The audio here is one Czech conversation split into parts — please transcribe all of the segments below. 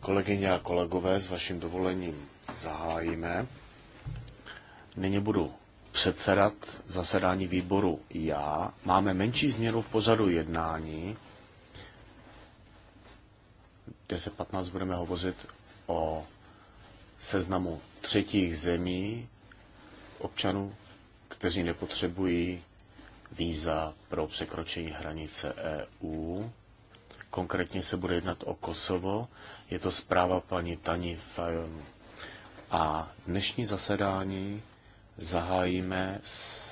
Kolegyně a kolegové, s vaším dovolením zahájíme. Nyní budu předsedat zasedání výboru já. Máme menší změnu v pořadu jednání. 10.15 budeme hovořit o seznamu třetích zemí občanů, kteří nepotřebují víza pro překročení hranice EU. Konkrétně se bude jednat o Kosovo. Je to zpráva paní Tani Fajon. A dnešní zasedání zahájíme s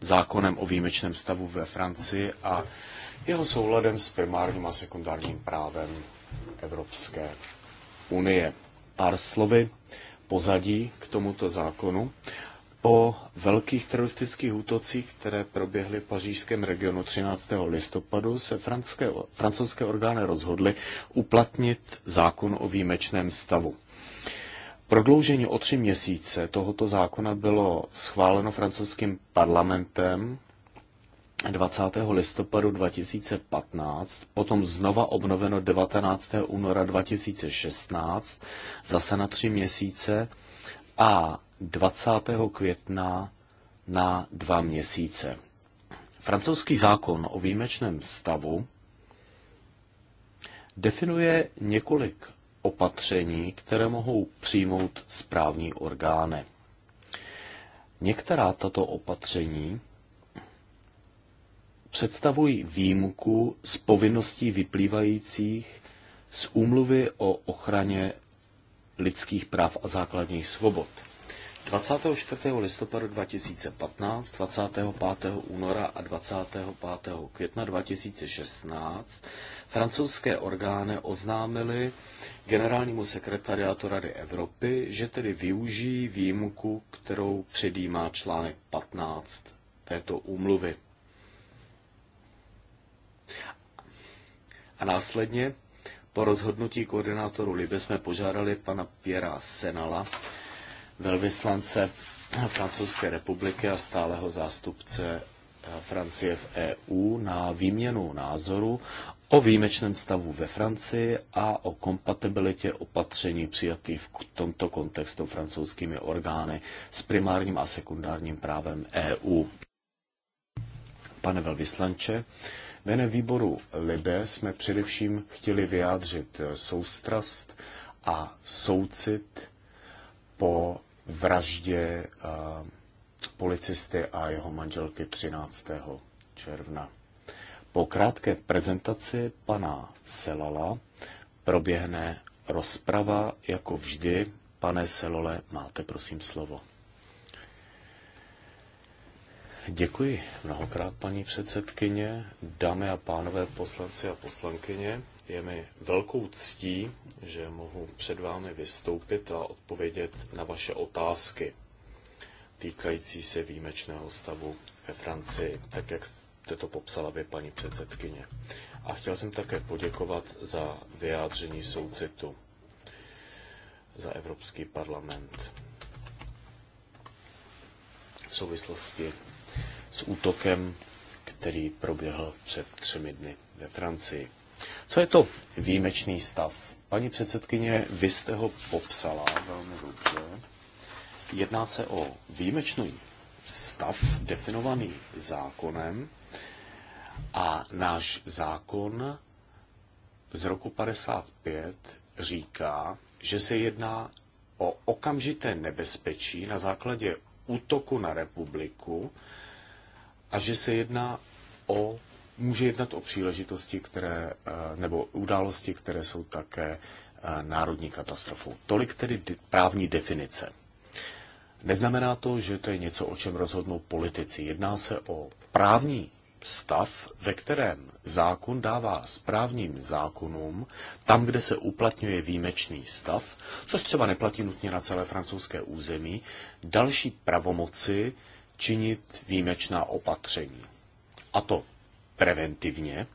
zákonem o výjimečném stavu ve Francii a jeho souladem s primárním a sekundárním právem Evropské unie. Pár slovy pozadí k tomuto zákonu po velkých teroristických útocích, které proběhly v pařížském regionu 13. listopadu, se franské, francouzské orgány rozhodly uplatnit zákon o výjimečném stavu. Prodloužení o tři měsíce tohoto zákona bylo schváleno francouzským parlamentem 20. listopadu 2015, potom znova obnoveno 19. února 2016, zase na tři měsíce a 20. května na dva měsíce. Francouzský zákon o výjimečném stavu definuje několik opatření, které mohou přijmout správní orgány. Některá tato opatření představují výjimku z povinností vyplývajících z úmluvy o ochraně lidských práv a základních svobod. 24. listopadu 2015, 25. února a 25. května 2016 francouzské orgány oznámily generálnímu sekretariátu Rady Evropy, že tedy využijí výjimku, kterou předjímá článek 15 této úmluvy. A následně po rozhodnutí koordinátoru Libe jsme požádali pana Piera Senala, velvyslance Francouzské republiky a stáleho zástupce eh, Francie v EU na výměnu názoru o výjimečném stavu ve Francii a o kompatibilitě opatření přijatých v tomto kontextu francouzskými orgány s primárním a sekundárním právem EU. Pane velvyslanče, jménem výboru Libe jsme především chtěli vyjádřit soustrast a soucit po vraždě policisty a jeho manželky 13. června. Po krátké prezentaci pana Selala proběhne rozprava jako vždy. Pane Selole, máte prosím slovo. Děkuji mnohokrát, paní předsedkyně, dámy a pánové, poslanci a poslankyně. Je mi velkou ctí, že mohu před vámi vystoupit a odpovědět na vaše otázky týkající se výjimečného stavu ve Francii, tak jak jste to popsala vy, paní předsedkyně. A chtěl jsem také poděkovat za vyjádření soucitu za Evropský parlament v souvislosti s útokem, který proběhl před třemi dny ve Francii. Co je to výjimečný stav? Paní předsedkyně, vy jste ho popsala velmi dobře. Jedná se o výjimečný stav definovaný zákonem a náš zákon z roku 55 říká, že se jedná o okamžité nebezpečí na základě útoku na republiku a že se jedná o může jednat o příležitosti, které, eh, nebo události, které jsou také eh, národní katastrofou. Tolik tedy právní definice. Neznamená to, že to je něco, o čem rozhodnou politici. Jedná se o právní stav, ve kterém zákon dává správním zákonům tam, kde se uplatňuje výjimečný stav, což třeba neplatí nutně na celé francouzské území, další pravomoci činit výjimečná opatření. A to preventivně.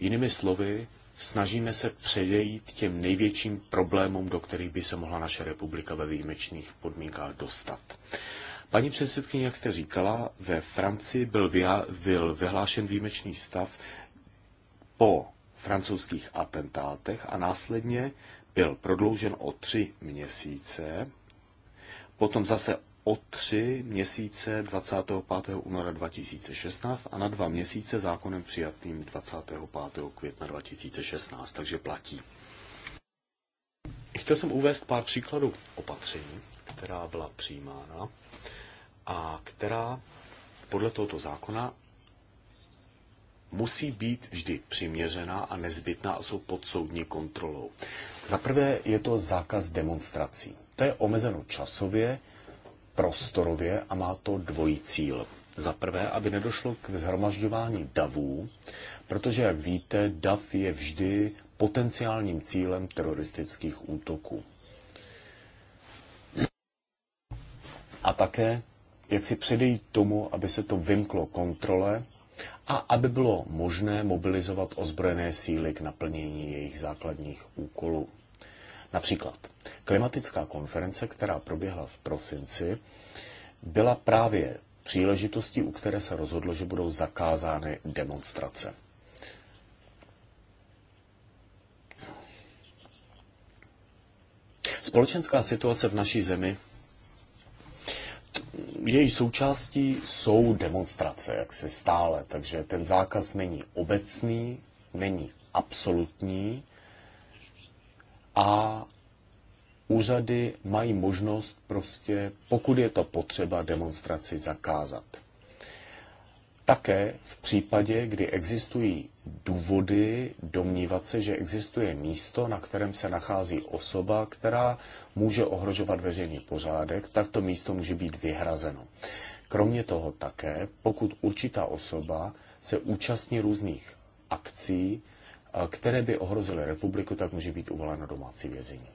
Jinými slovy, snažíme se předejít těm největším problémům, do kterých by se mohla naše republika ve výjimečných podmínkách dostat. Paní předsedkyně, jak jste říkala, ve Francii byl, vyha- byl vyhlášen výjimečný stav po francouzských atentátech a následně byl prodloužen o tři měsíce, potom zase o tři měsíce 25. února 2016 a na dva měsíce zákonem přijatým 25. května 2016, takže platí. Chtěl jsem uvést pár příkladů opatření, která byla přijímána a která podle tohoto zákona musí být vždy přiměřená a nezbytná a jsou pod soudní kontrolou. Za prvé je to zákaz demonstrací. To je omezeno časově, prostorově a má to dvojí cíl. Za prvé, aby nedošlo k zhromažďování davů, protože, jak víte, dav je vždy potenciálním cílem teroristických útoků. A také, jak si předejít tomu, aby se to vymklo kontrole a aby bylo možné mobilizovat ozbrojené síly k naplnění jejich základních úkolů. Například klimatická konference, která proběhla v prosinci, byla právě příležitostí, u které se rozhodlo, že budou zakázány demonstrace. Společenská situace v naší zemi, její součástí jsou demonstrace, jak se stále, takže ten zákaz není obecný, není absolutní, a úřady mají možnost prostě, pokud je to potřeba, demonstraci zakázat. Také v případě, kdy existují důvody domnívat se, že existuje místo, na kterém se nachází osoba, která může ohrožovat veřejný pořádek, tak to místo může být vyhrazeno. Kromě toho také, pokud určitá osoba se účastní různých akcí, které by ohrozily republiku, tak může být uvoleno domácí vězení.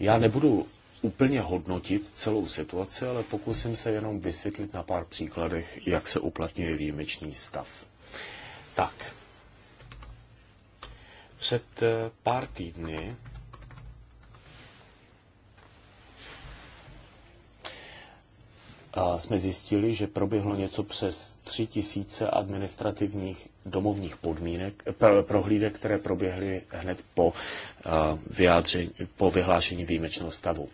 Já nebudu úplně hodnotit celou situaci, ale pokusím se jenom vysvětlit na pár příkladech, jak se uplatňuje výjimečný stav. Tak, před eh, pár týdny jsme zjistili, že proběhlo něco přes 3000 administrativních domovních podmínek, eh, prohlídek, které proběhly hned po, eh, vyjádření, po vyhlášení výjimečného stavu.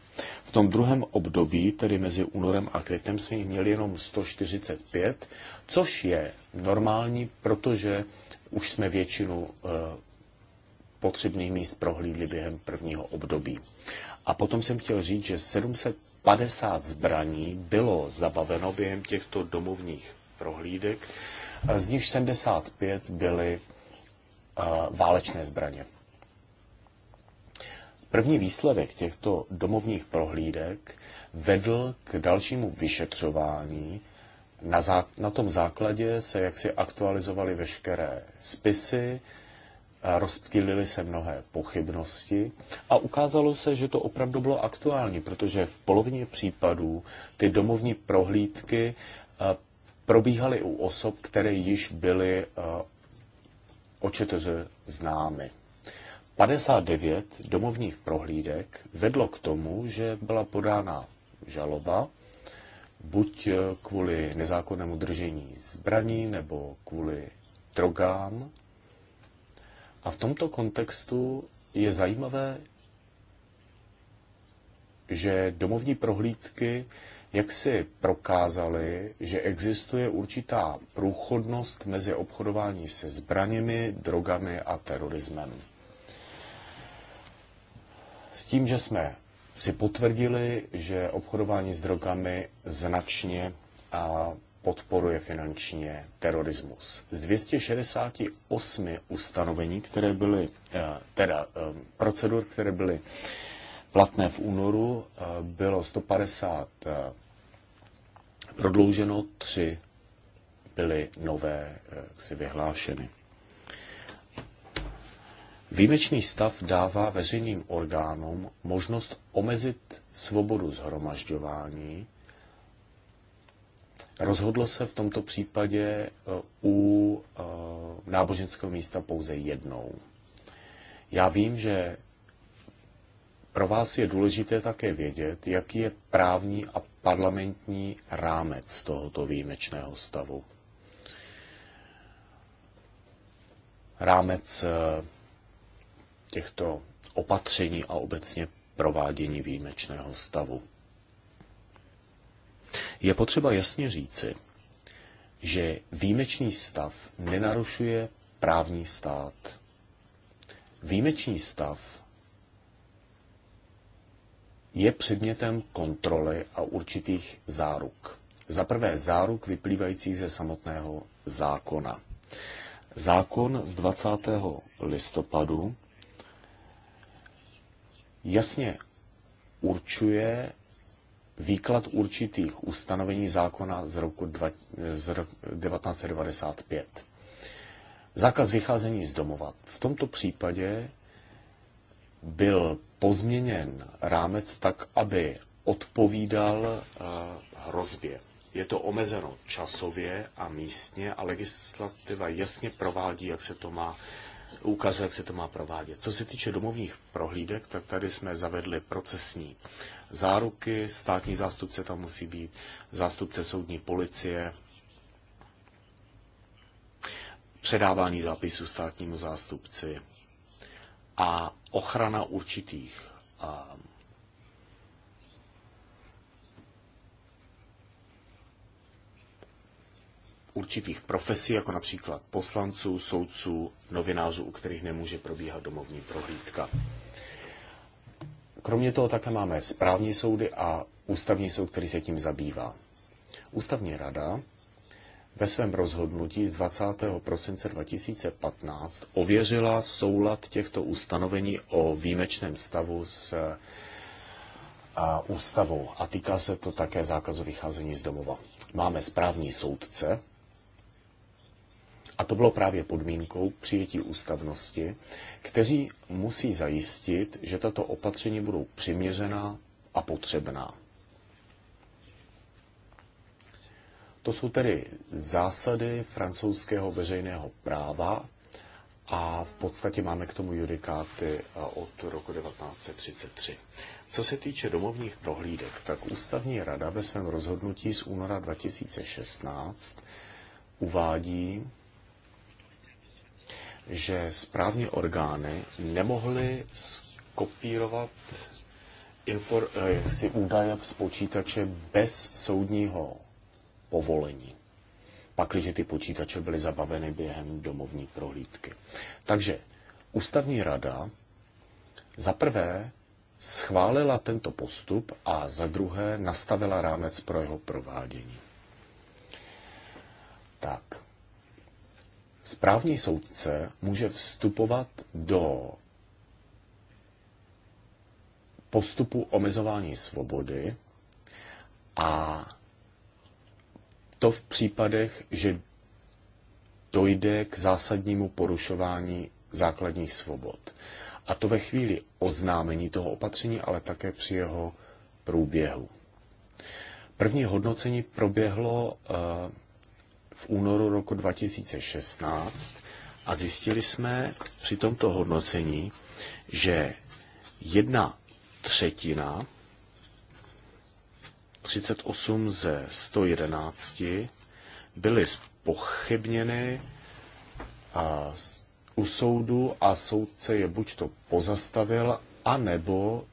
V tom druhém období, tedy mezi únorem a květem, jsme jich měli jenom 145, což je normální, protože už jsme většinu eh, potřebných míst prohlídli během prvního období. A potom jsem chtěl říct, že 700 50 zbraní bylo zabaveno během těchto domovních prohlídek, z nich 75 byly eh, válečné zbraně. První výsledek těchto domovních prohlídek vedl k dalšímu vyšetřování. Na, zá, na tom základě se jaksi aktualizovaly veškeré spisy, rozptýlily se mnohé pochybnosti a ukázalo se, že to opravdu bylo aktuální, protože v polovině případů ty domovní prohlídky eh, probíhaly u osob, které již byly eh, o známy. 59 domovních prohlídek vedlo k tomu, že byla podána žaloba, buď eh, kvůli nezákonnému držení zbraní nebo kvůli drogám, a v tomto kontextu je zajímavé, že domovní prohlídky jak si prokázali, že existuje určitá průchodnost mezi obchodování se zbraněmi, drogami a terorismem. S tím, že jsme si potvrdili, že obchodování s drogami značně a podporuje finančně terorismus. Z 268 ustanovení, které byly, eh, teda eh, procedur, které byly platné v únoru, eh, bylo 150 prodlouženo, tři byly nové si vyhlášeny. Výjimečný stav dává veřejným orgánům možnost omezit svobodu zhromažďování, Rozhodlo se v tomto případě eh, u eh, náboženského místa pouze jednou. Já vím, že pro vás je důležité také vědět, jaký je právní a parlamentní rámec tohoto výjimečného stavu. Rámec eh, těchto opatření a obecně provádění výjimečného stavu. Je potřeba jasně říci, že výjimečný stav nenarušuje právní stát. Výjimečný stav je předmětem kontroly a určitých záruk. Za prvé záruk vyplývajících ze samotného zákona. Zákon z 20. listopadu jasně určuje výklad určitých ustanovení zákona z roku, 1995. Zákaz vycházení z domova. V tomto případě byl pozměněn rámec tak, aby odpovídal eh, hrozbě. Je to omezeno časově a místně a legislativa jasně provádí, jak se to má ukáže, jak se to má provádět. Co se týče domovních prohlídek, tak tady jsme zavedli procesní záruky, státní zástupce tam musí být, zástupce soudní policie, předávání zápisů státnímu zástupci a ochrana určitých určitých profesí, jako například poslanců, soudců, novinářů, u kterých nemůže probíhat domovní prohlídka. Kromě toho také máme správní soudy a ústavní soud, který se tím zabývá. Ústavní rada ve svém rozhodnutí z 20. prosince 2015 ověřila soulad těchto ustanovení o výjimečném stavu s a ústavou a týká se to také zákazu vycházení z domova. Máme správní soudce, a to bylo právě podmínkou přijetí ústavnosti, kteří musí zajistit, že tato opatření budou přiměřená a potřebná. To jsou tedy zásady francouzského veřejného práva a v podstatě máme k tomu judikáty eh, od roku 1933. Co se týče domovních prohlídek, tak Ústavní rada ve svém rozhodnutí z února 2016 uvádí, že správní orgány nemohly skopírovat infor, eh, si údaje z počítače bez soudního povolení. Pakliže ty počítače byly zabaveny během domovní prohlídky. Takže ústavní rada za prvé schválila tento postup a za druhé nastavila rámec pro jeho provádění. Tak správní soudce může vstupovat do postupu omezování svobody a to v případech, že dojde k zásadnímu porušování základních svobod. A to ve chvíli oznámení toho opatření, ale také při jeho průběhu. První hodnocení proběhlo eh, v únoru roku 2016 a zjistili jsme při tomto hodnocení, že jedna třetina, 38 ze 111, byly spochybněny a u soudu a soudce je buď to pozastavil, anebo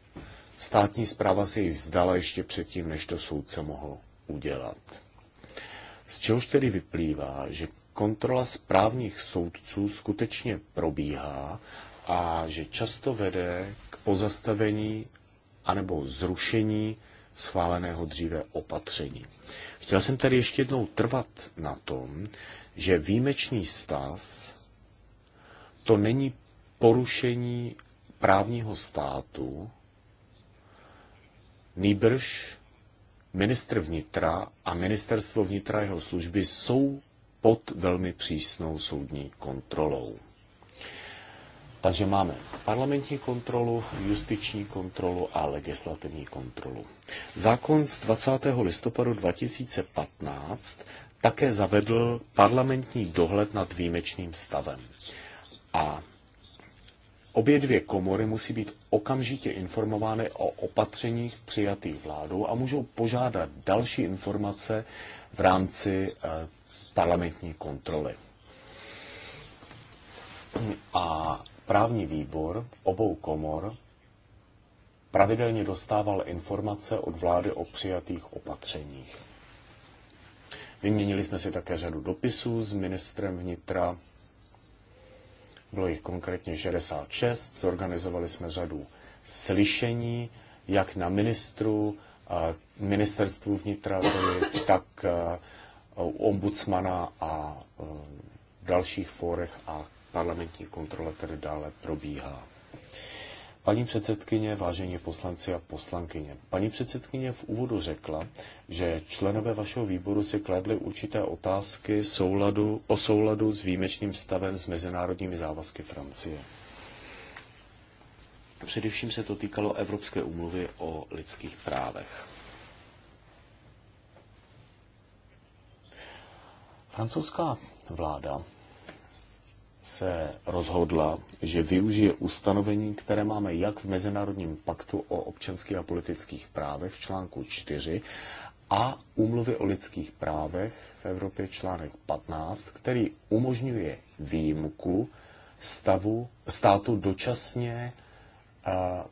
státní zpráva se jich vzdala ještě předtím, než to soudce mohl udělat. Z čehož tedy vyplývá, že kontrola správních soudců skutečně probíhá a že často vede k pozastavení anebo zrušení schváleného dříve opatření. Chtěl jsem tady ještě jednou trvat na tom, že výjimečný stav to není porušení právního státu, nýbrž ministr vnitra a ministerstvo vnitra jeho služby jsou pod velmi přísnou soudní kontrolou. Takže máme parlamentní kontrolu, justiční kontrolu a legislativní kontrolu. Zákon z 20. listopadu 2015 také zavedl parlamentní dohled nad výjimečným stavem. A obě dvě komory musí být okamžitě informovány o opatřeních přijatých vládou a můžou požádat další informace v rámci eh, parlamentní kontroly. A právní výbor obou komor pravidelně dostával informace od vlády o přijatých opatřeních. Vyměnili jsme si také řadu dopisů s ministrem vnitra bylo jich konkrétně 66, zorganizovali jsme řadu slyšení, jak na ministru, ministerstvu vnitra, tak u ombudsmana a dalších fórech a parlamentní kontrole tedy dále probíhá. Paní předsedkyně, vážení poslanci a poslankyně, paní předsedkyně v úvodu řekla, že členové vašeho výboru si kladli určité otázky souladu, o souladu s výjimečným stavem s mezinárodními závazky Francie. Především se to týkalo Evropské umluvy o lidských právech. Francouzská vláda se rozhodla, že využije ustanovení, které máme jak v Mezinárodním paktu o občanských a politických právech v článku 4 a úmluvy o lidských právech v Evropě článek 15, který umožňuje výjimku stavu, státu dočasně eh,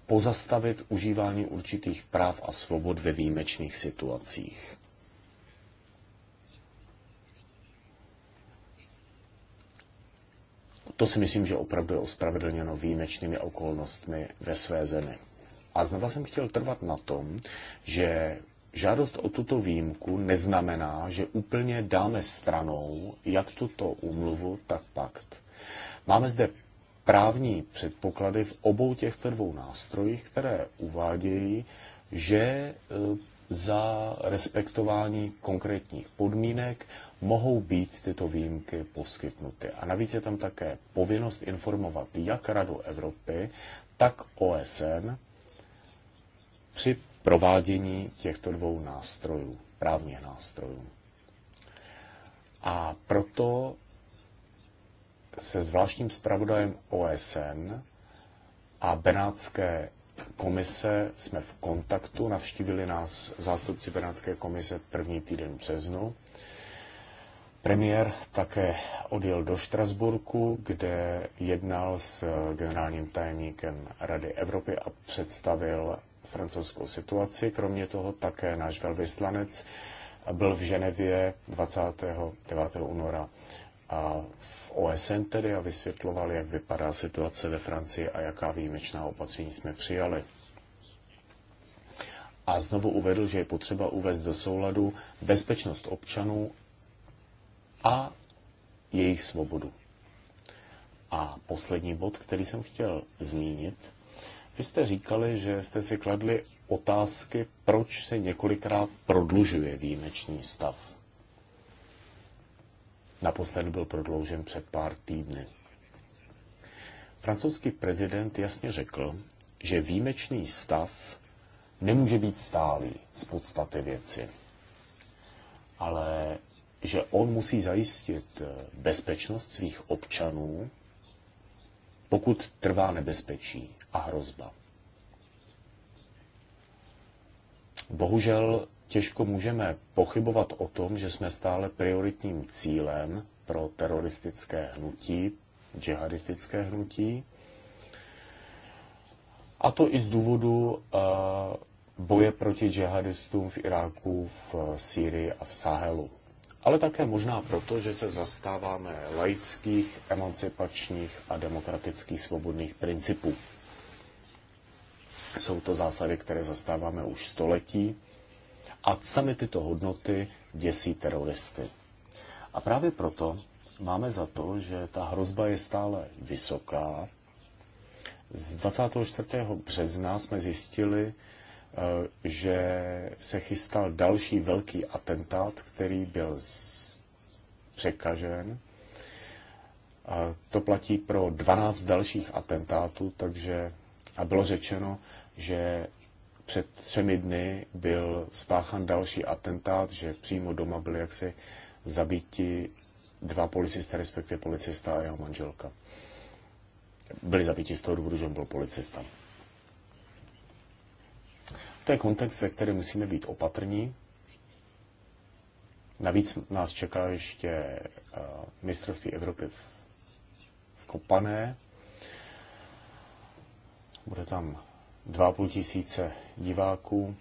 pozastavit užívání určitých práv a svobod ve výjimečných situacích. to si myslím, že opravdu je ospravedlněno výjimečnými okolnostmi ve své zemi. A znova jsem chtěl trvat na tom, že žádost o tuto výjimku neznamená, že úplně dáme stranou jak tuto úmluvu, tak pakt. Máme zde právní předpoklady v obou těchto dvou nástrojích, které uvádějí, že eh, za respektování konkrétních podmínek mohou být tyto výjimky poskytnuty. A navíc je tam také povinnost informovat jak Radu Evropy, tak OSN při provádění těchto dvou nástrojů, právních nástrojů. A proto se zvláštním zpravodajem OSN a Benátské komise jsme v kontaktu, navštívili nás zástupci Benátské komise první týden březnu. Premiér také odjel do Štrasburku, kde jednal s generálním tajemníkem Rady Evropy a představil francouzskou situaci. Kromě toho také náš velvyslanec byl v Ženevě 29. února a v OSN tedy a vysvětloval, jak vypadá situace ve Francii a jaká výjimečná opatření jsme přijali. A znovu uvedl, že je potřeba uvést do souladu bezpečnost občanů a jejich svobodu. A poslední bod, který jsem chtěl zmínit, vy jste říkali, že jste si kladli otázky, proč se několikrát prodlužuje výjimečný stav. Naposledy byl prodloužen před pár týdny. Francouzský prezident jasně řekl, že výjimečný stav nemůže být stálý z podstaty věci, ale že on musí zajistit bezpečnost svých občanů, pokud trvá nebezpečí a hrozba. Bohužel těžko můžeme pochybovat o tom, že jsme stále prioritním cílem pro teroristické hnutí, džihadistické hnutí. A to i z důvodu eh, boje proti džihadistům v Iráku, v Sýrii a v Sahelu. Ale také možná proto, že se zastáváme laických, emancipačních a demokratických svobodných principů. Jsou to zásady, které zastáváme už století a sami tyto hodnoty děsí teroristy. A právě proto máme za to, že ta hrozba je stále vysoká. Z 24. března jsme zjistili, eh, že se chystal další velký atentát, který byl překažen. A to platí pro 12 dalších atentátů, takže a bylo řečeno, že před třemi dny byl spáchan další atentát, že přímo doma byli jaksi zabíti dva policisté, respektive policista a jeho manželka. Byli zabíti z toho důvodu, že on byl policista. To je kontext, ve kterém musíme být opatrní. Navíc nás čeká ještě eh, mistrovství Evropy v Kopané. Bude tam 2,5 tisíce diváků,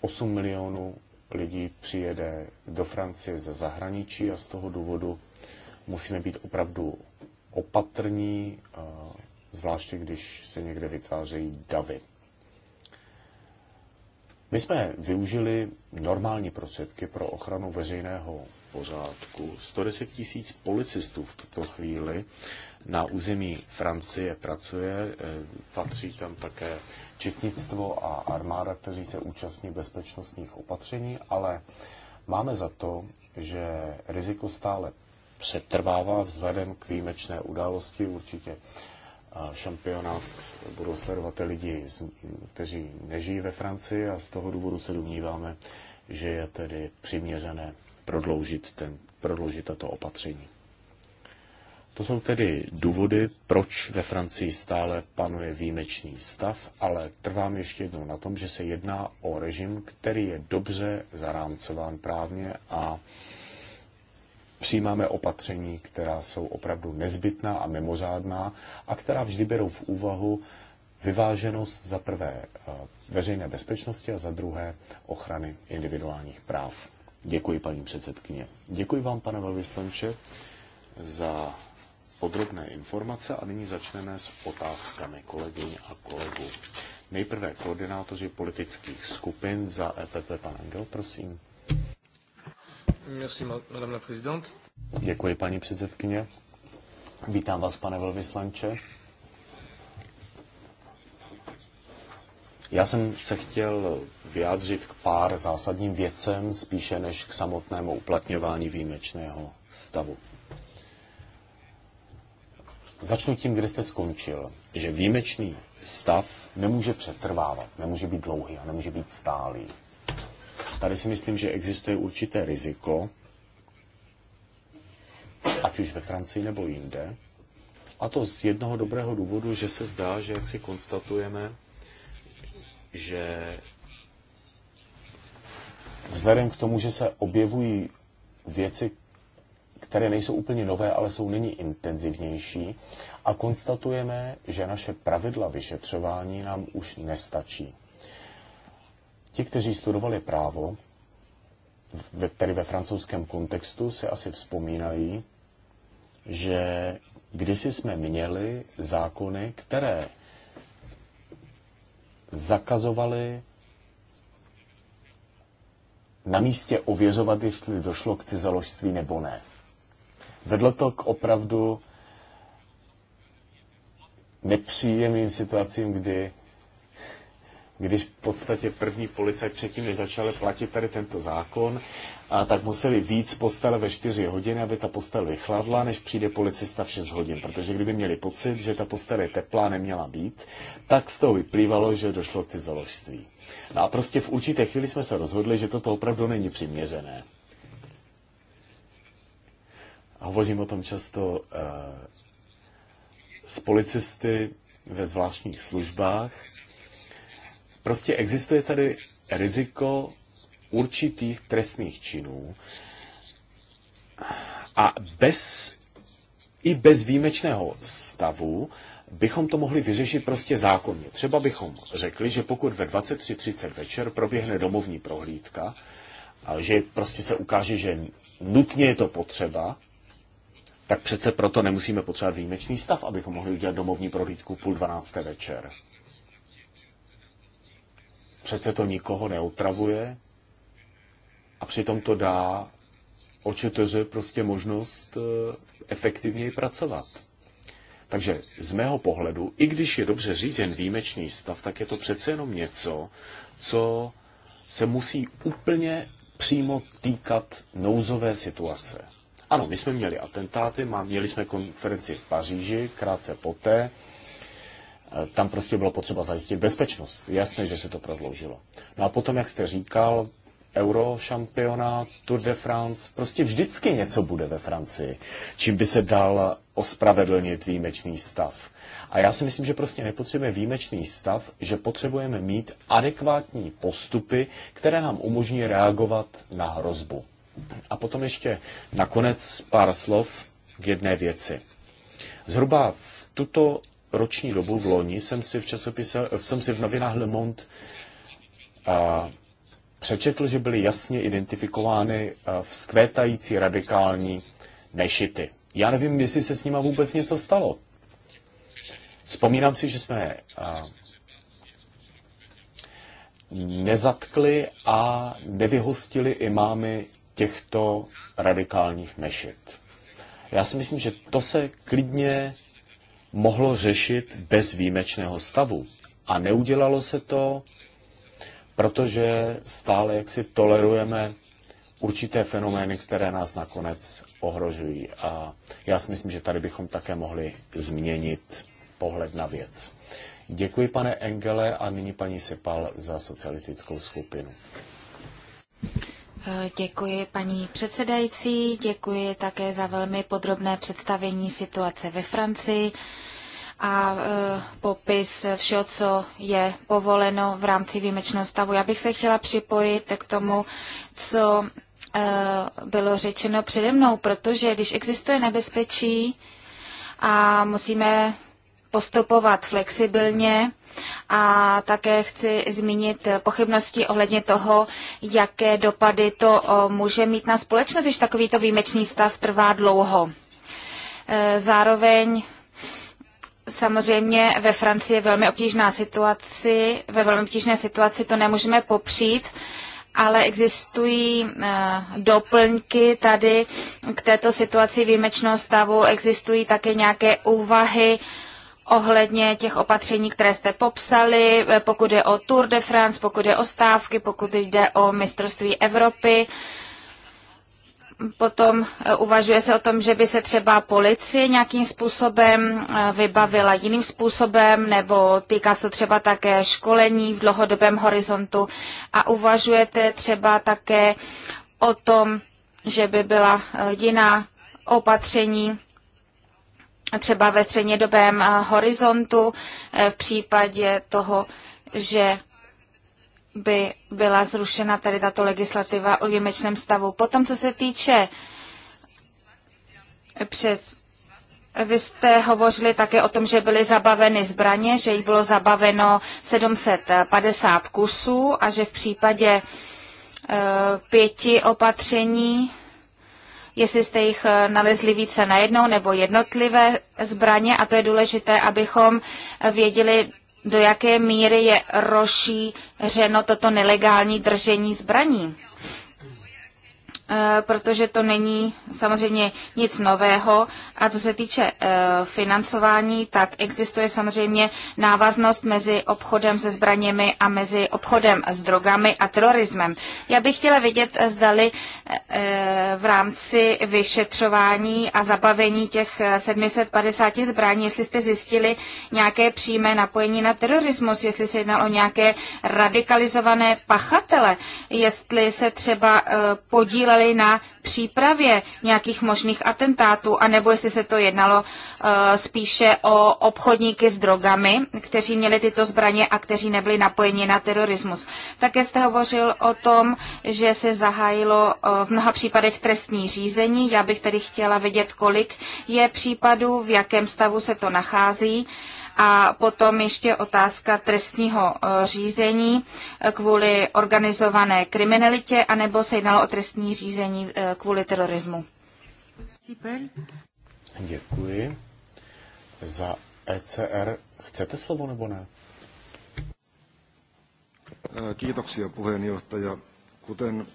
8 milionů lidí přijede do Francie ze zahraničí a z toho důvodu musíme být opravdu opatrní, zvláště když se někde vytvářejí davy. My jsme využili normální prostředky pro ochranu veřejného pořádku. 110 tisíc policistů v tuto chvíli na území Francie pracuje. E, patří tam také četnictvo a armáda, kteří se účastní bezpečnostních opatření, ale máme za to, že riziko stále přetrvává vzhledem k výjimečné události. Určitě e, šampionát budou sledovat lidi, kteří nežijí ve Francii a z toho důvodu se domníváme, že je tedy přiměřené prodloužit, ten, prodloužit tato opatření. To jsou tedy důvody, proč ve Francii stále panuje výjimečný stav, ale trvám ještě jednou na tom, že se jedná o režim, který je dobře zarámcován právně a přijímáme opatření, která jsou opravdu nezbytná a mimořádná a která vždy berou v úvahu vyváženost za prvé eh, veřejné bezpečnosti a za druhé ochrany individuálních práv. Děkuji, paní předsedkyně. Děkuji vám, pane velvyslanče, za podrobné informace a nyní začneme s otázkami kolegyň a kolegů. Nejprve koordinátoři politických skupin za EPP. Pan Angel, prosím. Merci, madame la présidente. Děkuji, paní předsedkyně. Vítám vás, pane velvyslanče. Já jsem se chtěl vyjádřit k pár zásadním věcem, spíše než k samotnému uplatňování výjimečného stavu. Začnu tím, kde jste skončil, že výjimečný stav nemůže přetrvávat, nemůže být dlouhý a nemůže být stálý. Tady si myslím, že existuje určité riziko, ať už ve Francii nebo jinde, a to z jednoho dobrého důvodu, že se zdá, že jak si konstatujeme, že vzhledem k tomu, že se objevují věci, které nejsou úplně nové, ale jsou nyní intenzivnější a konstatujeme, že naše pravidla vyšetřování nám už nestačí. Ti, kteří studovali právo, tedy ve francouzském kontextu, se asi vzpomínají, že kdysi jsme měli zákony, které zakazovaly na místě ověřovat, jestli došlo k cizoložství nebo ne. Vedlo to k opravdu nepříjemným situacím, kdy když v podstatě první policajt předtím, než začali platit tady tento zákon, a tak museli víc postele ve 4 hodiny, aby ta postel vychladla, než přijde policista v 6 hodin. Protože kdyby měli pocit, že ta postel je teplá, neměla být, tak z toho vyplývalo, že došlo k cizoložství. No a prostě v určité chvíli jsme se rozhodli, že toto opravdu není přiměřené. Hovořím o tom často eh, s policisty ve zvláštních službách. Prostě existuje tady riziko určitých trestných činů a bez, i bez výjimečného stavu bychom to mohli vyřešit prostě zákonně. Třeba bychom řekli, že pokud ve 23.30 večer proběhne domovní prohlídka, že prostě se ukáže, že nutně je to potřeba, tak přece proto nemusíme potřebovat výjimečný stav, abychom mohli udělat domovní prohlídku půl dvanácté večer. Přece to nikoho neotravuje a přitom to dá očeteře prostě možnost eh, efektivněji pracovat. Takže z mého pohledu, i když je dobře řízen výjimečný stav, tak je to přece jenom něco, co se musí úplně přímo týkat nouzové situace. Ano, my jsme měli atentáty, měli jsme konferenci v Paříži krátce poté. E, tam prostě bylo potřeba zajistit bezpečnost. Jasné, že se to prodloužilo. No a potom, jak jste říkal, Euro šampionát, Tour de France, prostě vždycky něco bude ve Francii, čím by se dal ospravedlnit výjimečný stav. A já si myslím, že prostě nepotřebujeme výjimečný stav, že potřebujeme mít adekvátní postupy, které nám umožní reagovat na hrozbu. A potom ještě nakonec pár slov k jedné věci. Zhruba v tuto roční dobu v loni jsem si v, časopise, jsem si v novinách Le Monde a, přečetl, že byly jasně identifikovány vzkvétající radikální nešity. Já nevím, jestli se s nima vůbec něco stalo. Vzpomínám si, že jsme a, nezatkli a nevyhostili imámy těchto radikálních mešit. Já si myslím, že to se klidně mohlo řešit bez výjimečného stavu. A neudělalo se to, protože stále jaksi tolerujeme určité fenomény, které nás nakonec ohrožují. A já si myslím, že tady bychom také mohli změnit pohled na věc. Děkuji, pane Engele, a nyní paní Sepal za socialistickou skupinu. Děkuji paní předsedající, děkuji také za velmi podrobné představení situace ve Francii a e, popis všeho, co je povoleno v rámci výjimečného stavu. Já bych se chtěla připojit k tomu, co e, bylo řečeno přede mnou, protože když existuje nebezpečí a musíme postupovat flexibilně a také chci zmínit pochybnosti ohledně toho, jaké dopady to může mít na společnost, když takovýto výjimečný stav trvá dlouho. E, zároveň samozřejmě ve Francii je velmi obtížná situaci, ve velmi obtížné situaci to nemůžeme popřít, ale existují e, doplňky tady k této situaci výjimečného stavu, existují také nějaké úvahy, ohledně těch opatření, které jste popsali, eh, pokud je o Tour de France, pokud je o stávky, pokud jde o mistrovství Evropy. Potom eh, uvažuje se o tom, že by se třeba policie nějakým způsobem eh, vybavila jiným způsobem, nebo týká se to třeba také školení v dlouhodobém horizontu. A uvažujete třeba také o tom, že by byla jiná opatření třeba ve střednědobém eh, horizontu eh, v případě toho, že by byla zrušena tady tato legislativa o výjimečném stavu. Potom, co se týče přes vy jste hovořili také o tom, že byly zabaveny zbraně, že jich bylo zabaveno 750 kusů a že v případě eh, pěti opatření jestli jste jich eh, nalezli více najednou nebo jednotlivé zbraně a to je důležité, abychom eh, věděli, do jaké míry je rozšířeno toto nelegální držení zbraní. Eh, protože to není samozřejmě nic nového. A co se týče eh, financování, tak existuje samozřejmě návaznost mezi obchodem se zbraněmi a mezi obchodem s drogami a terorismem. Já bych chtěla vidět, eh, zdali v rámci vyšetřování a zabavení těch 750 zbraní, jestli jste zjistili nějaké přímé napojení na terorismus, jestli se jednalo o nějaké radikalizované pachatele, jestli se třeba podíle podíleli na přípravě nějakých možných atentátů, anebo jestli se to jednalo eh, spíše o obchodníky s drogami, kteří měli tyto zbraně a kteří nebyli napojeni na terorismus. Také jste hovořil o tom, že se zahájilo eh, v mnoha případech trestní řízení. Já bych tedy chtěla vědět, kolik je případů, v jakém stavu se to nachází a potom ještě otázka trestního eh, řízení eh, kvůli organizované kriminalitě, anebo se jednalo o trestní řízení eh, kvůli terorismu. Děkuji. Za ECR chcete slovo nebo ne? Kiitoksia puheenjohtaja. Kuten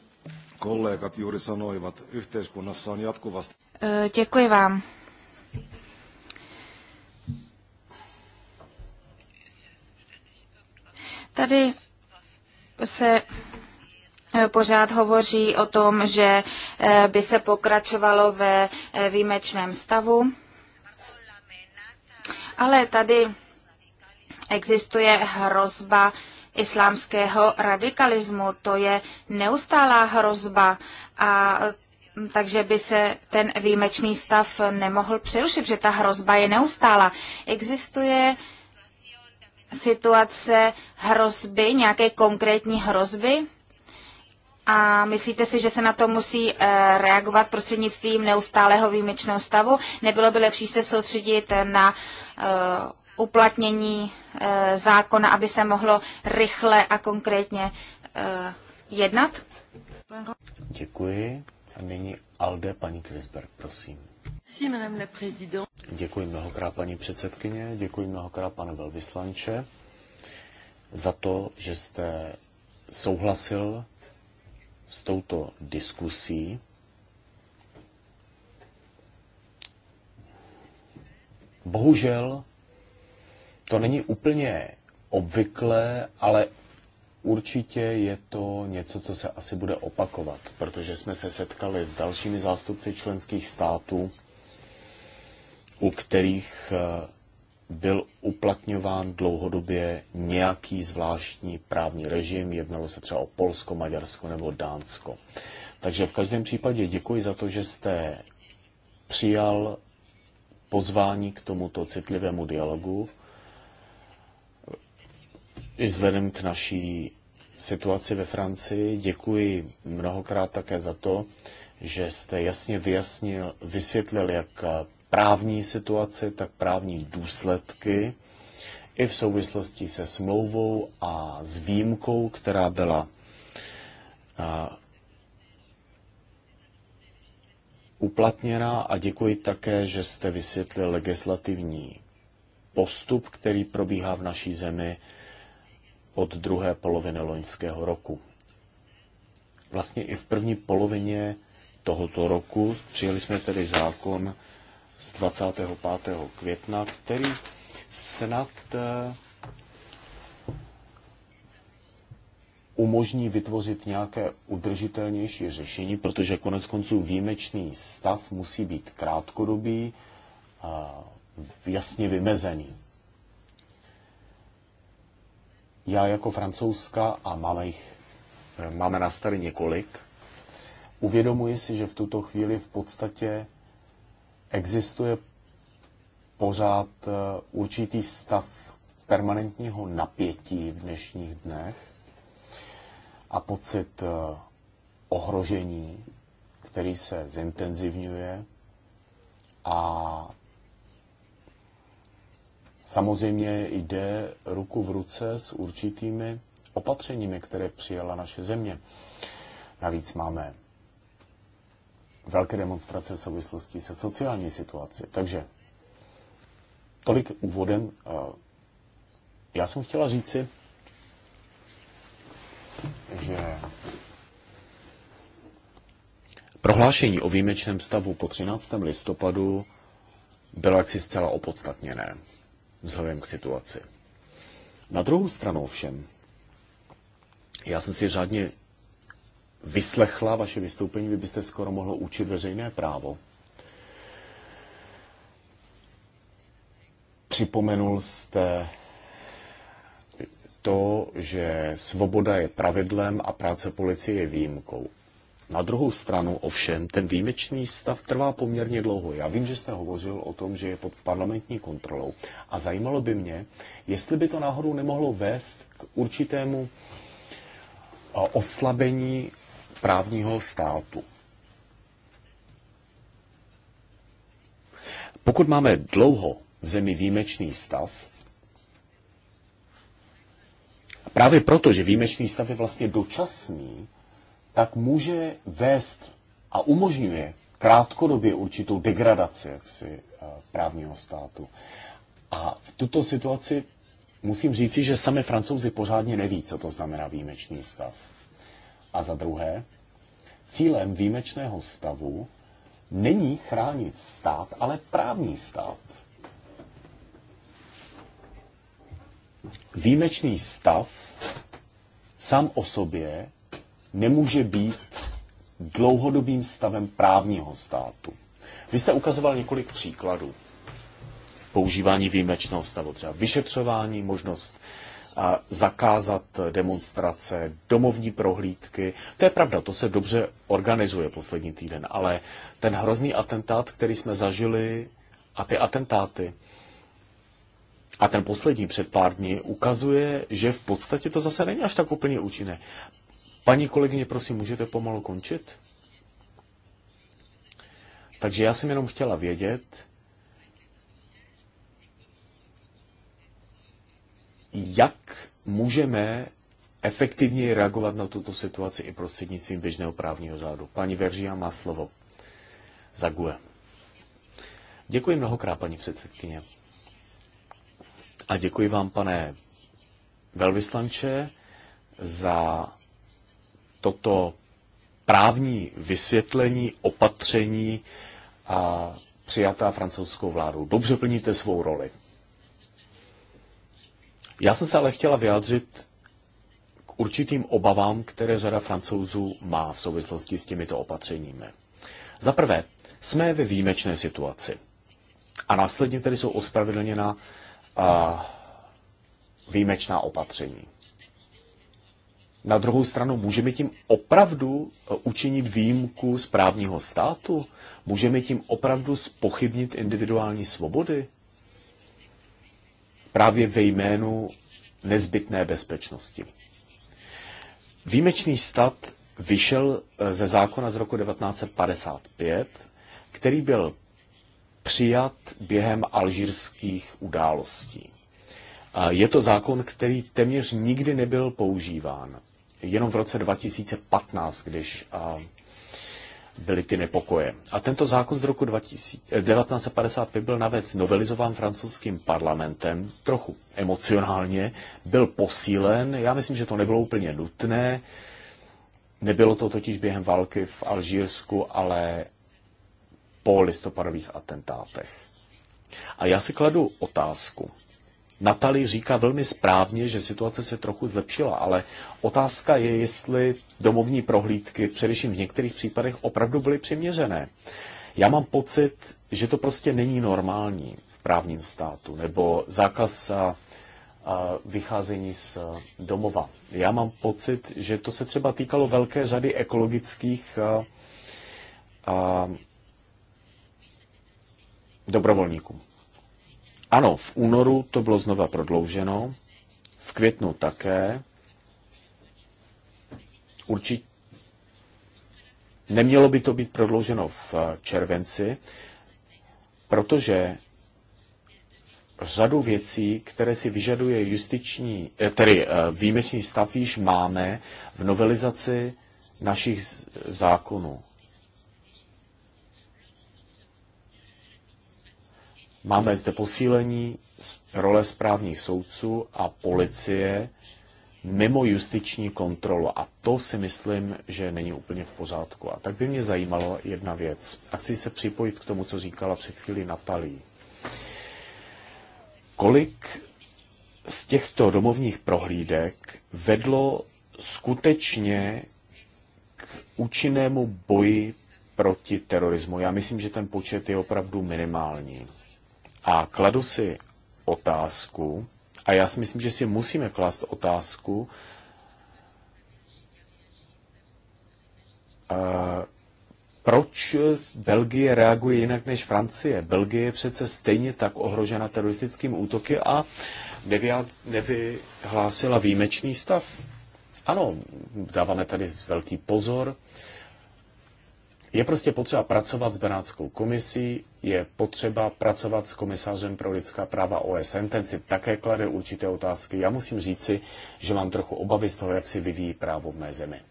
kollegat juuri sanoivat, yhteiskunnassa on jatkuvasti... Děkuji vám. Tady se eh, pořád hovoří o tom, že eh, by se pokračovalo ve eh, výjimečném stavu, ale tady existuje hrozba islámského radikalismu. To je neustálá hrozba a mm, takže by se ten výjimečný stav nemohl přerušit, protože ta hrozba je neustála. Existuje uh, situace hrozby, nějaké konkrétní hrozby? A myslíte si, že se na to musí eh, reagovat prostřednictvím neustálého výjimečného stavu? Nebylo by lepší se soustředit na eh, uplatnění eh, zákona, aby se mohlo rychle a konkrétně jednat? Děkuji. A nyní Alde, paní Krisberg, prosím. Děkuji mnohokrát paní předsedkyně, děkuji mnohokrát pane velvyslanče za to, že jste souhlasil s touto diskusí. Bohužel to není úplně obvyklé, ale určitě je to něco, co se asi bude opakovat, protože jsme se setkali s dalšími zástupci členských států u kterých eh, byl uplatňován dlouhodobě nějaký zvláštní právní režim. Jednalo se třeba o Polsko, Maďarsko nebo Dánsko. Takže v každém případě děkuji za to, že jste přijal pozvání k tomuto citlivému dialogu i vzhledem k naší situaci ve Francii. Děkuji mnohokrát také za to, že jste jasně vyjasnil, vysvětlil, jak právní situaci, tak právní důsledky i v souvislosti se smlouvou a s výjimkou, která byla uplatněna a děkuji také, že jste vysvětlil legislativní postup, který probíhá v naší zemi od druhé poloviny loňského roku. Vlastně i v první polovině tohoto roku přijeli jsme tedy zákon z 25. května, který snad eh, umožní vytvořit nějaké udržitelnější řešení, protože konec konců výjimečný stav musí být krátkodobý, a jasně vymezený. Já jako francouzská a máme jich, eh, máme na stary několik, uvědomuji si, že v tuto chvíli v podstatě existuje pořád eh, určitý stav permanentního napětí v dnešních dnech a pocit eh, ohrožení, který se zintenzivňuje a samozřejmě jde ruku v ruce s určitými opatřeními, které přijala naše země. Navíc máme velké demonstrace v souvislosti se sociální situací. Takže tolik úvodem. Já jsem chtěla říci, že prohlášení o výjimečném stavu po 13. listopadu bylo jaksi zcela opodstatněné vzhledem k situaci. Na druhou stranu všem, já jsem si řádně vyslechla vaše vystoupení, vy byste skoro mohlo učit veřejné právo. Připomenul jste to, že svoboda je pravidlem a práce policie je výjimkou. Na druhou stranu ovšem ten výjimečný stav trvá poměrně dlouho. Já vím, že jste hovořil o tom, že je pod parlamentní kontrolou. A zajímalo by mě, jestli by to náhodou nemohlo vést k určitému oslabení právního státu. Pokud máme dlouho v zemi výjimečný stav, právě proto, že výjimečný stav je vlastně dočasný, tak může vést a umožňuje krátkodobě určitou degradaci jaksi, eh, právního státu. A v tuto situaci musím říci, že sami francouzi pořádně neví, co to znamená výjimečný stav. A za druhé, cílem výjimečného stavu není chránit stát, ale právní stát. Výjimečný stav sám o sobě nemůže být dlouhodobým stavem právního státu. Vy jste ukazoval několik příkladů používání výjimečného stavu, třeba vyšetřování, možnost a zakázat demonstrace, domovní prohlídky. To je pravda, to se dobře organizuje poslední týden, ale ten hrozný atentát, který jsme zažili a ty atentáty a ten poslední před pár dní ukazuje, že v podstatě to zase není až tak úplně účinné. Paní kolegyně, prosím, můžete pomalu končit? Takže já jsem jenom chtěla vědět, jak můžeme efektivně reagovat na tuto situaci i prostřednictvím běžného právního řádu. Paní Veržia má slovo. Zague. Děkuji mnohokrát, paní předsedkyně. A děkuji vám, pane velvyslanče, za toto právní vysvětlení, opatření a přijatá francouzskou vládou. Dobře plníte svou roli. Já jsem se ale chtěla vyjádřit k určitým obavám, které řada francouzů má v souvislosti s těmito opatřeními. Za prvé, jsme ve výjimečné situaci. A následně tedy jsou ospravedlněna a, výjimečná opatření. Na druhou stranu, můžeme tím opravdu e, učinit výjimku z právního státu? Můžeme tím opravdu spochybnit individuální svobody? právě ve jménu nezbytné bezpečnosti. Výjimečný stat vyšel eh, ze zákona z roku 1955, který byl přijat během alžírských událostí. Je to zákon, který téměř nikdy nebyl používán. Jenom v roce 2015, když eh, byly ty nepokoje. A tento zákon z roku 2000, 1955 eh, byl navíc novelizován francouzským parlamentem, trochu emocionálně, byl posílen, já myslím, že to nebylo úplně nutné, nebylo to totiž během války v Alžírsku, ale po listopadových atentátech. A já si kladu otázku, Natali říká velmi správně, že situace se trochu zlepšila, ale otázka je, jestli domovní prohlídky, především v některých případech, opravdu byly přiměřené. Já mám pocit, že to prostě není normální v právním státu, nebo zákaz a, a vycházení z domova. Já mám pocit, že to se třeba týkalo velké řady ekologických a, a, dobrovolníků. Ano, v únoru to bylo znova prodlouženo, v květnu také. Určitě nemělo by to být prodlouženo v eh, červenci, protože řadu věcí, které si vyžaduje justiční, eh, tedy eh, výjimečný stav, již máme v novelizaci našich zákonů. Máme zde posílení role správních soudců a policie mimo justiční kontrolu. A to si myslím, že není úplně v pořádku. A tak by mě zajímalo jedna věc. A chci se připojit k tomu, co říkala před chvílí Natalí. Kolik z těchto domovních prohlídek vedlo skutečně k účinnému boji proti terorismu. Já myslím, že ten počet je opravdu minimální. A kladu si otázku, a já si myslím, že si musíme klást otázku, eh, proč Belgie reaguje jinak než Francie? Belgie je přece stejně tak ohrožena teroristickými útoky a nevyhlásila výjimečný stav. Ano, dáváme tady velký pozor, je prostě potřeba pracovat s Benátskou komisí, je potřeba pracovat s komisařem pro lidská práva OSN, ten si také klade určité otázky. Já musím říci, že mám trochu obavy z toho, jak si vyvíjí právo v mé zemi.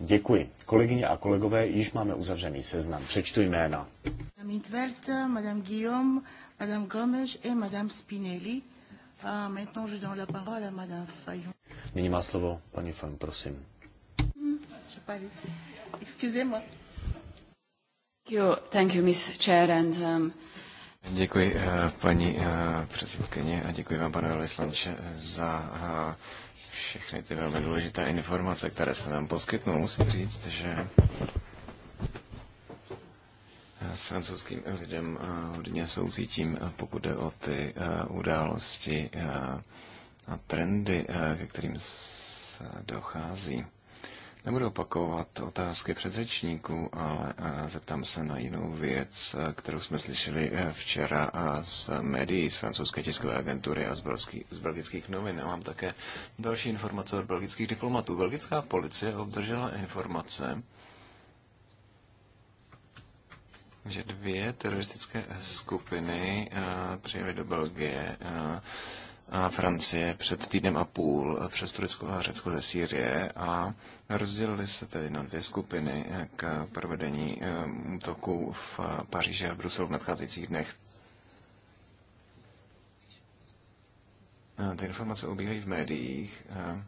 Děkuji. Kolegyně a kolegové, již máme uzavřený seznam. Přečtu jména. Madame Intvert, Madame Guillaume, Madame Gomes et Madame Spinelli. A ah, maintenant je donne la parole à Madame Fayon. Nyní má slovo paní Fajon, prosím. Hmm, Excusez-moi. Um, děkuji, eh, paní eh, předsedkyně, a děkuji vám, pane velvyslanče, za eh, všechny ty velmi důležité informace, které jste nám poskytnul. Musím říct, že s francouzským lidem hodně soucítím, pokud jde o ty události a trendy, ke kterým se dochází. Nebudu opakovat otázky předřečníků, ale eh, zeptám se na jinou věc, eh, kterou jsme slyšeli eh, včera z médií, z francouzské tiskové agentury a z, z belgických novin. A mám také další informace od belgických diplomatů. Belgická policie obdržela informace, že dvě teroristické skupiny přijeli do Belgie a Francie před týdnem a půl přes Turecko a Řecko ze Sýrie a rozdělili se tedy na dvě skupiny k provedení eh, útoku v Paříži a v Bruselu v nadcházejících dnech. Eh, ty informace obíhají v médiích, eh,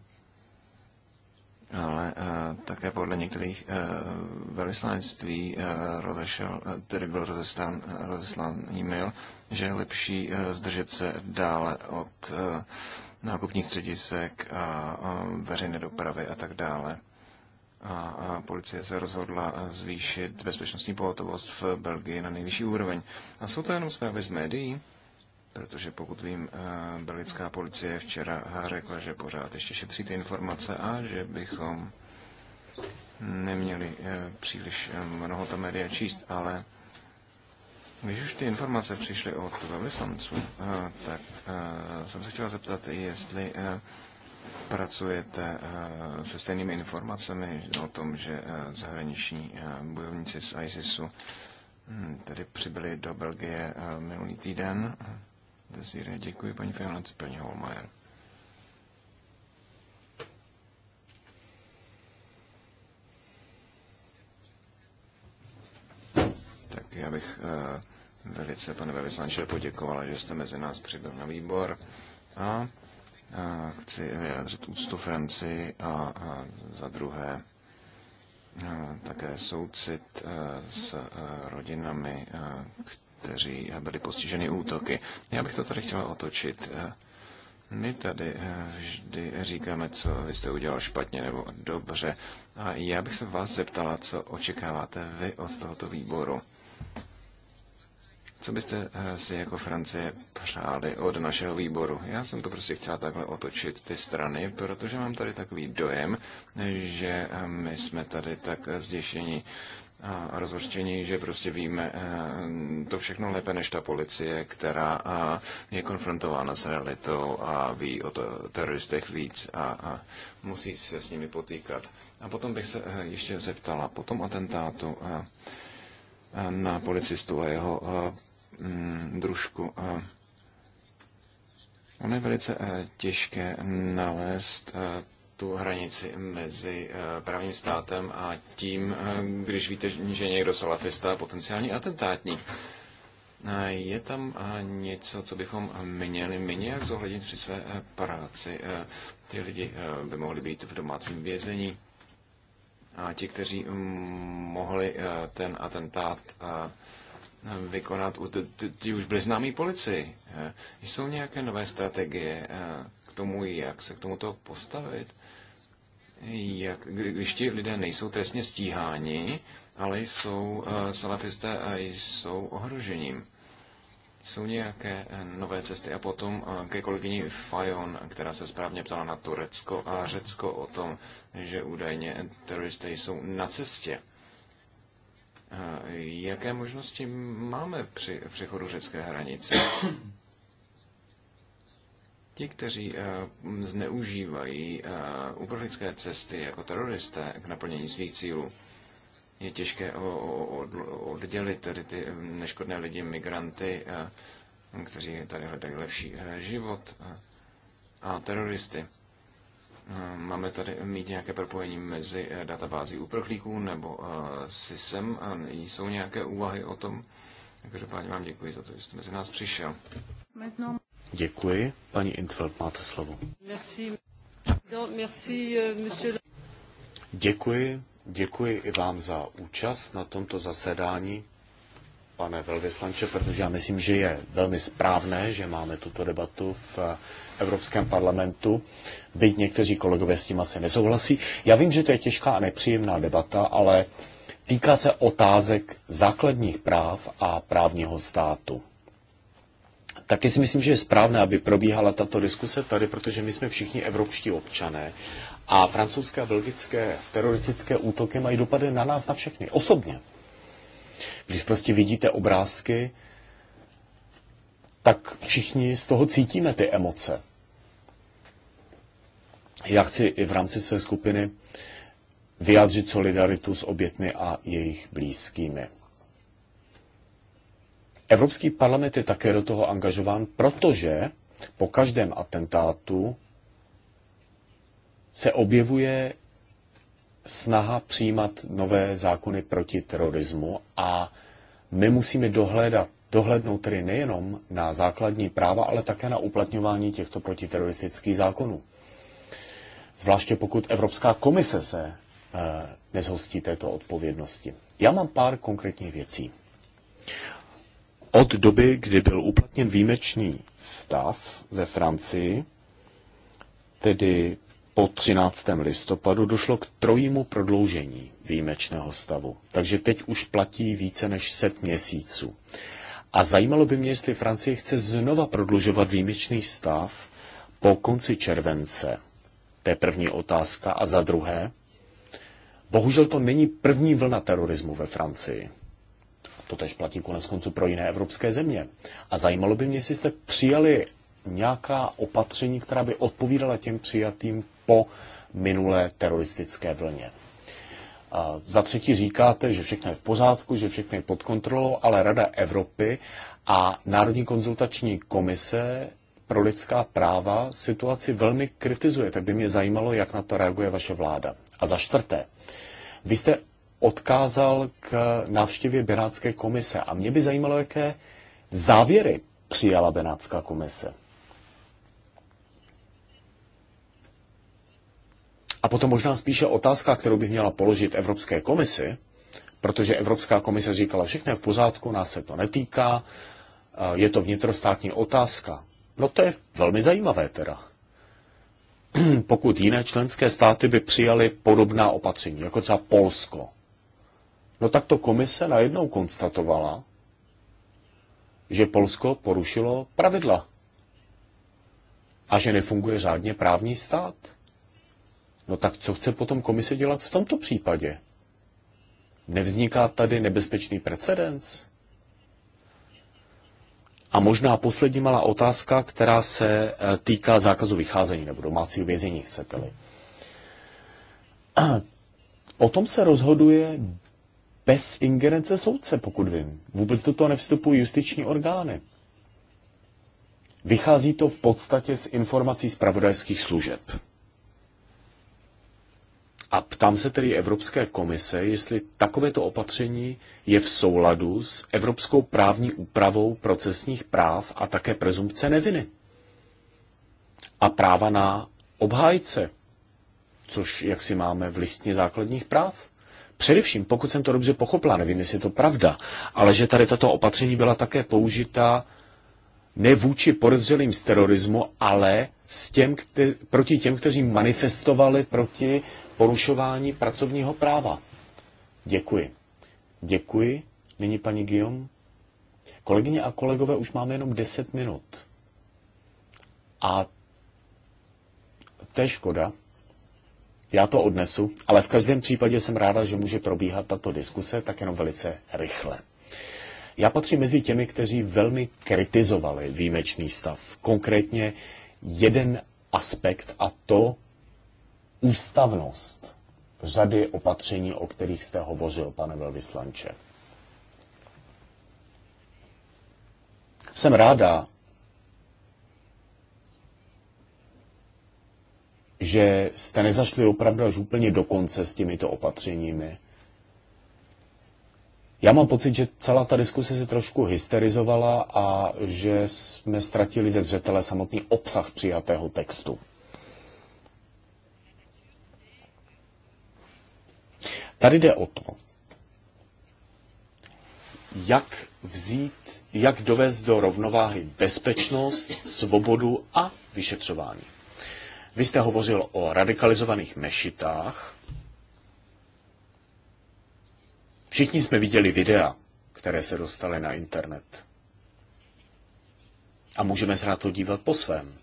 ale také podle některých velvyslanectví rozešel, tedy byl rozeslán, rozeslán e-mail že je lepší eh, zdržet se dále od eh, nákupních středisek a veřejné dopravy a tak dále. A policie se rozhodla zvýšit bezpečnostní pohotovost v Belgii na nejvyšší úroveň. A jsou to jenom zprávy z médií? Protože pokud vím, eh, belgická policie včera řekla, že pořád ještě šetří ty informace a že bychom neměli příliš mnoho ta média číst, ale když už ty informace přišly od velvyslanců, eh, tak eh, jsem se chtěla zeptat, jestli eh, pracujete se stejnými informacemi o tom, že zahraniční bojovníci z ISISu hm, tedy přibyli do Belgie minulý týden. Desire, děkuji paní Fionet, paní Holmajer. Tak já bych eh, velice, pane velislanče, poděkovala, že jste mezi nás přibyl na výbor a eh, chci vyjádřit úctu Francii a za druhé eh, také soucit s rodinami, kteří byli postiženi útoky. Já bych to tady chtěla otočit. My tady vždy říkáme, co vy jste udělal špatně nebo dobře. A já bych se vás zeptala, co očekáváte vy od tohoto výboru. Co byste eh, si jako Francie přáli od našeho výboru? Já jsem to prostě chtěla takhle otočit ty strany, protože mám tady takový dojem, že eh, my jsme tady tak zděšení a rozhořčení, že prostě víme eh, to všechno lépe než ta policie, která je konfrontována s realitou a ví o to, teroristech víc a, a musí se s nimi potýkat. A potom bych se ještě zeptala, po tom atentátu, na policistu a jeho eh, mm, družku. Eh, ono je velice eh, těžké nalézt tu hranici mezi právním státem a tím, když víte, že někdo salafista a potenciální atentátník. Je tam něco, co bychom měli my nějak zohlednit při své práci? Ty lidi by mohli být v domácím vězení. A ti, kteří mm, mohli eh, ten atentát eh, vykonat, ti už byli známí policii. Eh, jsou nějaké nové strategie k tomu, jak se k tomuto postavit? Jak, když ti lidé nejsou trestně stíháni, ale jsou salafisté a jsou ohrožením. Jsou nějaké eh, nové cesty a potom eh, ke kolegyni Fajon, která se správně ptala na Turecko a Řecko o tom, že údajně teroristé jsou na cestě. Eh, jaké možnosti máme při přechodu řecké hranice? Ti, kteří zneužívají uprchlické cesty jako teroristé k naplnění svých cílů, je těžké oddělit tedy ty neškodné lidi, migranty, kteří tady hledají lepší život, a teroristy. Máme tady mít nějaké propojení mezi eh, databází uprchlíků nebo SISem? Jsou nějaké úvahy o tom? Každopádně vám děkuji za to, že jste mezi nás přišel. Děkuji. Paní Intfeld, máte slovo. Euh, děkuji, Děkuji i vám za účast na tomto zasedání, pane velvyslanče, protože já myslím, že je velmi správné, že máme tuto debatu v Evropském parlamentu, byť někteří kolegové s tím asi nesouhlasí. Já vím, že to je těžká a nepříjemná debata, ale týká se otázek základních práv a právního státu. Taky si myslím, že je správné, aby probíhala tato diskuse tady, protože my jsme všichni evropští občané a francouzské a belgické teroristické útoky mají dopady na nás, na všechny, osobně. Když prostě vidíte obrázky, tak všichni z toho cítíme ty emoce. Já chci i v rámci své skupiny vyjádřit solidaritu s obětmi a jejich blízkými. Evropský parlament je také do toho angažován, protože po každém atentátu se objevuje snaha přijímat nové zákony proti terorismu a my musíme dohledat, dohlednout tedy nejenom na základní práva, ale také na uplatňování těchto protiteroristických zákonů. Zvláště pokud Evropská komise se eh, nezhostí této odpovědnosti. Já mám pár konkrétních věcí. Od doby, kdy byl uplatněn výjimečný stav ve Francii, tedy po 13. listopadu došlo k trojímu prodloužení výjimečného stavu. Takže teď už platí více než set měsíců. A zajímalo by mě, jestli Francie chce znova prodlužovat výjimečný stav po konci července. To je první otázka. A za druhé, bohužel to není první vlna terorismu ve Francii. To tež platí konec konců pro jiné evropské země. A zajímalo by mě, jestli jste přijali nějaká opatření, která by odpovídala těm přijatým po minulé teroristické vlně. A za třetí říkáte, že všechno je v pořádku, že všechno je pod kontrolou, ale Rada Evropy a Národní konzultační komise pro lidská práva situaci velmi kritizuje, tak by mě zajímalo, jak na to reaguje vaše vláda. A za čtvrté, vy jste odkázal k návštěvě Benátské komise a mě by zajímalo, jaké závěry přijala Benátská komise. A potom možná spíše otázka, kterou bych měla položit Evropské komisi, protože Evropská komise říkala, všechno je v pořádku, nás se to netýká, eh, je to vnitrostátní otázka. No to je velmi zajímavé teda. Pokud jiné členské státy by přijaly podobná opatření, jako třeba Polsko, no tak to komise najednou konstatovala, že Polsko porušilo pravidla a že nefunguje řádně právní stát. No tak co chce potom komise dělat v tomto případě? Nevzniká tady nebezpečný precedens? A možná poslední malá otázka, která se eh, týká zákazu vycházení nebo domácího vězení, chcete-li. O tom se rozhoduje bez ingerence soudce, pokud vím. Vůbec do toho nevstupují justiční orgány. Vychází to v podstatě z informací z pravodajských služeb. A ptám se tedy Evropské komise, jestli takovéto opatření je v souladu s evropskou právní úpravou procesních práv a také prezumpce neviny a práva na obhájce, což jak si máme v listně základních práv. Především, pokud jsem to dobře pochopila, nevím, jestli je to pravda, ale že tady tato opatření byla také použita ne vůči podezřelým z terorismu, ale s těm, kte- proti těm, kteří manifestovali proti porušování pracovního práva. Děkuji. Děkuji. Nyní paní Guillaume. Kolegyně a kolegové, už máme jenom 10 minut. A to je škoda. Já to odnesu, ale v každém případě jsem ráda, že může probíhat tato diskuse tak jenom velice rychle. Já patřím mezi těmi, kteří velmi kritizovali výjimečný stav. Konkrétně jeden aspekt a to ústavnost řady opatření, o kterých jste hovořil, pane velvyslanče. Jsem ráda, že jste nezašli opravdu až úplně do konce s těmito opatřeními. Já mám pocit, že celá ta diskuse se trošku hysterizovala a že jsme ztratili ze zřetele samotný obsah přijatého textu. Tady jde o to, jak vzít, jak dovést do rovnováhy bezpečnost, svobodu a vyšetřování. Vy jste hovořil o radikalizovaných mešitách. Všichni jsme viděli videa, které se dostaly na internet. A můžeme se na to dívat po svém.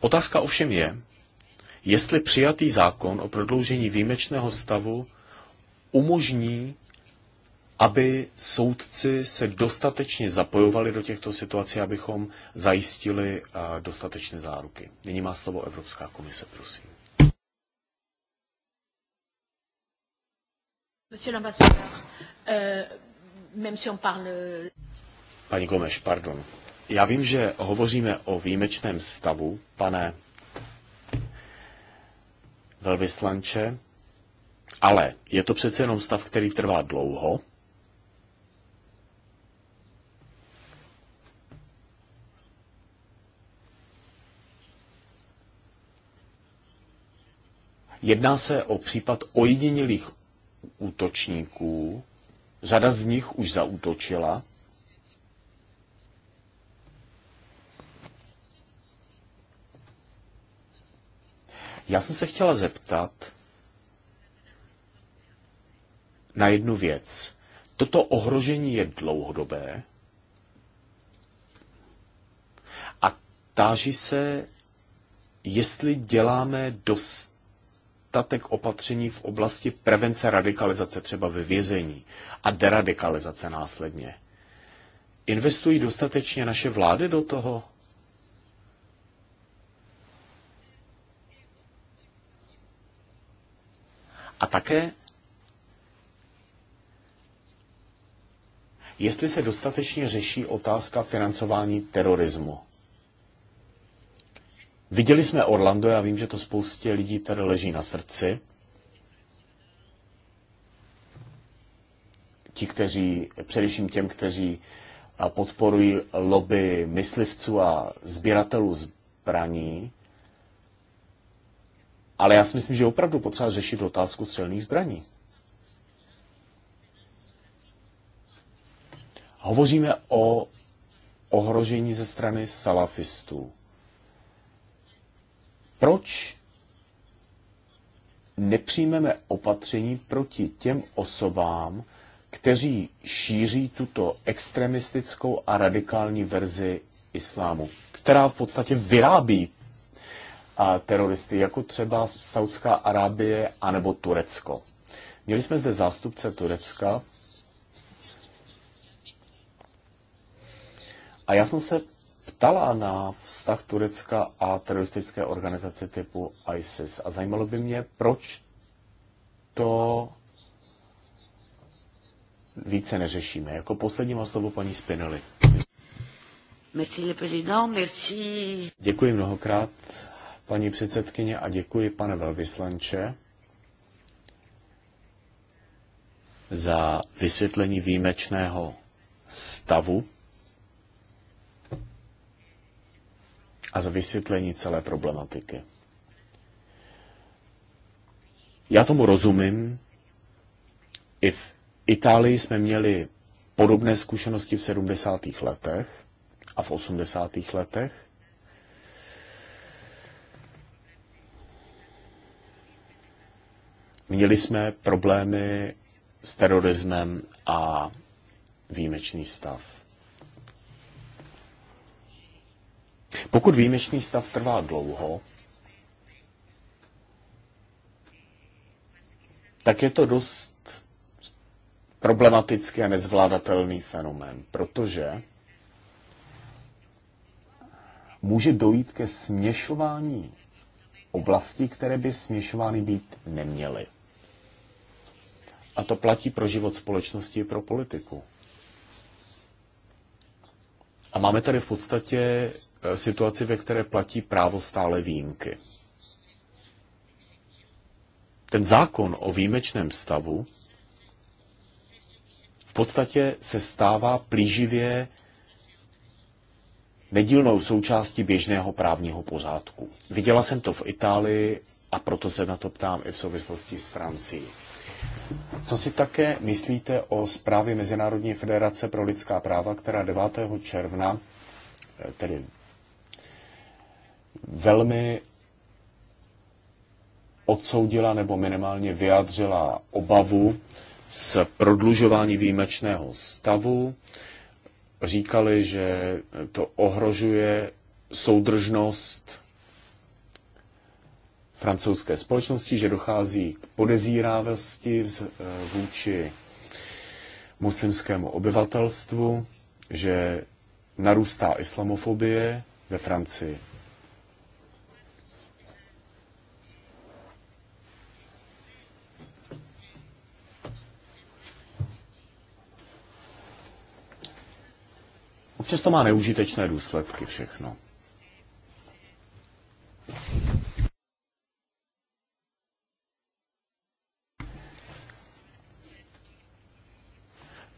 Otázka ovšem je, jestli přijatý zákon o prodloužení výjimečného stavu umožní, aby soudci se dostatečně zapojovali do těchto situací, abychom zajistili eh, dostatečné záruky. Nyní má slovo Evropská komise, prosím. Pani l'ambassadeur, euh, Gomeš, pardon. Já vím, že hovoříme o výjimečném stavu, pane velvyslanče, ale je to přece jenom stav, který trvá dlouho. Jedná se o případ ojedinělých útočníků. Řada z nich už zautočila Já jsem se chtěla zeptat na jednu věc. Toto ohrožení je dlouhodobé a táží se, jestli děláme dostatek opatření v oblasti prevence radikalizace, třeba ve vězení a deradikalizace následně. Investují dostatečně naše vlády do toho? A také, jestli se dostatečně řeší otázka financování terorismu. Viděli jsme Orlando, já vím, že to spoustě lidí tady leží na srdci. Ti, kteří, především těm, kteří podporují lobby myslivců a sběratelů zbraní, ale já si myslím, že opravdu potřeba řešit otázku střelných zbraní. Hovoříme o ohrožení ze strany salafistů. Proč nepřijmeme opatření proti těm osobám, kteří šíří tuto extremistickou a radikální verzi islámu, která v podstatě vyrábí a teroristy, jako třeba Saudská Arábie anebo Turecko. Měli jsme zde zástupce Turecka a já jsem se ptala na vztah Turecka a teroristické organizace typu ISIS a zajímalo by mě, proč to více neřešíme. Jako poslední má slovo paní Spinelli. Merci, le président, merci. Děkuji mnohokrát, paní předsedkyně, a děkuji, pane velvyslanče, za vysvětlení výjimečného stavu a za vysvětlení celé problematiky. Já tomu rozumím. I v Itálii jsme měli podobné zkušenosti v 70. letech a v 80. letech. Měli jsme problémy s terorismem a výjimečný stav. Pokud výjimečný stav trvá dlouho, tak je to dost problematický a nezvládatelný fenomén, protože může dojít ke směšování oblastí, které by směšovány být neměly. A to platí pro život společnosti i pro politiku. A máme tady v podstatě eh, situaci, ve které platí právo stále výjimky. Ten zákon o výjimečném stavu v podstatě se stává plíživě nedílnou součástí běžného právního pořádku. Viděla jsem to v Itálii a proto se na to ptám i v souvislosti s Francií. Co si také myslíte o zprávě Mezinárodní federace pro lidská práva, která 9. června, eh, tedy velmi odsoudila nebo minimálně vyjádřila obavu z prodlužování výjimečného stavu. Říkali, že to ohrožuje soudržnost francouzské společnosti, že dochází k podezírávosti eh, vůči muslimskému obyvatelstvu, že narůstá islamofobie ve Francii. Občas to má neužitečné důsledky všechno.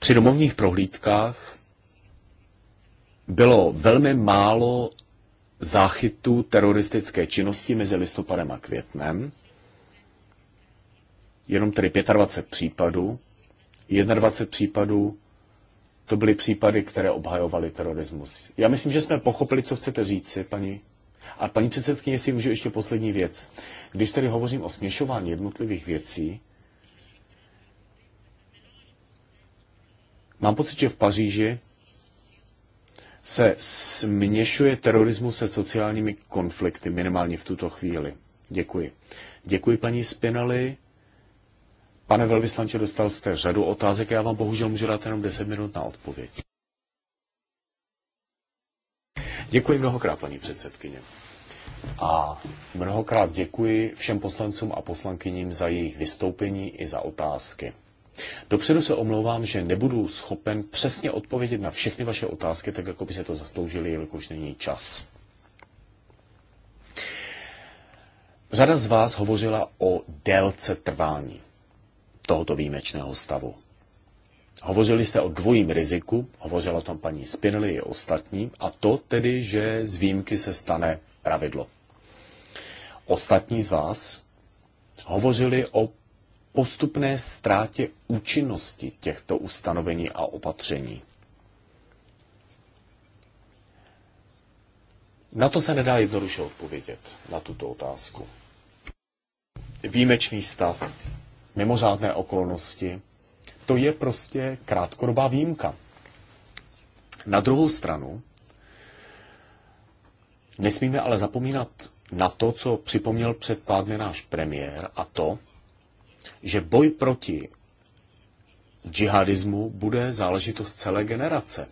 Při domovních prohlídkách bylo velmi málo záchytů teroristické činnosti mezi listopadem a květnem, jenom tedy 25 případů, 21 případů to byly případy, které obhajovaly terorismus. Já myslím, že jsme pochopili, co chcete si, paní. A paní předsedkyně, jestli můžu ještě poslední věc. Když tedy hovořím o směšování jednotlivých věcí, Mám pocit, že v Paříži se směšuje terorismus se sociálními konflikty, minimálně v tuto chvíli. Děkuji. Děkuji paní Spinali. Pane velvyslanče, dostal jste řadu otázek já vám bohužel můžu dát jenom 10 minut na odpověď. Děkuji mnohokrát, paní předsedkyně. A mnohokrát děkuji všem poslancům a poslankyním za jejich vystoupení i za otázky. Dopředu se omlouvám, že nebudu schopen přesně odpovědět na všechny vaše otázky, tak jako by se to zasloužili, jelikož není čas. Řada z vás hovořila o délce trvání tohoto výjimečného stavu. Hovořili jste o dvojím riziku, hovořila tam paní Spinelli i ostatní, a to tedy, že z výjimky se stane pravidlo. Ostatní z vás hovořili o postupné ztrátě účinnosti těchto ustanovení a opatření. Na to se nedá jednoduše odpovědět, na tuto otázku. Výjimečný stav, mimořádné okolnosti, to je prostě krátkodobá výjimka. Na druhou stranu, nesmíme ale zapomínat na to, co připomněl před pár dny náš premiér, a to, že boj proti džihadismu bude záležitost celé generace.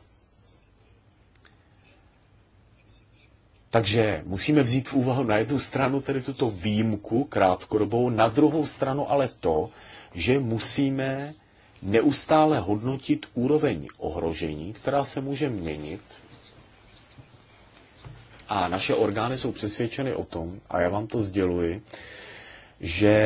Takže musíme vzít v úvahu na jednu stranu tedy tuto výjimku krátkodobou, na druhou stranu ale to, že musíme neustále hodnotit úroveň ohrožení, která se může měnit. A naše orgány jsou přesvědčeny o tom, a já vám to sděluji, že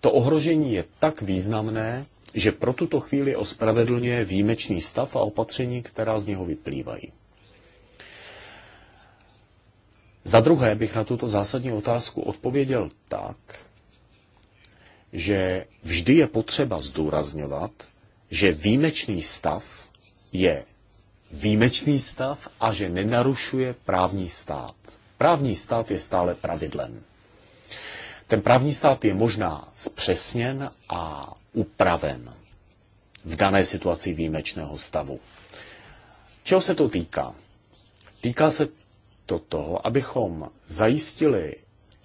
to ohrožení je tak významné, že pro tuto chvíli ospravedlňuje výjimečný stav a opatření, která z něho vyplývají. Za druhé bych na tuto zásadní otázku odpověděl tak, že vždy je potřeba zdůrazňovat, že výjimečný stav je výjimečný stav a že nenarušuje právní stát. Právní stát je stále pravidlem. Ten právní stát je možná zpřesněn a upraven v dané situaci výjimečného stavu. Čeho se to týká? Týká se to toho, abychom zajistili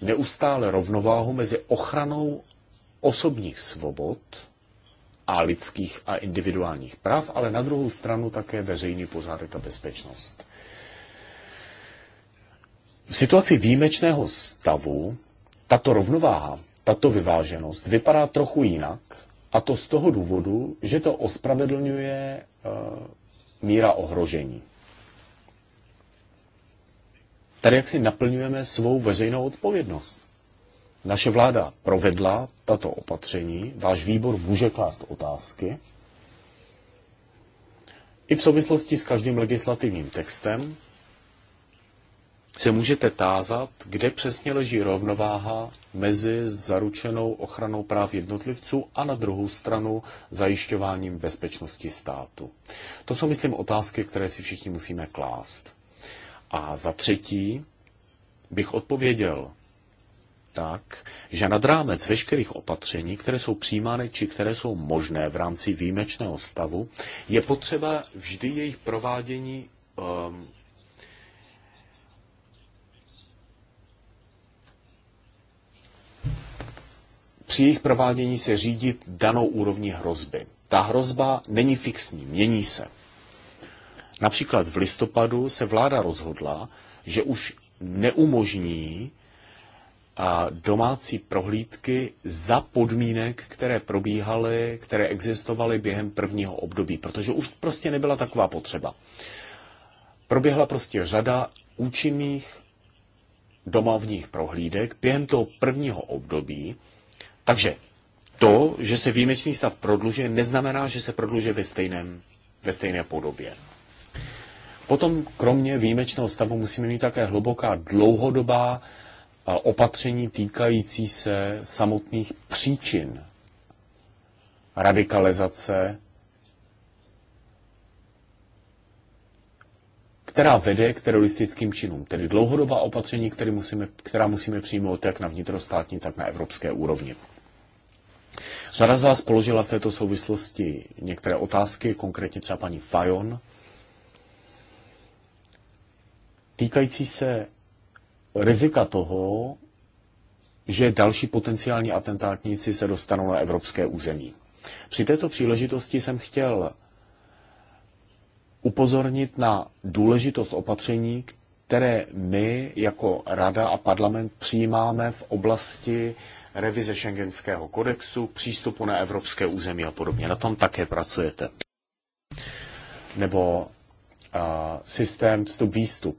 neustále rovnováhu mezi ochranou osobních svobod a lidských a individuálních práv, ale na druhou stranu také veřejný pořádek a bezpečnost. V situaci výjimečného stavu tato rovnováha, tato vyváženost vypadá trochu jinak, a to z toho důvodu, že to ospravedlňuje eh, míra ohrožení. Tady jak si naplňujeme svou veřejnou odpovědnost. Naše vláda provedla tato opatření, váš výbor může klást otázky. I v souvislosti s každým legislativním textem se můžete tázat, kde přesně leží rovnováha mezi zaručenou ochranou práv jednotlivců a na druhou stranu zajišťováním bezpečnosti státu. To jsou, myslím, otázky, které si všichni musíme klást. A za třetí bych odpověděl tak, že nad rámec veškerých opatření, které jsou přijímány či které jsou možné v rámci výjimečného stavu, je potřeba vždy jejich provádění um, při jejich provádění se řídit danou úrovní hrozby. Ta hrozba není fixní, mění se. Například v listopadu se vláda rozhodla, že už neumožní domácí prohlídky za podmínek, které probíhaly, které existovaly během prvního období, protože už prostě nebyla taková potřeba. Proběhla prostě řada účinných domovních prohlídek během toho prvního období takže to, že se výjimečný stav prodlužuje, neznamená, že se prodlužuje ve, stejném, ve stejné podobě. Potom kromě výjimečného stavu musíme mít také hluboká dlouhodobá opatření týkající se samotných příčin radikalizace, která vede k teroristickým činům, tedy dlouhodobá opatření, které musíme, která musíme přijmout jak na vnitrostátní, tak na evropské úrovni. Řada z vás položila v této souvislosti některé otázky, konkrétně třeba paní Fajon, týkající se rizika toho, že další potenciální atentátníci se dostanou na evropské území. Při této příležitosti jsem chtěl upozornit na důležitost opatření, které my jako Rada a parlament přijímáme v oblasti revize šengenského kodexu, přístupu na evropské území a podobně. Na tom také pracujete. Nebo a, systém vstup-výstup.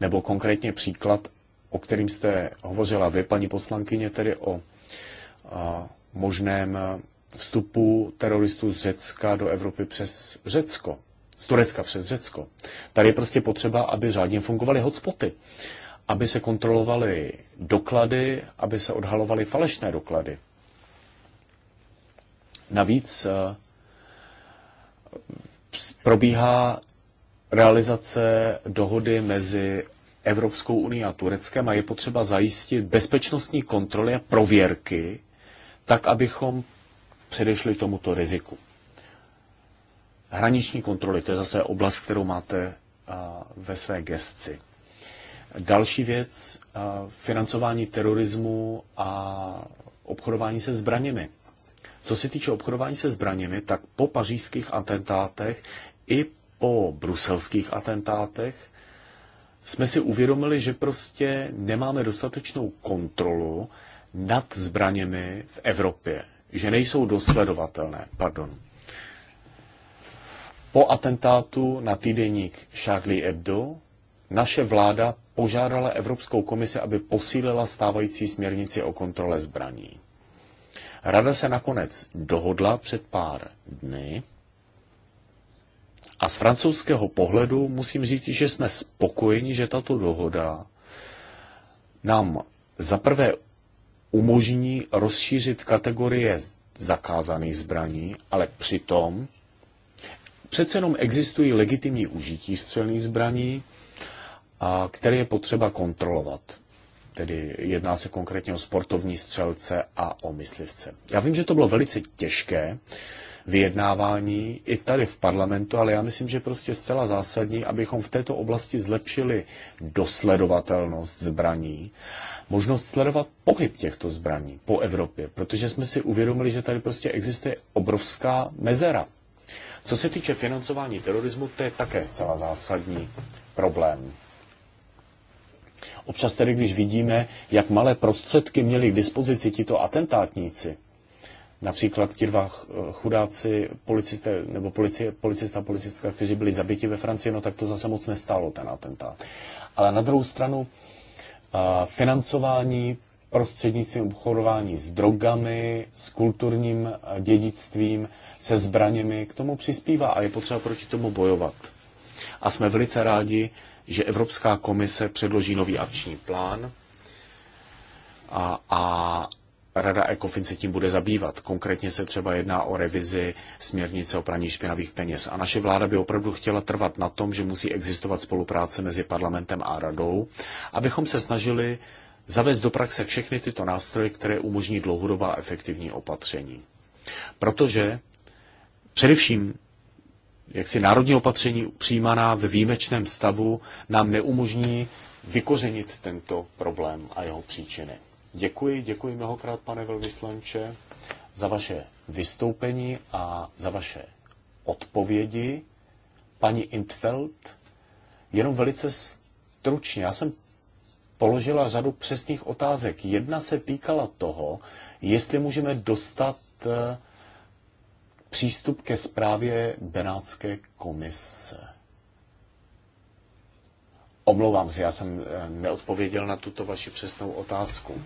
Nebo konkrétně příklad, o kterým jste hovořila vy, paní poslankyně, tedy o a, možném vstupu teroristů z Řecka do Evropy přes Řecko, z Turecka přes Řecko. Tady je prostě potřeba, aby řádně fungovaly hotspoty aby se kontrolovaly doklady, aby se odhalovaly falešné doklady. Navíc eh, probíhá realizace dohody mezi Evropskou unii a Tureckem a je potřeba zajistit bezpečnostní kontroly a prověrky, tak abychom předešli tomuto riziku. Hraniční kontroly, to je zase oblast, kterou máte eh, ve své gestci. Další věc, financování terorismu a obchodování se zbraněmi. Co se týče obchodování se zbraněmi, tak po pařížských atentátech i po bruselských atentátech jsme si uvědomili, že prostě nemáme dostatečnou kontrolu nad zbraněmi v Evropě, že nejsou dosledovatelné. Pardon. Po atentátu na týdeník Charlie Hebdo naše vláda požádala Evropskou komisi, aby posílila stávající směrnici o kontrole zbraní. Rada se nakonec dohodla před pár dny a z francouzského pohledu musím říct, že jsme spokojeni, že tato dohoda nám zaprvé umožní rozšířit kategorie zakázaných zbraní, ale přitom přece jenom existují legitimní užití střelných zbraní, a který je potřeba kontrolovat. Tedy jedná se konkrétně o sportovní střelce a o myslivce. Já vím, že to bylo velice těžké vyjednávání i tady v parlamentu, ale já myslím, že prostě zcela zásadní, abychom v této oblasti zlepšili dosledovatelnost zbraní, možnost sledovat pohyb těchto zbraní po Evropě, protože jsme si uvědomili, že tady prostě existuje obrovská mezera. Co se týče financování terorismu, to je také zcela zásadní problém. Občas tedy, když vidíme, jak malé prostředky měli k dispozici tito atentátníci, například ti dva chudáci policisté, nebo policie, policista policistka, kteří byli zabiti ve Francii, no tak to zase moc nestálo ten atentát. Ale na druhou stranu financování prostřednictvím obchodování s drogami, s kulturním dědictvím, se zbraněmi, k tomu přispívá a je potřeba proti tomu bojovat. A jsme velice rádi, že Evropská komise předloží nový akční plán a, a Rada ECOFIN se tím bude zabývat. Konkrétně se třeba jedná o revizi směrnice o praní špinavých peněz. A naše vláda by opravdu chtěla trvat na tom, že musí existovat spolupráce mezi parlamentem a radou, abychom se snažili zavést do praxe všechny tyto nástroje, které umožní dlouhodobá efektivní opatření. Protože především jaksi národní opatření přijímaná ve výjimečném stavu nám neumožní vykořenit tento problém a jeho příčiny. Děkuji, děkuji mnohokrát, pane velvyslanče, za vaše vystoupení a za vaše odpovědi. Paní Intfeld, jenom velice stručně, já jsem položila řadu přesných otázek. Jedna se týkala toho, jestli můžeme dostat eh, přístup ke zprávě Benátské komise. Omlouvám se, já jsem eh, neodpověděl na tuto vaši přesnou otázku.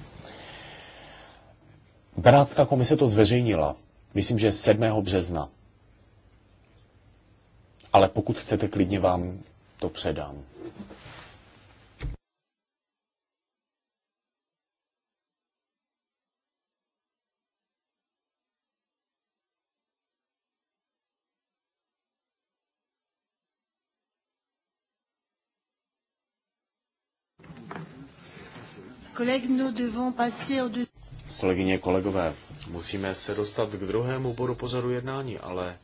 Benátská komise to zveřejnila, myslím, že 7. března. Ale pokud chcete, klidně vám to předám. Kolegyně, kolegové, musíme se dostat k druhému bodu pořadu jednání, ale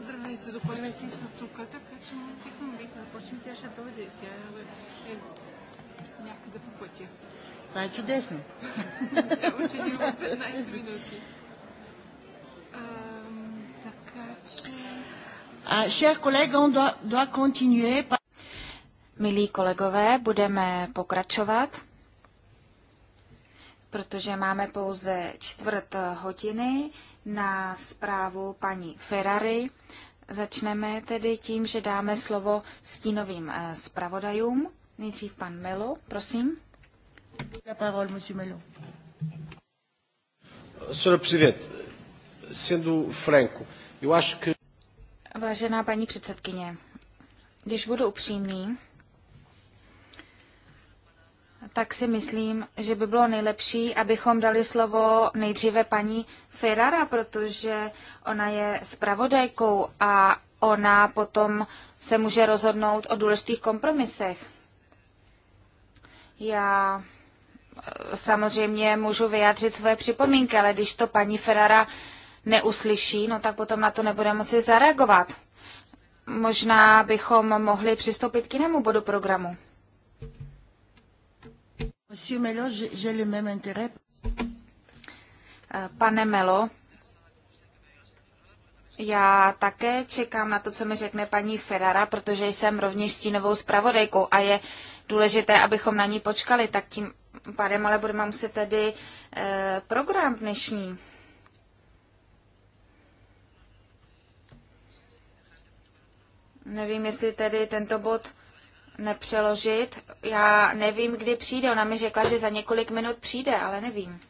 Здравейте, доколкото са тук, така че му викам, вие започни, тя ще дойде. Тя е някъде по пътя. Това е чудесно. Само, че има 15 минути. Така че... Шер колега, он doit continuer. Milí kolegové, budeme pokračovat protože máme pouze čtvrt hodiny na zprávu paní Ferrari. Začneme tedy tím, že dáme slovo stínovým eh, zpravodajům. Nejdřív pan Melo, prosím. La parole, monsieur Melo. sendo franco, Vážená paní předsedkyně, když budu upřímný, tak si myslím, že by bylo nejlepší, abychom dali slovo nejdříve paní Ferrara, protože ona je spravodajkou a ona potom se může rozhodnout o důležitých kompromisech. Já eh, samozřejmě můžu vyjádřit svoje připomínky, ale když to paní Ferrara neuslyší, no tak potom na to nebude moci zareagovat. Možná bychom mohli přistoupit k jinému bodu programu. Eh, pane Melo, já také čekám na to, co mi řekne paní Ferrara, protože jsem rovněž stínovou zpravodajkou a je důležité, abychom na ní počkali, tak tím pádem ale budeme muset tedy eh, program dnešní. Nevím, jestli tedy tento bod nepřeložit. Já nevím, kdy přijde. Ona mi řekla, že za několik minut přijde, ale nevím.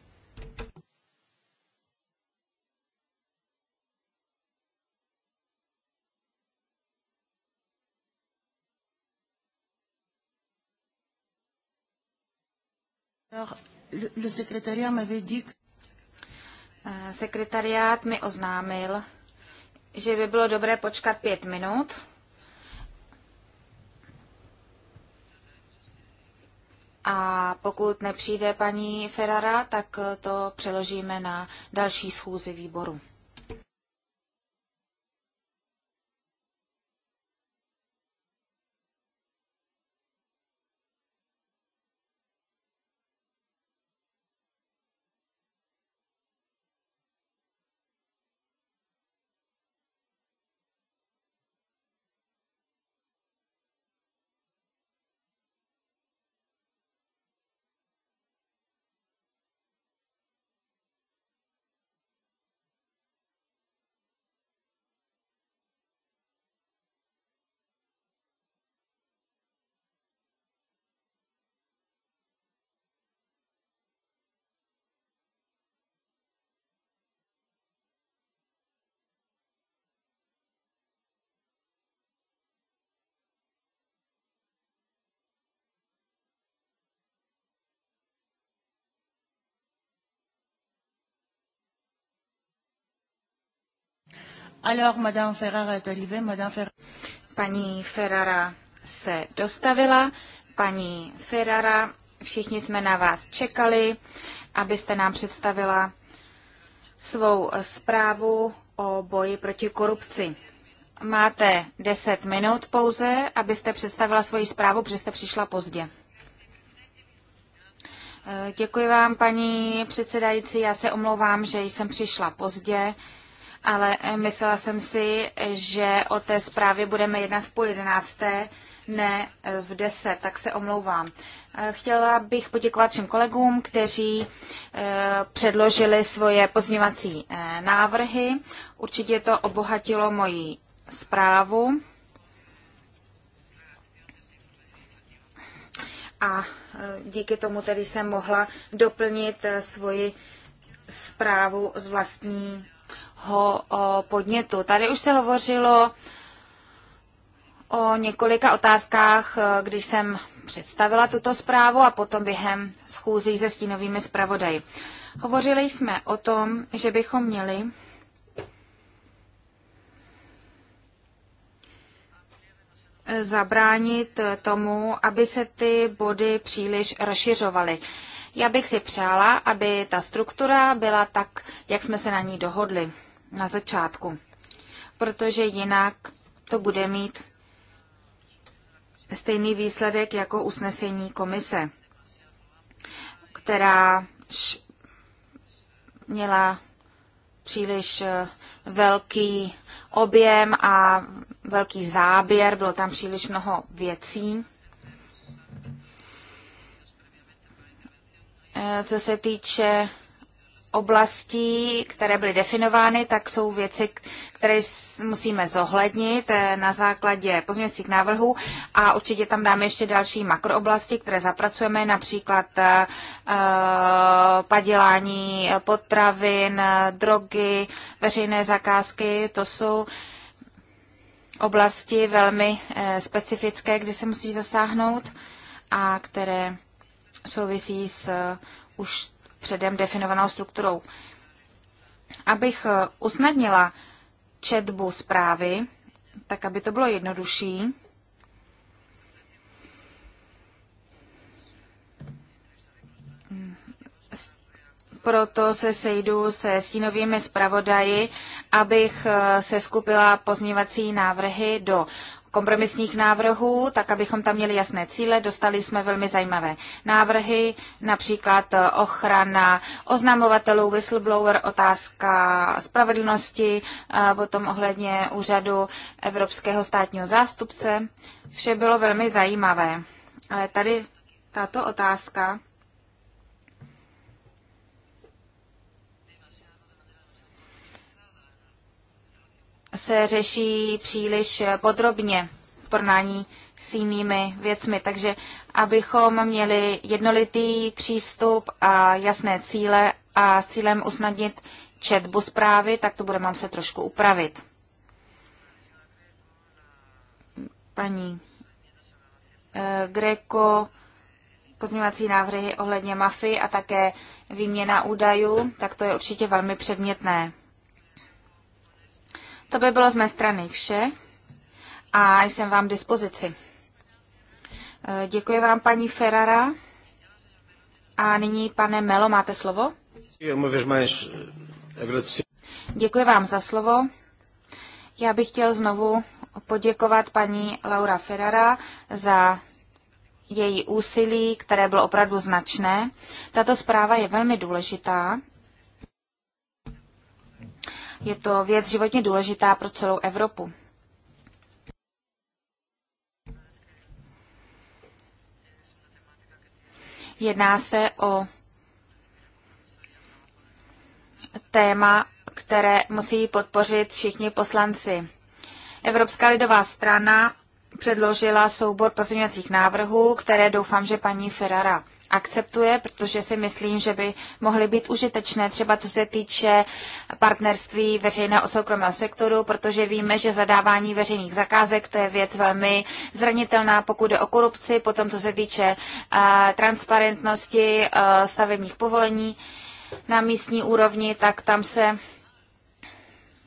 Eh, sekretariát mi oznámil, že by bylo dobré počkat pět minut. A pokud nepřijde paní Ferrara, tak to přeložíme na další schůzi výboru. Alors, Madame Ferrara est arrivée, Madame Ferrara. Paní Ferrara se dostavila. Paní Ferrara, všichni jsme na vás čekali, abyste nám představila svou zprávu o boji proti korupci. Máte 10 minut pouze, abyste představila svoji zprávu, protože jste přišla pozdě. Eh, děkuji vám, paní předsedající. Já se omlouvám, že jsem přišla pozdě ale eh, myslela jsem si, že o té zprávě budeme jednat v půl jedenácté, ne eh, v deset, tak se omlouvám. Eh, chtěla bych poděkovat všem kolegům, kteří předložili svoje pozměvací návrhy. Určitě to obohatilo moji zprávu. A díky tomu tedy jsem mohla doplnit svoji zprávu z vlastní podnětu. Tady už se hovořilo o několika otázkách, e, když jsem představila tuto zprávu a potom během schůzí se stínovými zpravodaji. Hovořili jsme o tom, že bychom měli zabránit tomu, aby se ty body příliš rozšiřovaly. Já bych si přála, aby ta struktura byla tak, jak jsme se na ní dohodli na začátku, protože jinak to bude mít stejný výsledek jako usnesení komise, která měla příliš eh, velký objem a velký záběr, bylo tam příliš mnoho věcí. Eh, co se týče oblastí, které byly definovány, tak jsou věci, které musíme zohlednit eh, na základě pozměňovacích návrhů a určitě tam dáme ještě další makrooblasti, které zapracujeme, například eh, eh, padělání potravin, drogy, veřejné zakázky, to jsou oblasti velmi specifické, kde se musí zasáhnout a které souvisí s už předem definovanou strukturou. Abych eh, usnadnila četbu zprávy, tak aby to bylo jednodušší, proto se sejdu se stínovými zpravodaji, abych eh, se skupila pozměňovací návrhy do kompromisních návrhů, tak abychom tam měli jasné cíle. Dostali jsme velmi zajímavé návrhy, například eh, ochrana oznamovatelů, whistleblower, otázka spravedlnosti, eh, potom ohledně úřadu Evropského státního zástupce. Vše bylo velmi zajímavé. Ale tady tato otázka se řeší příliš podrobně v porovnání s jinými věcmi. Takže abychom měli jednolitý přístup a jasné cíle a s cílem usnadnit četbu zprávy, tak to budeme se trošku upravit. Paní eh, Greco, pozměňovací návrhy ohledně mafy a také výměna údajů, tak to je určitě velmi předmětné. To by bylo z mé strany vše a jsem vám k dispozici. Eh, děkuji vám, paní Ferrara. A nyní, pane Melo, máte slovo? Děkuji vám za slovo. Já bych chtěl znovu poděkovat paní Laura Ferrara za její úsilí, které bylo opravdu značné. Tato zpráva je velmi důležitá je to věc životně důležitá pro celou Evropu. Jedná se o téma, které musí podpořit všichni poslanci. Evropská lidová strana předložila soubor pozměňovacích návrhů, které doufám, že paní Ferrara akceptuje, protože si myslím, že by mohly být užitečné, třeba co se týče partnerství veřejného a soukromého sektoru, protože víme, že zadávání veřejných zakázek to je věc velmi zranitelná, pokud jde o korupci, potom co se týče transparentnosti stavebních povolení na místní úrovni, tak tam se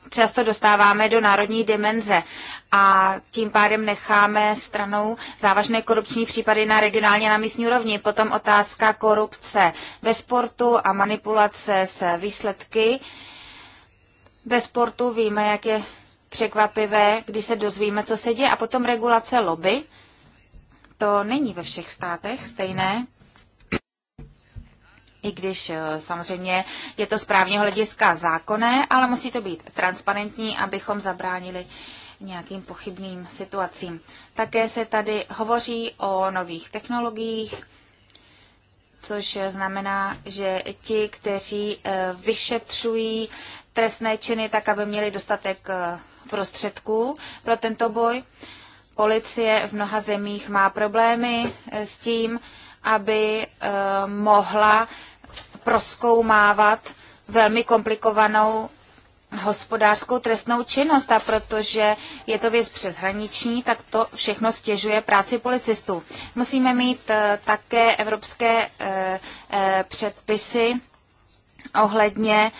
často dostáváme do národní dimenze a tím pádem necháme stranou závažné korupční případy na regionální a na místní úrovni. Potom otázka korupce ve sportu a manipulace s výsledky. Ve sportu víme, jak je překvapivé, když se dozvíme, co se děje, a potom regulace lobby. To není ve všech státech stejné i když eh, samozřejmě je to z právního hlediska zákonné, ale musí to být transparentní, abychom zabránili nějakým pochybným situacím. Také se tady hovoří o nových technologiích, což znamená, že ti, kteří eh, vyšetřují trestné činy, tak aby měli dostatek eh, prostředků pro tento boj. Policie v mnoha zemích má problémy s tím, aby mohla proskoumávat velmi komplikovanou hospodářskou trestnou činnost a protože je to věc přeshraniční, tak to všechno stěžuje práci policistů. Musíme mít eh, také evropské eh, eh, předpisy ohledně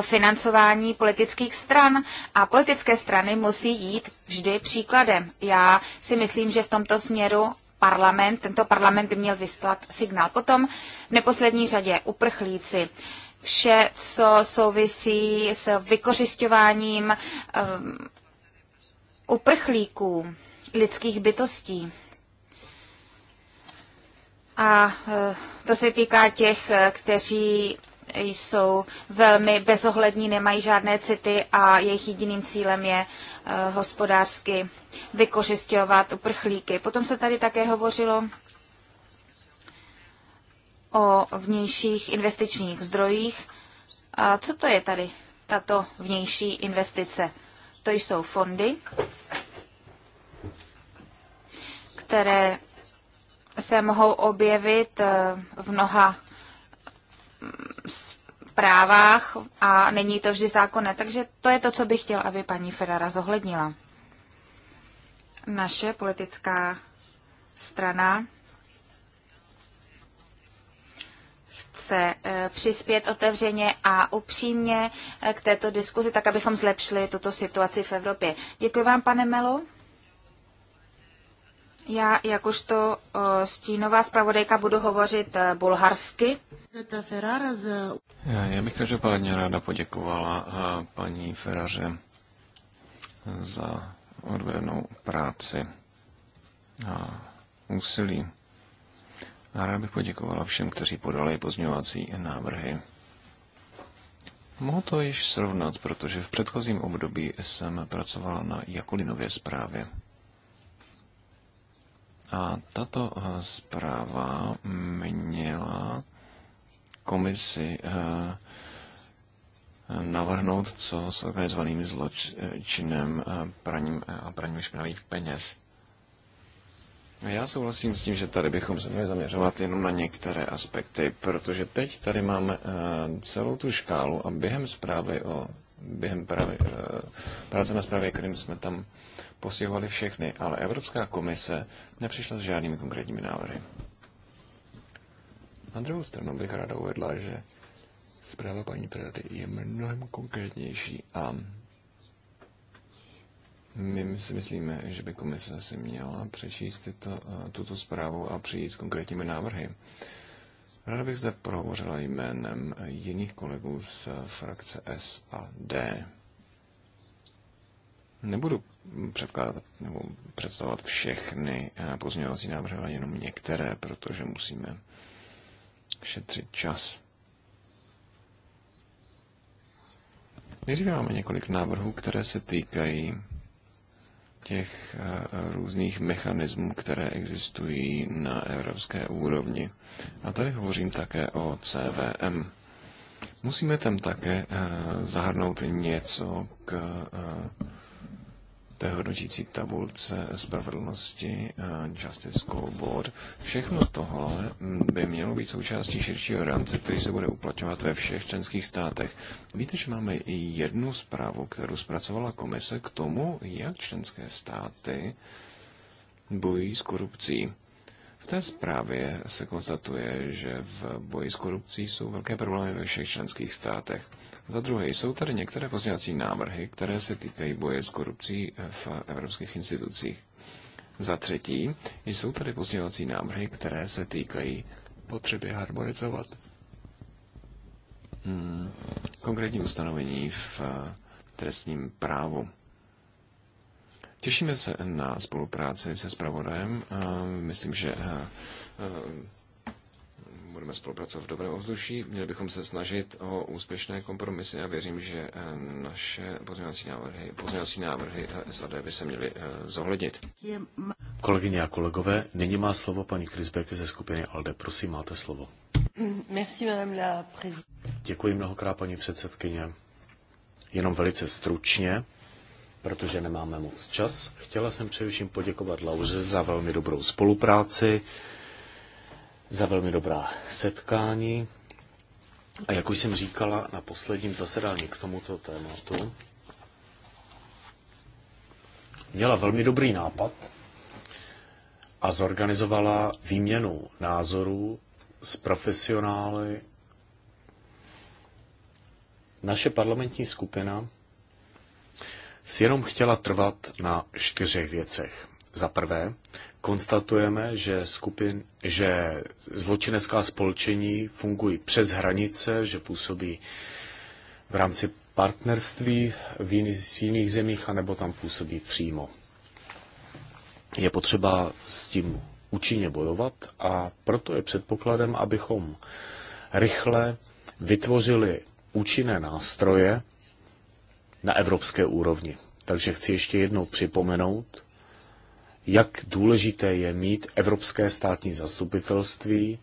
financování politických stran a politické strany musí jít vždy příkladem. Já si myslím, že v tomto směru parlament, tento parlament by měl vyslat signál. Potom v neposlední řadě uprchlíci. Vše, co souvisí s vykořišťováním um, uprchlíků, lidských bytostí. A eh, to se týká těch, eh, kteří jsou velmi bezohlední, nemají žádné city a jejich jediným cílem je eh, hospodářsky vykořišťovat uprchlíky. Potom se tady také hovořilo o vnějších investičních zdrojích. A co to je tady, tato vnější investice? To jsou fondy, které se mohou objevit eh, v mnoha právách a není to vždy zákonné. Takže to je to, co bych chtěl, aby paní Ferrara zohlednila. Naše politická strana chce eh, přispět otevřeně a upřímně eh, k této diskuzi, tak abychom zlepšili tuto situaci v Evropě. Děkuji vám, pane Melo. Já jakožto stínová zpravodajka budu hovořit e, bulharsky. Já bych každopádně ráda poděkovala e, paní Feraře za odvedenou práci a úsilí. A ráda bych poděkovala všem, kteří podali pozměňovací návrhy. Mohu to již srovnat, protože v předchozím období jsem pracovala na Jakulinově zprávě. A tato eh, zpráva měla komisi eh, navrhnout, co s organizovaným zločinem eh, praním a praním špinavých peněz. Já souhlasím s tím, že tady bychom se měli zaměřovat jenom na některé aspekty, protože teď tady máme celou tu škálu a během zprávy o během právě, práce na zprávě kterým jsme tam postihovaly všechny, ale Evropská komise nepřišla s žádnými konkrétními návrhy. Na druhou stranu bych ráda uvedla, že zpráva paní Prady je mnohem konkrétnější a my si myslíme, že by komise si měla přečíst tyto, tuto zprávu a přijít s konkrétními návrhy. Ráda bych zde prohovořila jménem jiných kolegů z frakce S a D. Nebudu předkládat nebo představovat všechny eh, pozměňovací návrhy, ale jenom některé, protože musíme šetřit čas. Nejdříve máme několik návrhů, které se týkají těch eh, různých mechanismů, které existují na evropské úrovni. A tady hovořím také o CVM. Musíme tam také eh, zahrnout něco k té hodnotící tabulce spravedlnosti, eh, Justice Board. Všechno tohle by mělo být součástí širšího rámce, který se bude uplatňovat ve všech členských státech. Víte, že máme i jednu zprávu, kterou zpracovala komise k tomu, jak členské státy bojují s korupcí. V té zprávě se konstatuje, že v boji s korupcí jsou velké problémy ve všech členských státech. Za druhé, jsou tady některé pozměňovací návrhy, které se týkají boje s korupcí v evropských institucích. Za třetí, jsou tady pozměňovací návrhy, které se týkají potřeby harmonizovat hmm, konkrétní ustanovení v eh, trestním právu. Těšíme se na spolupráci se zpravodajem. Eh, myslím, že eh, budeme spolupracovat v dobrém ovzduší. Měli bychom se snažit o úspěšné kompromisy a věřím, že eh, naše pozměňovací návrhy, pozměňovací návrhy eh, SAD by se měly eh, zohlednit. Kolegyně a kolegové, nyní má slovo paní Krisbeke ze skupiny ALDE. Prosím, máte slovo. Merci, la Děkuji mnohokrát, paní předsedkyně. Jenom velice stručně protože nemáme moc čas. Chtěla jsem především poděkovat Lauře za velmi dobrou spolupráci, za velmi dobrá setkání. A jak už jsem říkala na posledním zasedání k tomuto tématu, měla velmi dobrý nápad a zorganizovala výměnu názorů s profesionály. Naše parlamentní skupina si jenom chtěla trvat na čtyřech věcech. Za prvé, konstatujeme, že, skupin, že zločinecká spolčení fungují přes hranice, že působí v rámci partnerství v jiných, v jiných zemích, anebo tam působí přímo. Je potřeba s tím účinně bojovat a proto je předpokladem, abychom rychle vytvořili účinné nástroje na evropské úrovni. Takže chci ještě jednou připomenout, jak důležité je mít evropské státní zastupitelství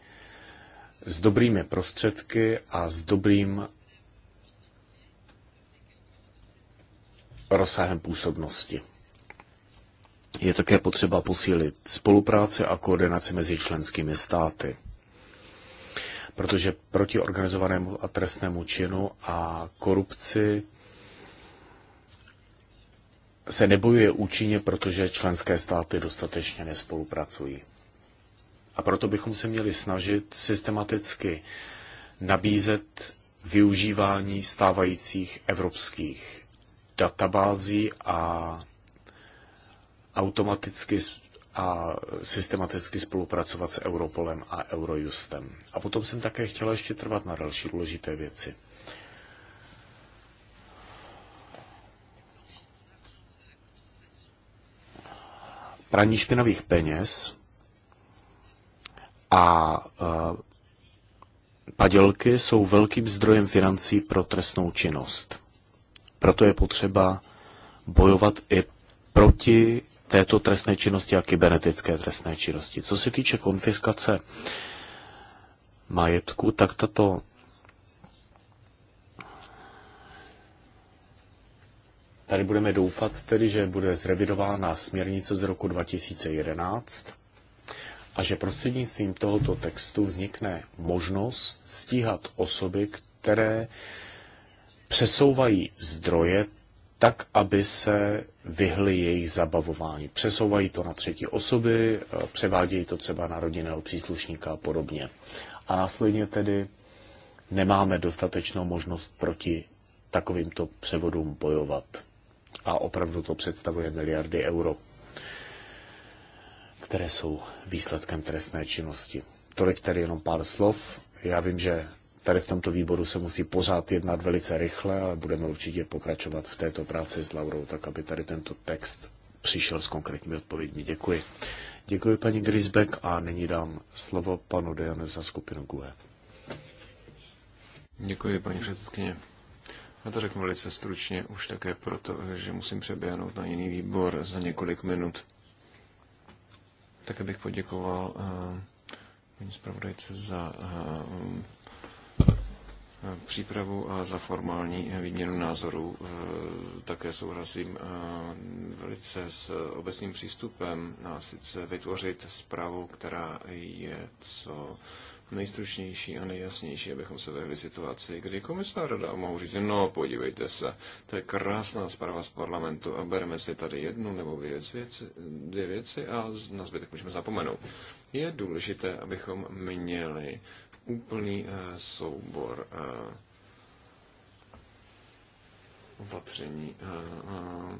s dobrými prostředky a s dobrým rozsahem působnosti. Je také potřeba posílit spolupráci a koordinaci mezi členskými státy, protože proti organizovanému a trestnému činu a korupci se nebojuje účinně, protože členské státy dostatečně nespolupracují. A proto bychom se měli snažit systematicky nabízet využívání stávajících evropských databází a automaticky a systematicky spolupracovat s Europolem a Eurojustem. A potom jsem také chtěla ještě trvat na další důležité věci. praní špinavých peněz a e, padělky jsou velkým zdrojem financí pro trestnou činnost. Proto je potřeba bojovat i proti této trestné činnosti a kybernetické trestné činnosti. Co se týče konfiskace majetku, tak tato Tady budeme doufat tedy, že bude zrevidována směrnice z roku 2011 a že prostřednictvím tohoto textu vznikne možnost stíhat osoby, které přesouvají zdroje tak, aby se vyhly jejich zabavování. Přesouvají to na třetí osoby, převádějí to třeba na rodinného příslušníka a podobně. A následně tedy nemáme dostatečnou možnost proti takovýmto převodům bojovat a opravdu to představuje miliardy euro, které jsou výsledkem trestné činnosti. Tolik tady jenom pár slov. Já vím, že tady v tomto výboru se musí pořád jednat velice rychle, ale budeme určitě pokračovat v této práci s Laurou, tak aby tady tento text přišel s konkrétními odpověďmi. Děkuji. Děkuji paní Grisbeck a nyní dám slovo panu Dejane za skupinu GUE. Děkuji, paní předsedkyně. Já to řeknu velice stručně, už také proto, že musím přeběhnout na jiný výbor za několik minut. Také bych poděkoval eh, paní zpravodajce za eh, přípravu a za formální výměnu názorů. Eh, také souhlasím velice s obecným přístupem, a sice vytvořit zprávu, která je co nejstručnější a nejjasnější, abychom se vehli situaci, kdy komisná rada mohou říct, no podívejte se, to je krásná zpráva z parlamentu a bereme si tady jednu nebo věc, věci, dvě věci a na zbytek můžeme zapomenout. Je důležité, abychom měli úplný eh, soubor eh, opatření, eh,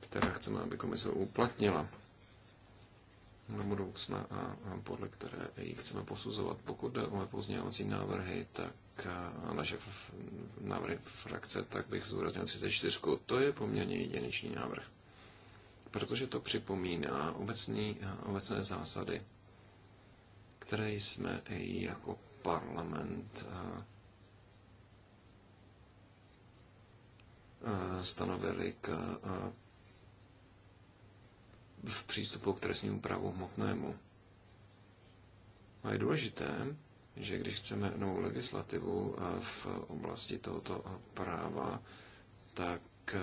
která chceme, aby komise uplatnila do budoucna a podle které ji chceme posuzovat. Pokud jde o pozměňovací návrhy, tak naše návrhy frakce, tak bych zúraznil 34. To je poměrně jedinečný návrh, protože to připomíná obecní, obecné zásady, které jsme i jako parlament stanovili k v přístupu k trestnímu právu hmotnému. A je důležité, že když chceme novou legislativu eh, v oblasti tohoto práva, tak eh,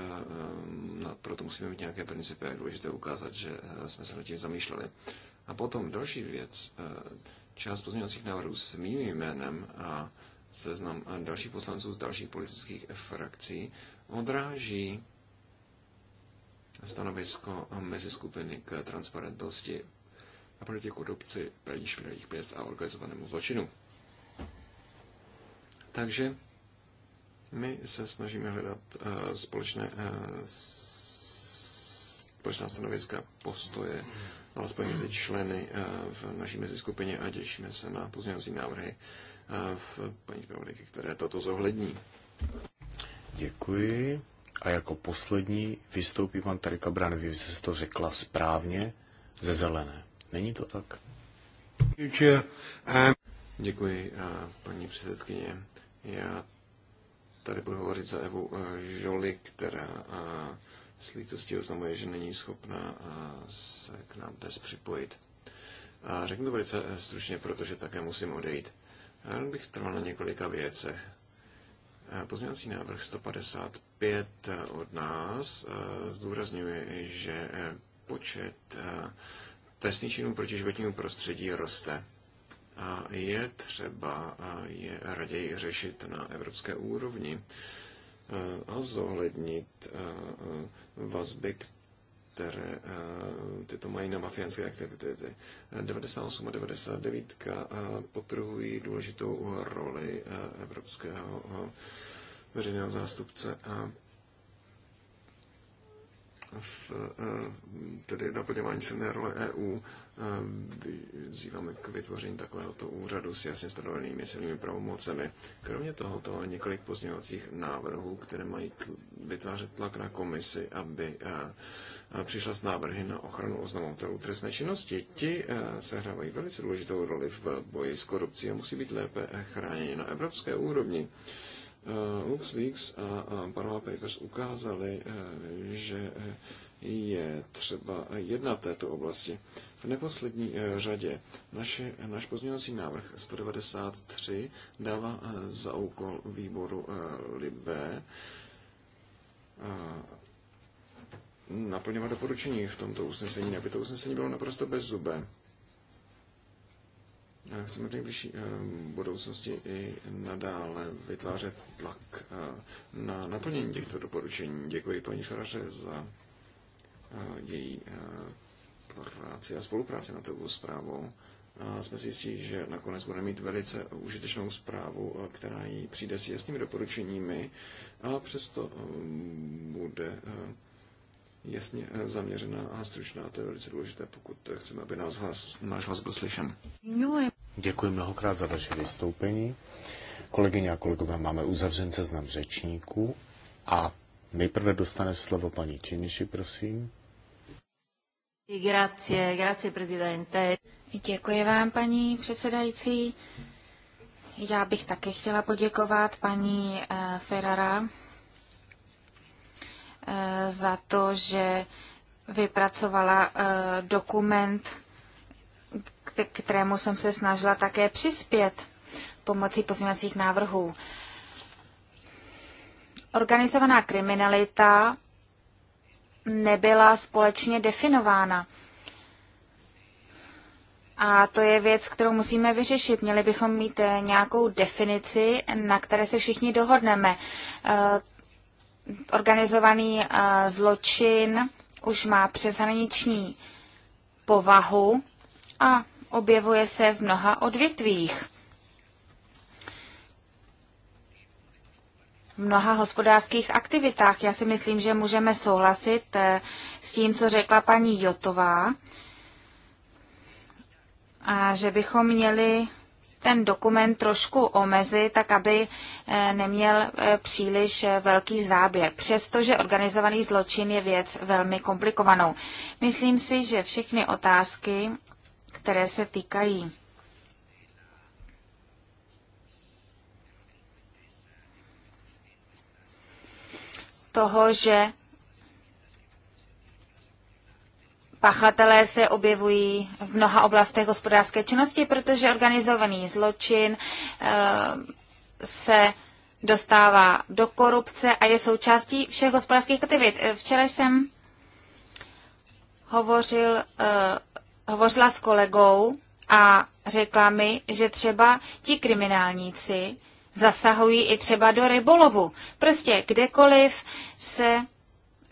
proto musíme mít nějaké principy a je důležité ukázat, že eh, jsme se nad tím zamýšleli. A potom další věc, část pozměňovacích návrhů s mým jménem a seznam dalších poslanců z dalších politických frakcí odráží stanovisko mezi skupiny k transparentnosti a proti korupci, praní špinavých pěst a organizovanému zločinu. Takže my se snažíme hledat eh, společné, eh, společná stanoviska, postoje, alespoň mezi členy eh, v naší meziskupině a těšíme se na pozměňovací návrhy v paní zpravodajky, které toto zohlední. Děkuji. A jako poslední vystoupí pan Tarika Bran, vy jste to řekla správně, ze zelené. Není to tak? Děkuji, paní předsedkyně. Já tady budu hovořit za Evu e, Žoli, která s lítostí oznamuje, že není schopná se k nám dnes připojit. A řeknu to velice e, stručně, protože také musím odejít. Já bych trval na několika věcech. Pozměňovací návrh 150 opět od nás. Eh, zdůrazňuje, že eh, počet eh, trestných činů proti životnímu prostředí roste. A je třeba je raději řešit na evropské úrovni a zohlednit vazby, které tyto mají na mafiánské aktivity. 98 a 99 potrhují důležitou roli evropského veřejného zástupce a v eh, tedy naplňování silné role EU eh, vyzýváme k vytvoření takovéhoto úřadu s jasně stanovenými silnými pravomocemi. Kromě tohoto je několik pozměňovacích návrhů, které mají vytvářet tlak na komisi, aby eh, přišla s návrhy na ochranu oznamovatelů trestné činnosti. Ti sehrávají velice důležitou roli v boji s korupcí a musí být lépe chráněni na evropské úrovni. LuxLeaks a Panama Papers ukázali, eh, že eh, je třeba jednat v této oblasti. V neposlední eh, řadě naše, náš pozměňovací návrh 193 dává za úkol výboru Libé naplňovat doporučení v tomto usnesení, aby to usnesení bylo naprosto zube. Chceme v nejbližší ehm, budoucnosti i nadále vytvářet tlak ehm, na naplnění těchto doporučení. Děkuji paní Faraře za ehm, její práci a spolupráci na tou zprávou. A jsme si jistí, že nakonec budeme mít velice užitečnou zprávu, která jí přijde s jasnými doporučeními a přesto bude jasně eh, zaměřená a stručná. To je velice důležité, pokud eh, chceme, aby nás hlas, náš hlas byl slyšen. Děkuji mnohokrát za vaše vystoupení. Kolegyně a kolegové, máme uzavřen seznam řečníků a nejprve dostane slovo paní Činiši, prosím. Grazie, grazie, prezidente. Děkuji vám, paní předsedající. Já bych také chtěla poděkovat paní eh, Ferrara Eh, za to, že vypracovala eh, dokument, kterému jsem se snažila také přispět pomocí pozměňovacích návrhů. Organizovaná kriminalita nebyla společně definována. A to je věc, kterou musíme vyřešit. Měli bychom mít eh, nějakou definici, na které se všichni dohodneme organizovaný eh, zločin už má přeshraniční povahu a objevuje se v mnoha odvětvích. V mnoha hospodářských aktivitách. Já si myslím, že můžeme souhlasit eh, s tím, co řekla paní Jotová, a že bychom měli ten dokument trošku omezit, tak aby eh, neměl eh, příliš eh, velký záběr, přestože organizovaný zločin je věc velmi komplikovanou. Myslím si, že všechny otázky, které se týkají toho, že Pachatelé se objevují v mnoha oblastech hospodářské činnosti, protože organizovaný zločin eh, se dostává do korupce a je součástí všech hospodářských aktivit. Eh, včera jsem hovořil, eh, hovořila s kolegou a řekla mi, že třeba ti kriminálníci zasahují i třeba do rybolovu. Prostě kdekoliv se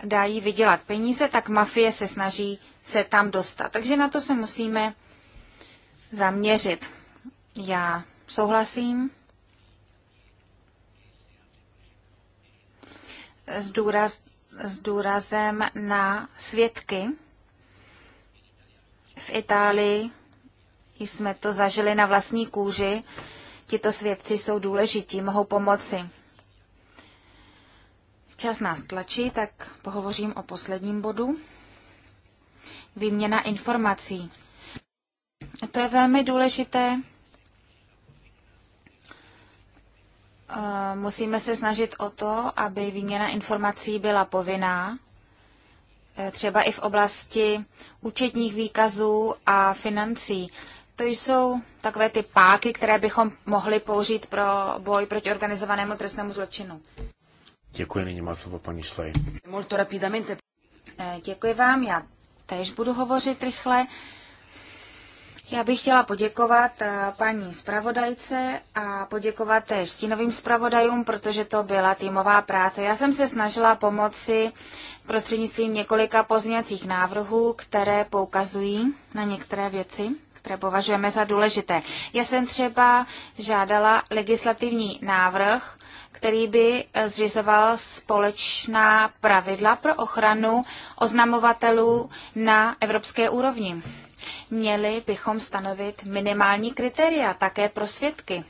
dají vydělat peníze, tak mafie se snaží se tam dostat. Takže na to se musíme zaměřit. Já souhlasím s, důraz, s důrazem na svědky. V Itálii jsme to zažili na vlastní kůži. Tito svědci jsou důležití, mohou pomoci. Čas nás tlačí, tak pohovořím o posledním bodu výměna informací. To je velmi důležité. Eh, musíme se snažit o to, aby výměna informací byla povinná, eh, třeba i v oblasti účetních výkazů a financí. To jsou takové ty páky, které bychom mohli použít pro boj proti organizovanému trestnému zločinu. Děkuji, nyní má slovo paní Šlej. Eh, děkuji vám, já tež budu hovořit rychle. Já bych chtěla poděkovat eh, paní zpravodajce a poděkovat též stínovým zpravodajům, protože to byla týmová práce. Já jsem se snažila pomoci prostřednictvím několika pozměňovacích návrhů, které poukazují na některé věci, které považujeme za důležité. Já jsem třeba žádala legislativní návrh, který by zřizoval společná pravidla pro ochranu oznamovatelů na evropské úrovni. Měli bychom stanovit minimální kritéria také pro svědky.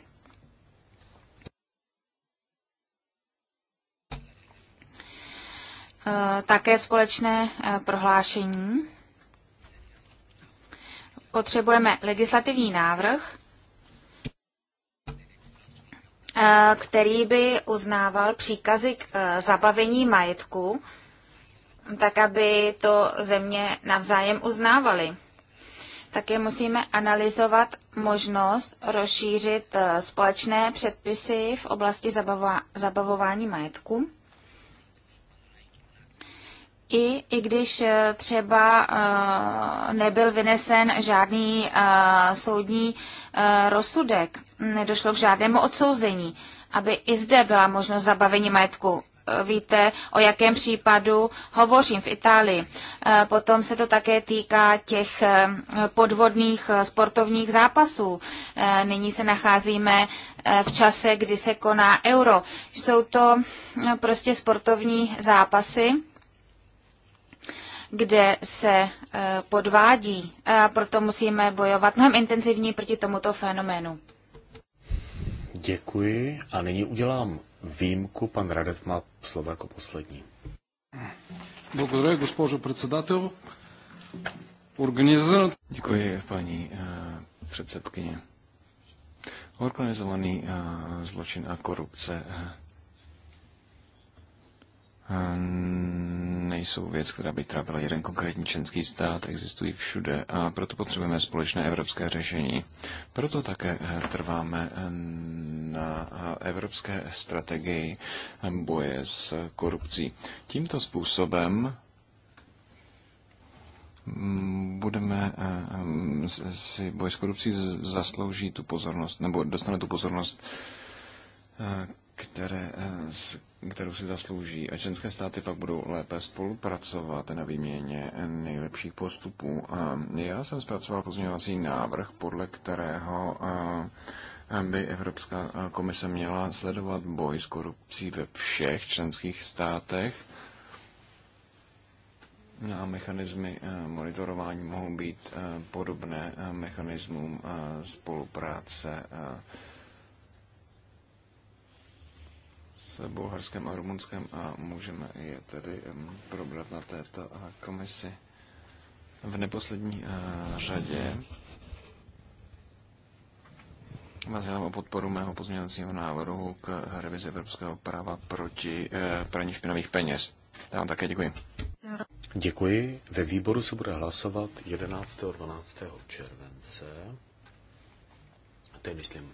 Eh, také společné eh, prohlášení. Potřebujeme legislativní návrh, Eh, který by uznával příkazy k eh, zabavení majetku, tak aby to země navzájem uznávaly. Také musíme analyzovat možnost rozšířit eh, společné předpisy v oblasti zabavování majetku i, i když eh, třeba eh, nebyl vynesen žádný eh, soudní rozsudek, nedošlo k žádnému odsouzení, aby i zde byla možnost zabavení majetku. Víte, o jakém případu hovořím v Itálii. Potom se to také týká těch podvodných sportovních zápasů. Nyní se nacházíme v čase, kdy se koná euro. Jsou to prostě sportovní zápasy, kde se eh, podvádí. A proto musíme bojovat mnohem intenzivněji proti tomuto fenoménu. Děkuji a nyní udělám výjimku. Pan Radev má slovo jako poslední. Děkuji, paní eh, předsedkyně. Organizovaný eh, zločin a korupce nejsou věc, která by trápila jeden konkrétní členský stát, existují všude a proto potřebujeme společné evropské řešení. Proto také eh, trváme eh, na eh, evropské strategii boje s korupcí. Tímto způsobem mm, budeme si boj s korupcí zaslouží tu pozornost, nebo dostane tu pozornost, které, kterou si zaslouží a členské státy pak budou lépe spolupracovat na výměně nejlepších postupů. Já jsem zpracoval pozměňovací návrh, podle kterého by Evropská komise měla sledovat boj s korupcí ve všech členských státech no a mechanismy monitorování mohou být podobné mechanismům spolupráce s Bulharskem a Rumunskem a můžeme je tedy probrat na této eh, komisi. V neposlední eh, řadě vás o podporu mého pozměňovacího návrhu k revizi evropského práva proti eh, praní špinavých peněz. Já vám také děkuji. Děkuji. Ve výboru se bude hlasovat 11. 12. července. To je, myslím,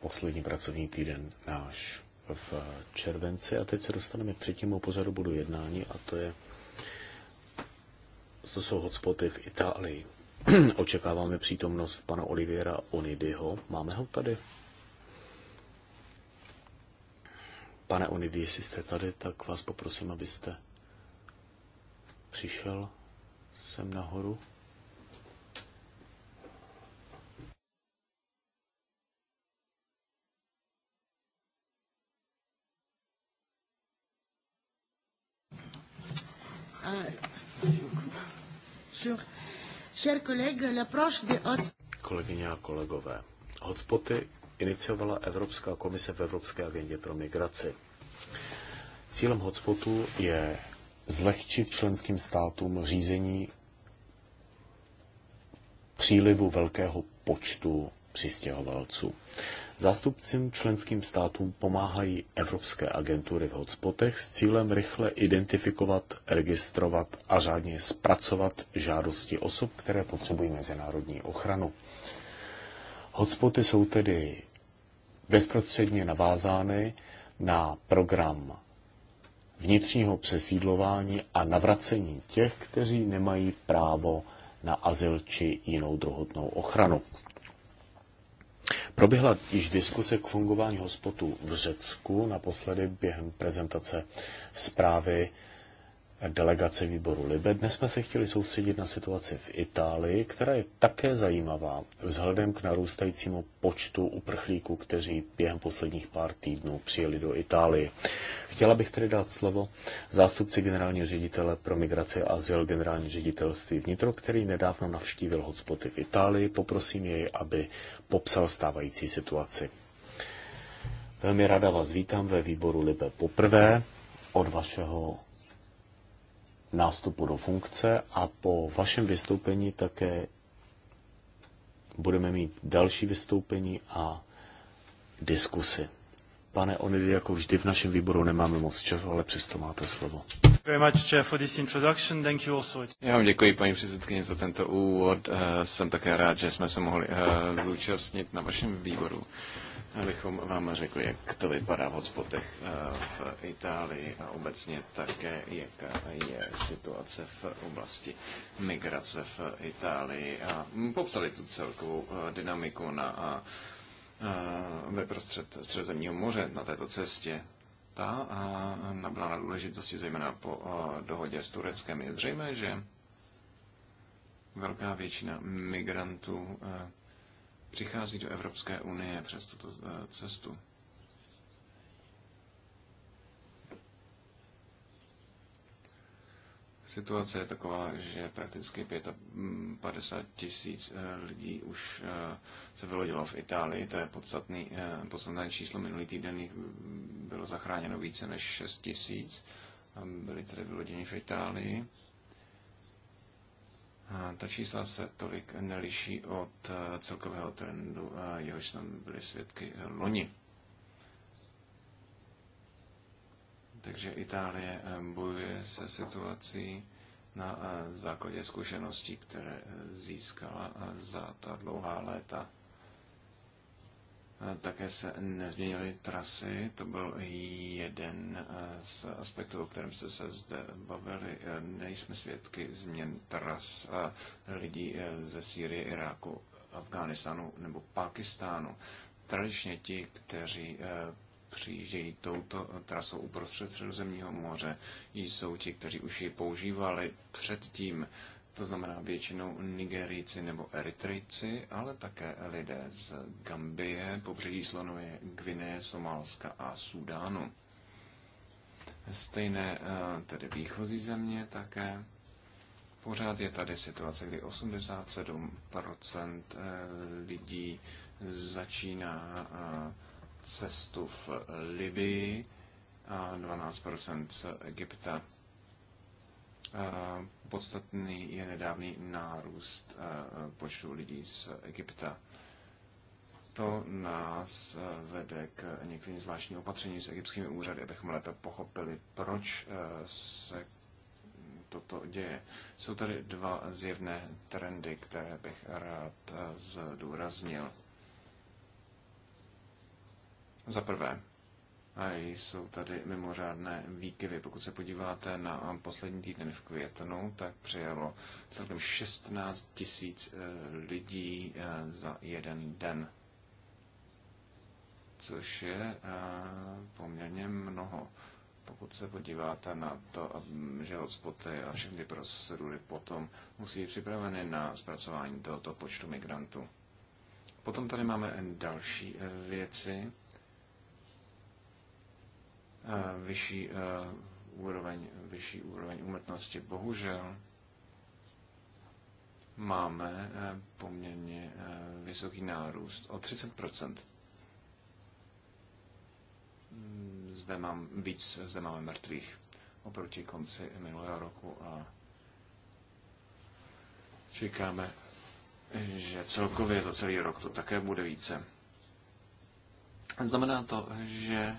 poslední pracovní týden náš v červenci a teď se dostaneme k třetímu pořadu bodu jednání a to je to jsou hotspoty v Itálii. Očekáváme přítomnost pana Oliviera Onidyho. Máme ho tady? Pane Onidy, jestli jste tady, tak vás poprosím, abyste přišel sem nahoru. Ah, Kolegyně a kolegové, hotspoty iniciovala Evropská komise v Evropské agendě pro migraci. Cílem hotspotu je zlehčit členským státům řízení přílivu velkého počtu přistěhovalců. Zástupcím členským státům pomáhají evropské agentury v hotspotech s cílem rychle identifikovat, registrovat a řádně zpracovat žádosti osob, které potřebují mezinárodní ochranu. Hotspoty jsou tedy bezprostředně navázány na program vnitřního přesídlování a navracení těch, kteří nemají právo na azyl či jinou druhotnou ochranu. Proběhla již diskuse k fungování hospodů v Řecku, naposledy během prezentace zprávy delegace výboru Libe. Dnes jsme se chtěli soustředit na situaci v Itálii, která je také zajímavá vzhledem k narůstajícímu počtu uprchlíků, kteří během posledních pár týdnů přijeli do Itálie. Chtěla bych tedy dát slovo zástupci generálního ředitele pro migraci a azyl generální ředitelství vnitro, který nedávno navštívil hotspoty v Itálii. Poprosím jej, aby popsal stávající situaci. Velmi ráda vás vítám ve výboru Libe poprvé od vašeho nástupu do funkce a po vašem vystoupení také budeme mít další vystoupení a diskusy. Pane Onidy, jako vždy v našem výboru nemáme moc času, ale přesto máte slovo. Já vám děkuji, paní předsedkyně, za tento úvod. Eh, jsem také rád, že jsme se mohli eh, zúčastnit na vašem výboru abychom vám řekli, jak to vypadá v hotspotech eh, v Itálii a obecně také, jaká je situace v oblasti migrace v Itálii. A popsali tu celkovou eh, dynamiku na, a, a, eh, ve prostřed Středozemního moře na této cestě. Ta a nabyla na důležitosti zejména po a, dohodě s Tureckem. Je zřejmé, že velká většina migrantů a, přichází do Evropské unie přes tuto eh, cestu. Situace je taková, že prakticky 55 mm, tisíc eh, lidí už eh, se vylodilo v Itálii, to je podstatný, podstatné číslo. Minulý týden jich mm, bylo zachráněno více než 6 tisíc, byli tedy vyloděni v Itálii. Ta čísla se tolik neliší od eh, celkového trendu, jehož jsme byli svědky eh, loni. Takže Itálie eh, bojuje se situací na základě zkušeností, které získala za ta dlouhá léta. Eh, také se nezměnily trasy, to byl jeden eh, z aspektů, o kterém jste se zde bavili. Eh, nejsme svědky změn tras lidí ze Sýrie, Iráku, Afghánistánu nebo Pakistánu. Tradičně ti, kteří přijíždějí touto trasou uprostřed Středozemního moře, jsou ti, kteří už ji používali předtím to znamená většinou Nigerijci nebo Eritrejci, ale také lidé z Gambie, pobřeží Slonově, Gvineje, Somálska a Súdánu. Stejné eh, tedy výchozí země také. Pořád je tady situace, kdy 87% eh, lidí začíná eh, cestu v Libii a 12% z Egypta Podstatný je nedávný nárůst e, počtu lidí z Egypta. To nás e, vede k některým zvláštním opatřením s egyptskými úřady, abychom lépe pochopili, proč e, se toto děje. Jsou tady dva zjevné trendy, které bych rád zdůraznil. Za prvé, a jsou tady mimořádné výkyvy. Pokud se podíváte na poslední týden v květnu, tak přijelo celkem 16 tisíc eh, lidí eh, za jeden den, což je eh, poměrně mnoho. Pokud se podíváte na to, že hotspoty a všechny procedury potom musí být připraveny na zpracování tohoto počtu migrantů. Potom tady máme další věci Eh, vyšší eh, úroveň, vyšší úroveň úmrtnosti. Bohužel máme eh, poměrně vysoký nárůst o 30%. Hmm, zde mám víc, zde máme mrtvých oproti konci minulého roku a čekáme, že celkově za celý rok to také bude více. Znamená to, že eh,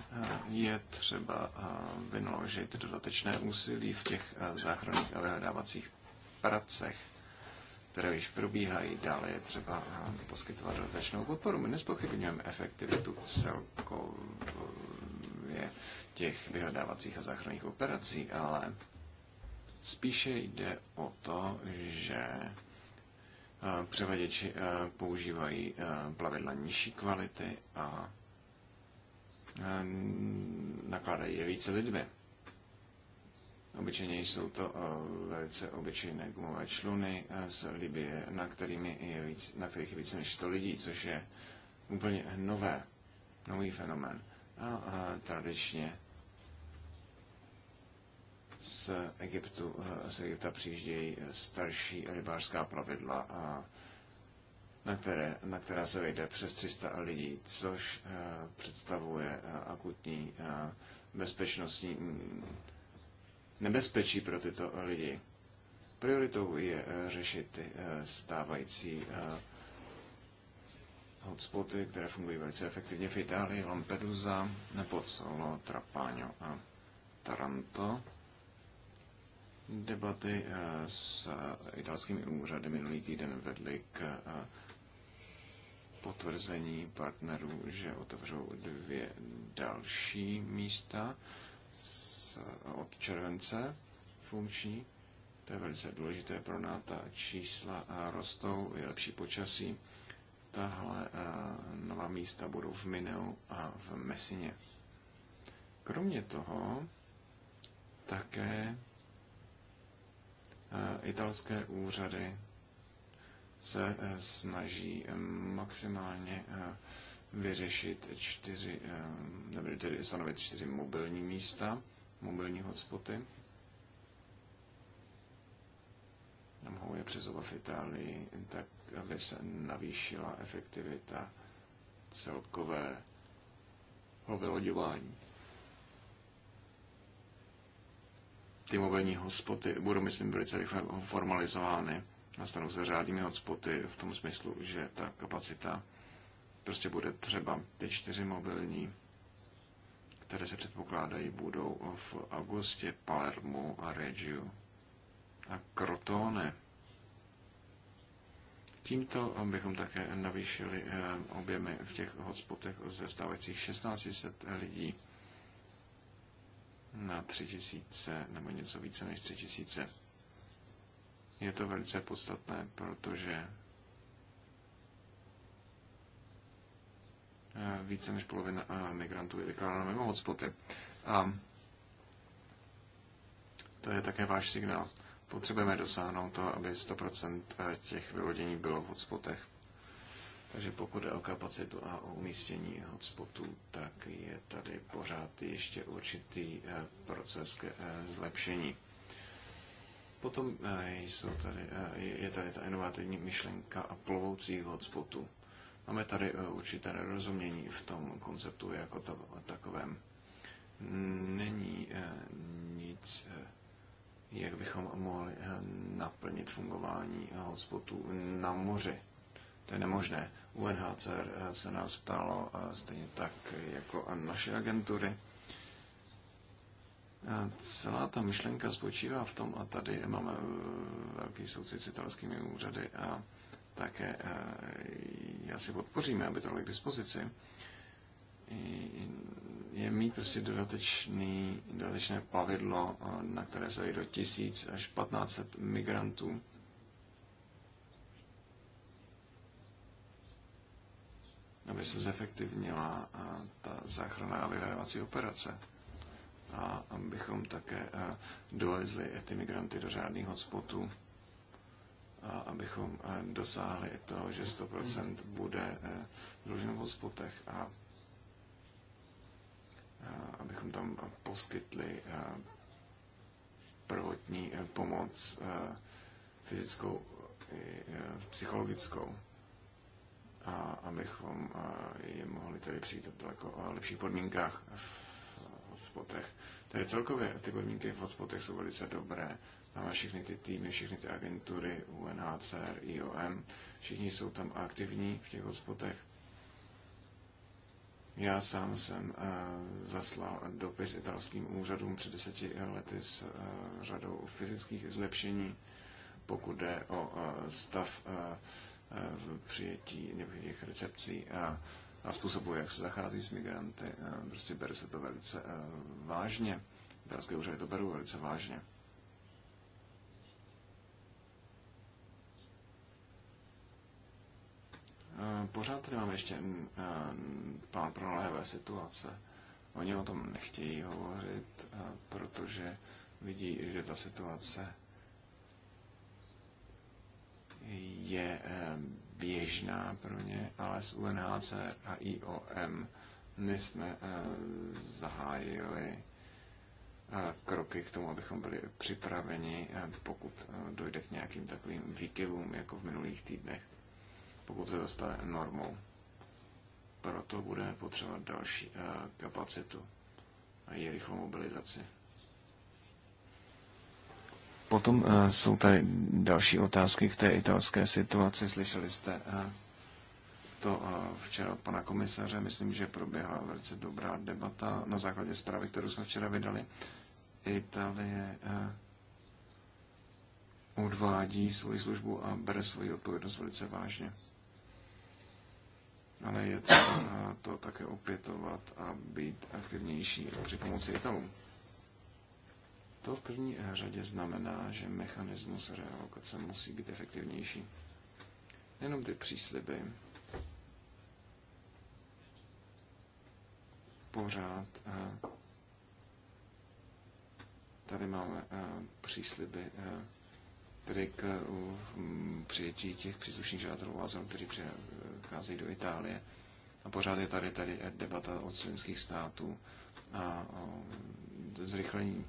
je třeba eh, vynaložit dodatečné úsilí v těch eh, záchranných a vyhledávacích pracech, které již probíhají. Dále je třeba poskytovat dodatečnou podporu. My nespochybňujeme efektivitu celkově těch vyhledávacích a záchranných operací, ale spíše jde o to, že převaděči používají plavidla nižší kvality a nakládají více lidmi. Obyčejně jsou to eh, velice obyčejné gumové čluny eh, z Libie, na, kterými je víc, na kterých je více než 100 lidí, což je úplně nové, nový fenomén. A, a tradičně z Egyptu, eh, z Egypta přijíždějí starší rybářská plavidla a na, které, na která se vejde přes 300 lidí, což eh, představuje eh, akutní eh, bezpečnostní mm, nebezpečí pro tyto lidi. Prioritou je řešit ty stávající hotspoty, které fungují velice efektivně v Itálii, Lampedusa, Pozzolo, Trapáňo a Taranto. Debaty s italskými úřady minulý týden vedly k potvrzení partnerů, že otevřou dvě další místa z, od července funkční. To je velice důležité pro nás. Ta čísla rostou, je lepší počasí. Tahle nová místa budou v Mineu a v Mesině. Kromě toho také italské úřady se eh, snaží eh, maximálně eh, vyřešit čtyři, nebo tedy stanovit čtyři mobilní místa, mobilní hotspoty. Nemohou je přizovat v Itálii, tak aby se navýšila efektivita celkového vyloďování. Ty mobilní hospody budou, myslím, velice rychle formalizovány Nastanou se řádnými hotspoty v tom smyslu, že ta kapacita prostě bude třeba ty čtyři mobilní, které se předpokládají, budou v Augustě, Palermu a Reggio a Crotone. Tímto bychom také navýšili eh, objemy v těch hotspotech ze stávajících 1600 lidí na 3000 nebo něco více než 3000. Je to velice podstatné, protože eh, více než polovina eh, migrantů je vykládána mimo hotspoty. A to je také váš signál. Potřebujeme dosáhnout to, aby 100% eh, těch vylodění bylo v hotspotech. Takže pokud je o kapacitu a o umístění hotspotů, tak je tady pořád ještě určitý proces k zlepšení. Potom eh, jsou tady, eh, je tady ta inovativní myšlenka a plovoucí hotspotu. Máme tady eh, určité nerozumění v tom konceptu jako to, takovém. Není nic, jak bychom mohli naplnit fungování hotspotu na moři. To je nemožné. UNHCR se nás ptalo, stejně tak jako naše agentury Celá ta myšlenka spočívá v tom, a tady máme eh, velký soucit s italskými úřady a také eh, si podpoříme, aby to bylo k dispozici, je mít prostě dodatečný, dodatečné plavidlo, eh, na které se do tisíc až 1500 migrantů. aby se zefektivnila ta záchranná a vyhledávací operace a abychom také eh, dovezli ty migranty do řádných hotspotů a abychom eh, dosáhli toho, že 100% bude v eh, v hotspotech a abychom tam poskytli prvotní pomoc fyzickou i psychologickou a abychom je mohli tady přijít v daleko lepších podmínkách v hotspotech. Tedy celkově ty podmínky v hotspotech jsou velice dobré. Máme všechny ty týmy, všechny ty agentury, UNHCR, IOM, všichni jsou tam aktivní v těch hotspotech. Já sám jsem uh, zaslal dopis italským úřadům před deseti lety s uh, řadou fyzických zlepšení, pokud jde o uh, stav uh, přijetí nebo těch recepcí a a způsobu, jak se zachází s migranty. Eh, prostě bere se to velice eh, vážně. Italské úřady to berou velice vážně. Eh, pořád tady máme ještě mm, plán pro naléhavé situace. Oni o tom nechtějí hovořit, protože vidí, že ta situace je běžná pro ně, ale s UNHC a IOM my jsme eh, zahájili eh, kroky k tomu, abychom byli připraveni, eh, pokud dojde k nějakým takovým výkyvům, jako v minulých týdnech, pokud se to normou. Proto budeme potřebovat další kapacitu a její rychlou mobilizaci. Potom eh, jsou tady další otázky k té italské situaci. Slyšeli jste eh, to eh, včera od pana komisaře. Myslím, že proběhla velice dobrá debata na základě zprávy, kterou jsme včera vydali. Itálie odvádí svoji službu a bere svoji odpovědnost velice vážně. Ale je to, to také opětovat a být aktivnější při pomoci Italům. To v první řadě znamená, že mechanismus realokace musí být efektivnější. Jenom ty přísliby pořád eh, tady máme eh, přísliby eh, tedy k mm, přijetí těch příslušných žádatelů azylu, kteří přicházejí do Itálie. A pořád je tady, tady debata od členských států a o zrychlení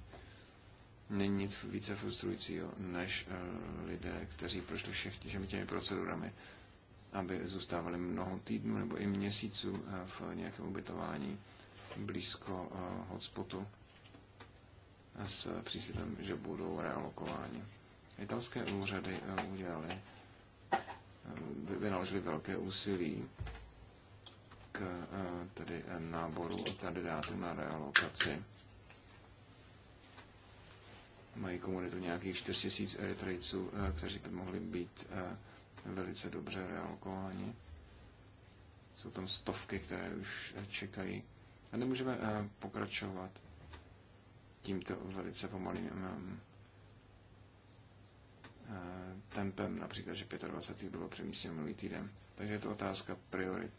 není nic více frustrujícího, než eh, lidé, kteří prošli všech těmi, těmi procedurami, aby zůstávali mnoho týdnů nebo i měsíců eh, v nějakém ubytování blízko eh, hotspotu s příslibem, že budou realokováni. Italské úřady udělali, vynaložili velké úsilí k tedy náboru kandidátů na realokaci mají komunitu nějakých 4000 Eritrejců, eh, kteří by mohli být eh, velice dobře realokováni. Jsou tam stovky, které už eh, čekají. A nemůžeme pokračovat tímto velice pomalým tempem, například, že 25. bylo přemístěno minulý týden. Takže je to otázka priorit.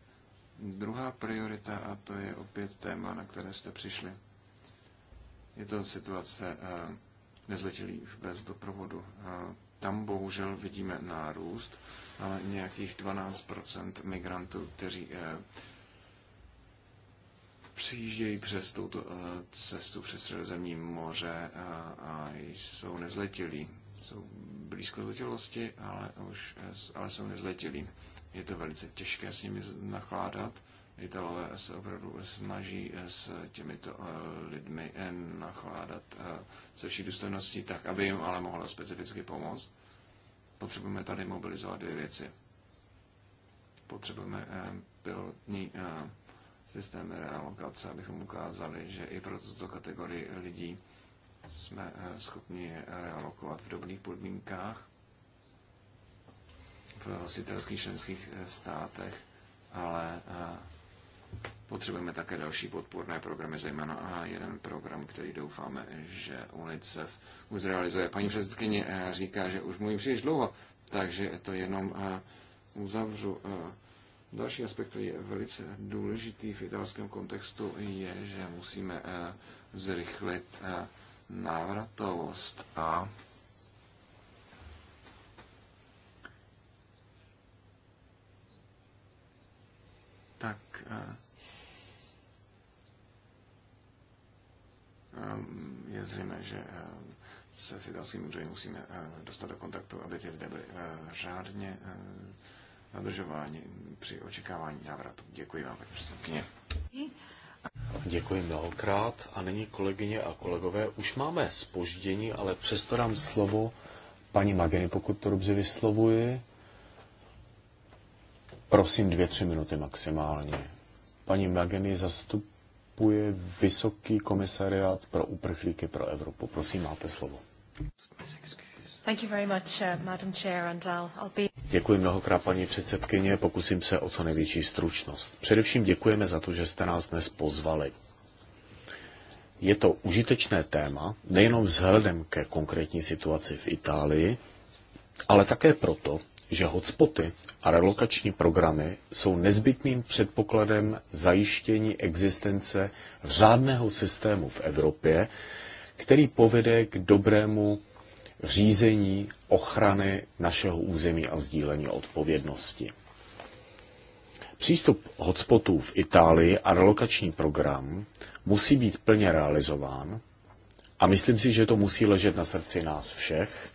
Druhá priorita, a to je opět téma, na které jste přišli, je to situace nezletilých bez doprovodu. Tam bohužel vidíme nárůst, ale nějakých 12 migrantů, kteří eh, přijíždějí přes tuto eh, cestu přes Středozemní moře a, a jsou nezletilí. Jsou blízko zletilosti, ale, už, eh, ale jsou nezletilí. Je to velice těžké s nimi nachládat. Italové se opravdu snaží s těmito eh, lidmi eh, nachládat eh, se vší důstojností tak, aby jim ale mohla specificky pomoct. Potřebujeme tady mobilizovat dvě věci. Potřebujeme pilotní systém realokace, abychom ukázali, že i pro tuto kategorii lidí jsme schopni je realokovat v dobrých podmínkách v hostitelských členských státech, ale Potřebujeme také další podpůrné programy, zejména a jeden program, který doufáme, že UNICEF už zrealizuje. Paní předsedkyně eh, říká, že už mluví příliš dlouho, takže to jenom eh, uzavřu. Eh, další aspekt, který je velice důležitý v italském kontextu, je, že musíme zrychlit návratovost a tak Ehm, je zřejmé, že ehm, se s italskými úřady musíme ehm, dostat do kontaktu, aby ty lidé byly řádně nadržováni při očekávání návratu. Děkuji vám, paní předsedkyně. Děkuji mnohokrát. A nyní, kolegyně a kolegové, už máme spoždění, ale přesto dám slovo paní Mageny, pokud to dobře vyslovuji. Prosím, dvě, tři minuty maximálně. Paní Mageny zastup, vystupuje Vysoký komisariát pro uprchlíky pro Evropu. Prosím, máte slovo. Uh, Děkuji mnohokrát, paní předsedkyně. Pokusím se o co největší stručnost. Především děkujeme za to, že jste nás dnes pozvali. Je to užitečné téma, nejenom vzhledem ke konkrétní situaci v Itálii, ale také proto, že hotspoty a relokační programy jsou nezbytným předpokladem zajištění existence řádného systému v Evropě, který povede k dobrému řízení ochrany našeho území a sdílení odpovědnosti. Přístup hotspotů v Itálii a relokační program musí být plně realizován a myslím si, že to musí ležet na srdci nás všech,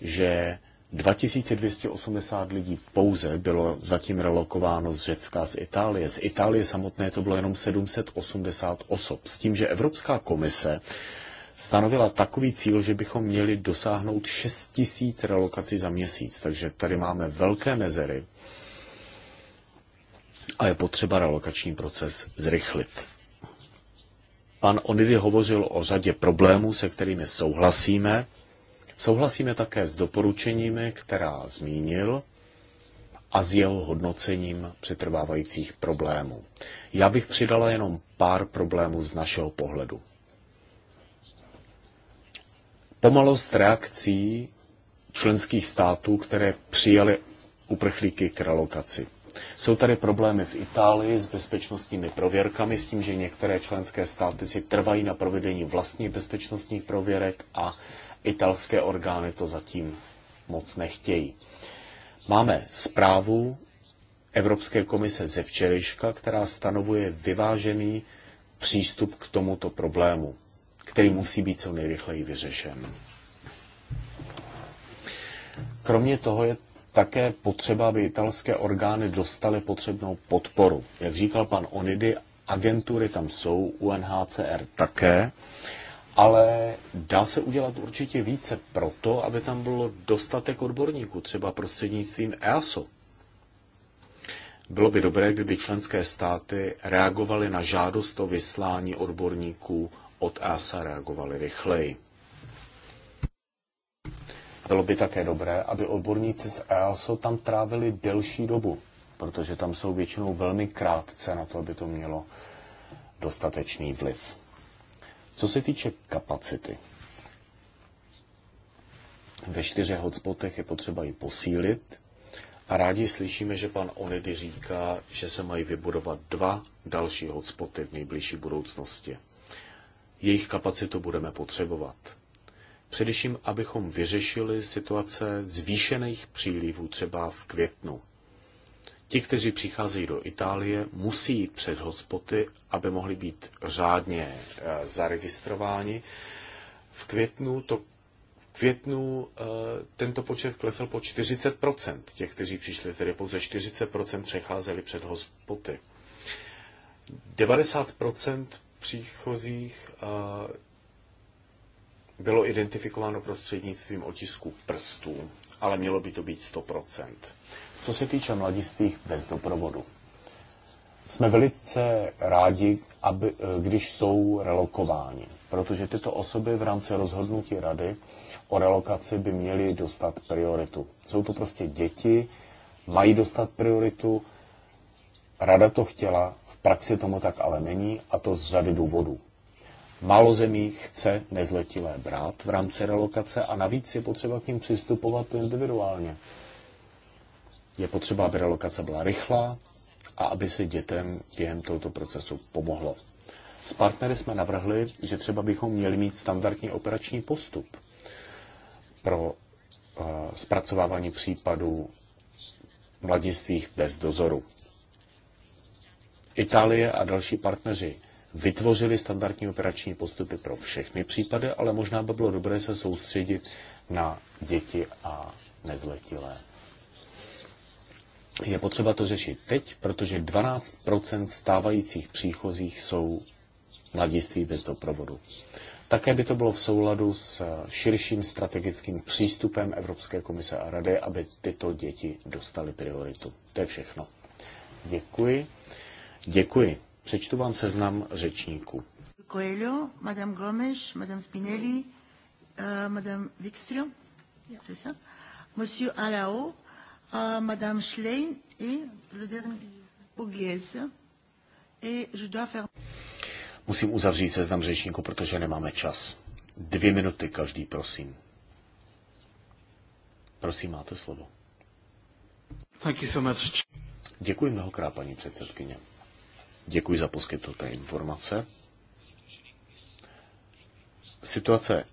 že 2280 lidí pouze bylo zatím relokováno z Řecka, z Itálie. Z Itálie samotné to bylo jenom 780 osob. S tím, že Evropská komise stanovila takový cíl, že bychom měli dosáhnout 6000 relokací za měsíc. Takže tady máme velké mezery a je potřeba relokační proces zrychlit. Pan Onidy hovořil o řadě problémů, se kterými souhlasíme, Souhlasíme také s doporučeními, která zmínil, a s jeho hodnocením přetrvávajících problémů. Já bych přidala jenom pár problémů z našeho pohledu. Pomalost reakcí členských států, které přijali uprchlíky k relokaci. Jsou tady problémy v Itálii s bezpečnostními prověrkami, s tím, že některé členské státy si trvají na provedení vlastních bezpečnostních prověrek a italské orgány to zatím moc nechtějí. Máme zprávu Evropské komise ze včerejška, která stanovuje vyvážený přístup k tomuto problému, který musí být co nejrychleji vyřešen. Kromě toho je také potřeba, aby italské orgány dostaly potřebnou podporu. Jak říkal pan Onidy, agentury tam jsou, UNHCR také ale dá se udělat určitě více proto, aby tam bylo dostatek odborníků, třeba prostřednictvím EASO. Bylo by dobré, kdyby členské státy reagovaly na žádost o vyslání odborníků od EASA reagovaly rychleji. Bylo by také dobré, aby odborníci z EASO tam trávili delší dobu, protože tam jsou většinou velmi krátce na to, aby to mělo dostatečný vliv. Co se týče kapacity, ve čtyřech hotspotech je potřeba ji posílit a rádi slyšíme, že pan Onedy říká, že se mají vybudovat dva další hotspoty v nejbližší budoucnosti. Jejich kapacitu budeme potřebovat. Především, abychom vyřešili situace zvýšených přílivů třeba v květnu Ti, kteří přicházejí do Itálie, musí jít před hotspoty, aby mohli být řádně eh, zaregistrováni. V květnu, to, v květnu eh, tento počet klesl po 40%. Těch, kteří přišli, tedy pouze 40% přecházeli před hotspoty. 90% příchozích eh, bylo identifikováno prostřednictvím otisků prstů, ale mělo by to být 100%. Co se týče mladistvých bez doprovodu, jsme velice rádi, aby, eh, když jsou relokováni, protože tyto osoby v rámci rozhodnutí rady o relokaci by měly dostat prioritu. Jsou to prostě děti, mají dostat prioritu, rada to chtěla, v praxi tomu tak ale není a to z řady důvodů. Málo zemí chce nezletilé brát v rámci relokace a navíc je potřeba k ním přistupovat individuálně. Je potřeba, aby relokace byla rychlá a aby se dětem během tohoto procesu pomohlo. S partnery jsme navrhli, že třeba bychom měli mít standardní operační postup pro uh, zpracovávání případů mladistvých bez dozoru. Itálie a další partneři vytvořili standardní operační postupy pro všechny případy, ale možná by bylo dobré se soustředit na děti a nezletilé je potřeba to řešit teď, protože 12 stávajících příchozích jsou mladiství bez doprovodu. Také by to bylo v souladu s širším strategickým přístupem Evropské komise a Rady, aby tyto děti dostaly prioritu. To je všechno. Děkuji. Děkuji. Přečtu vám seznam řečníků. Coelho, Madame Gomes, Madame Spinelli, uh, Madame Wikström, yeah. Monsieur Alao, à Madame Schlein et le dernier Pugliese. Et je dois faire... Musím uzavřít seznam řečníků, protože nemáme čas. Dvě minuty každý, prosím. Prosím, máte slovo. Thank you so much. Děkuji mnohokrát, paní předsedkyně. Děkuji za poskytnuté informace. Situace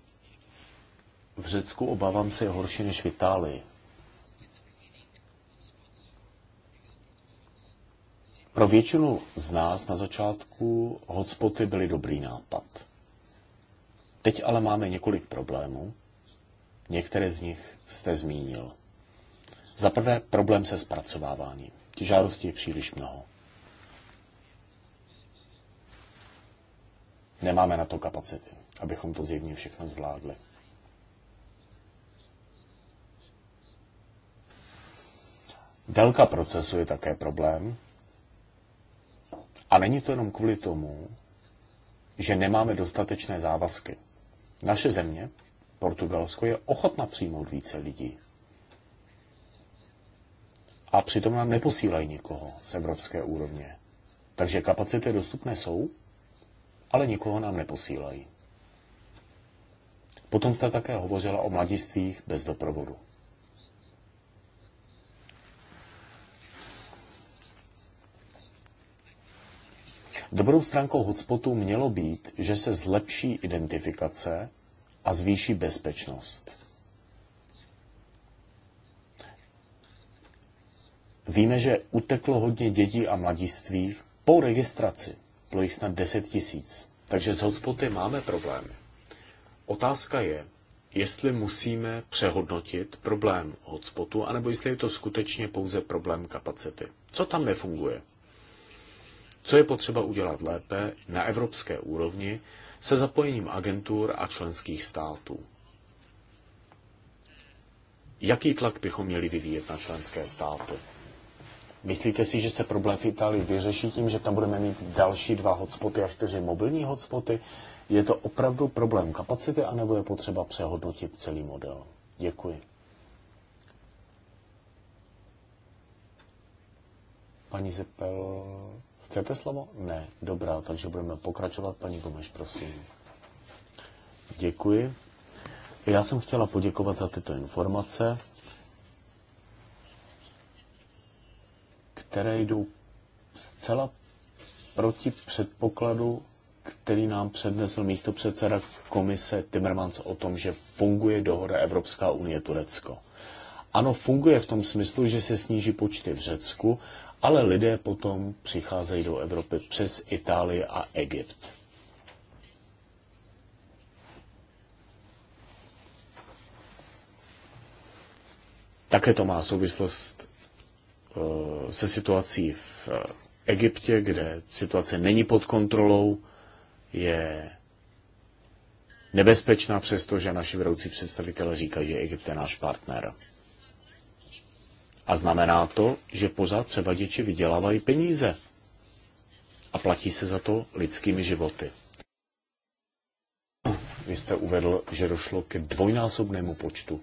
v Řecku, obávám se, je horší než v Itálii. Pro většinu z nás na začátku hotspoty byly dobrý nápad. Teď ale máme několik problémů. Některé z nich jste zmínil. Za prvé problém se zpracováváním. Ti žádosti je příliš mnoho. Nemáme na to kapacity, abychom to zjevně všechno zvládli. Délka procesu je také problém. A není to jenom kvůli tomu, že nemáme dostatečné závazky. Naše země, Portugalsko, je ochotna přijmout více lidí. A přitom nám neposílají nikoho z evropské úrovně. Takže kapacity dostupné jsou, ale nikoho nám neposílají. Potom jste také hovořila o mladistvích bez doprovodu. Dobrou stránkou hotspotu mělo být, že se zlepší identifikace a zvýší bezpečnost. Víme, že uteklo hodně dětí a mladistvých po registraci. Bylo jich snad 10 tisíc. Takže s hotspoty máme problémy. Otázka je, jestli musíme přehodnotit problém hotspotu, anebo jestli je to skutečně pouze problém kapacity. Co tam nefunguje? co je potřeba udělat lépe na evropské úrovni se zapojením agentur a členských států. Jaký tlak bychom měli vyvíjet na členské státy? Myslíte si, že se problém v Itálii vyřeší tím, že tam budeme mít další dva hotspoty a čtyři mobilní hotspoty? Je to opravdu problém kapacity, anebo je potřeba přehodnotit celý model? Děkuji. Paní Zepel, Chcete slovo? Ne. Dobrá, takže budeme pokračovat. Paní Gomeš, prosím. Děkuji. Já jsem chtěla poděkovat za tyto informace, které jdou zcela proti předpokladu, který nám přednesl místo předseda komise Timmermans o tom, že funguje dohoda Evropská unie Turecko. Ano, funguje v tom smyslu, že se sníží počty v Řecku ale lidé potom přicházejí do Evropy přes Itálii a Egypt. Také to má souvislost eh, se situací v eh, Egyptě, kde situace není pod kontrolou, je nebezpečná, přestože naši vedoucí představitelé říkají, že Egypt je náš partner. A znamená to, že pořád děti vydělávají peníze. A platí se za to lidskými životy. Vy jste uvedl, že došlo ke dvojnásobnému počtu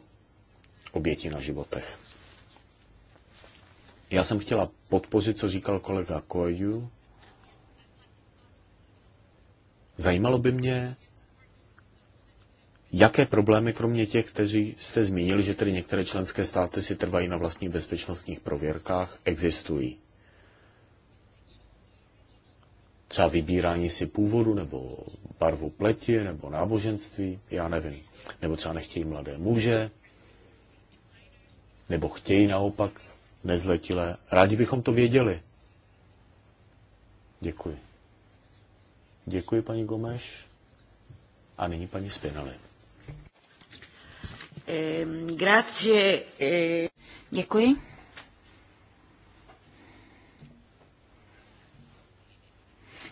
obětí na životech. Já jsem chtěla podpořit, co říkal kolega Koju. Zajímalo by mě, Jaké problémy, kromě těch, kteří jste zmínili, že tedy některé členské státy si trvají na vlastních bezpečnostních prověrkách, existují? Třeba vybírání si původu, nebo barvu pleti, nebo náboženství, já nevím. Nebo třeba nechtějí mladé muže, nebo chtějí naopak nezletilé. Rádi bychom to věděli. Děkuji. Děkuji, paní Gomeš. A nyní paní Spinali. Ehm, eh. Děkuji.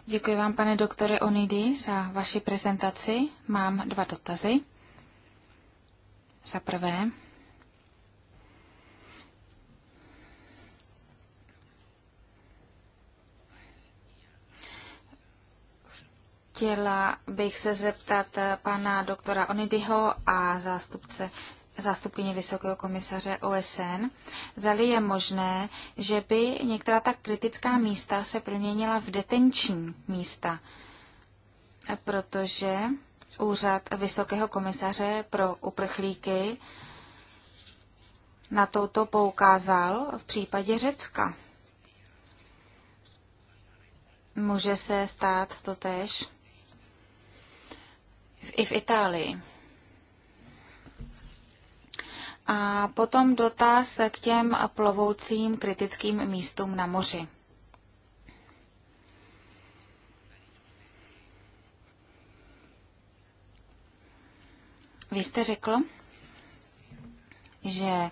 Děkuji vám, pane doktore Onidy, za vaši prezentaci. Mám dva dotazy. Za prvé, Chtěla bych se zeptat eh, pana doktora Onidyho a zástupce zástupkyně Vysokého komisaře OSN, zali je možné, že by některá tak kritická místa se proměnila v detenční místa, eh, protože úřad Vysokého komisaře pro uprchlíky na touto poukázal v případě Řecka. Může se stát to tež i v Itálii. A potom dotaz k těm plovoucím kritickým místům na moři. Vy jste řekl, že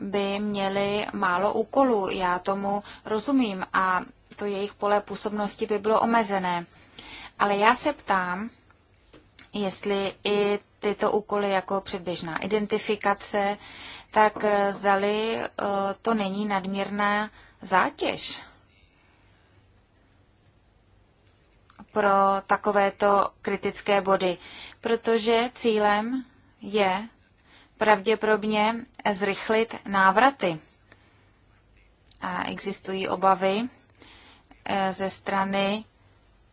by měli málo úkolů. Já tomu rozumím a to jejich pole působnosti by bylo omezené. Ale já se ptám, jestli i tyto úkoly jako předběžná identifikace, tak eh, zdali eh, to není nadměrná zátěž pro takovéto kritické body, protože cílem je pravděpodobně zrychlit návraty. A existují obavy eh, ze strany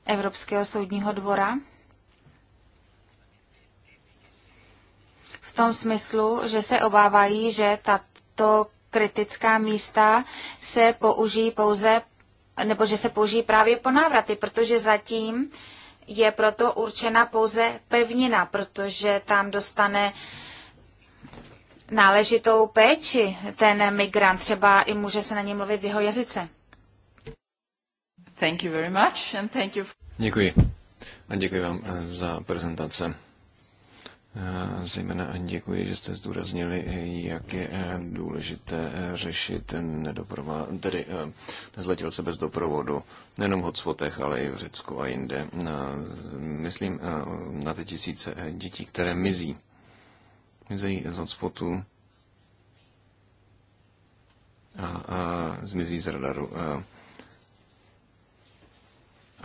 Evropského soudního dvora, v tom smyslu, že se obávají, že tato kritická místa se použijí pouze, nebo že se použijí právě po návraty, protože zatím je proto určena pouze pevnina, protože tam dostane náležitou péči ten migrant, třeba i může se na něj mluvit v jeho jazyce. Děkuji. A děkuji vám eh, za prezentace. Eh, zejména děkuji, že jste zdůraznili, eh, jak je eh, důležité řešit nedoprovod. tedy se bez doprovodu, nejenom v hotspotech, ale i v Řecku a jinde. Myslím na ty tisíce dětí, které mizí. Mizí z hotspotu a, a zmizí z radaru a,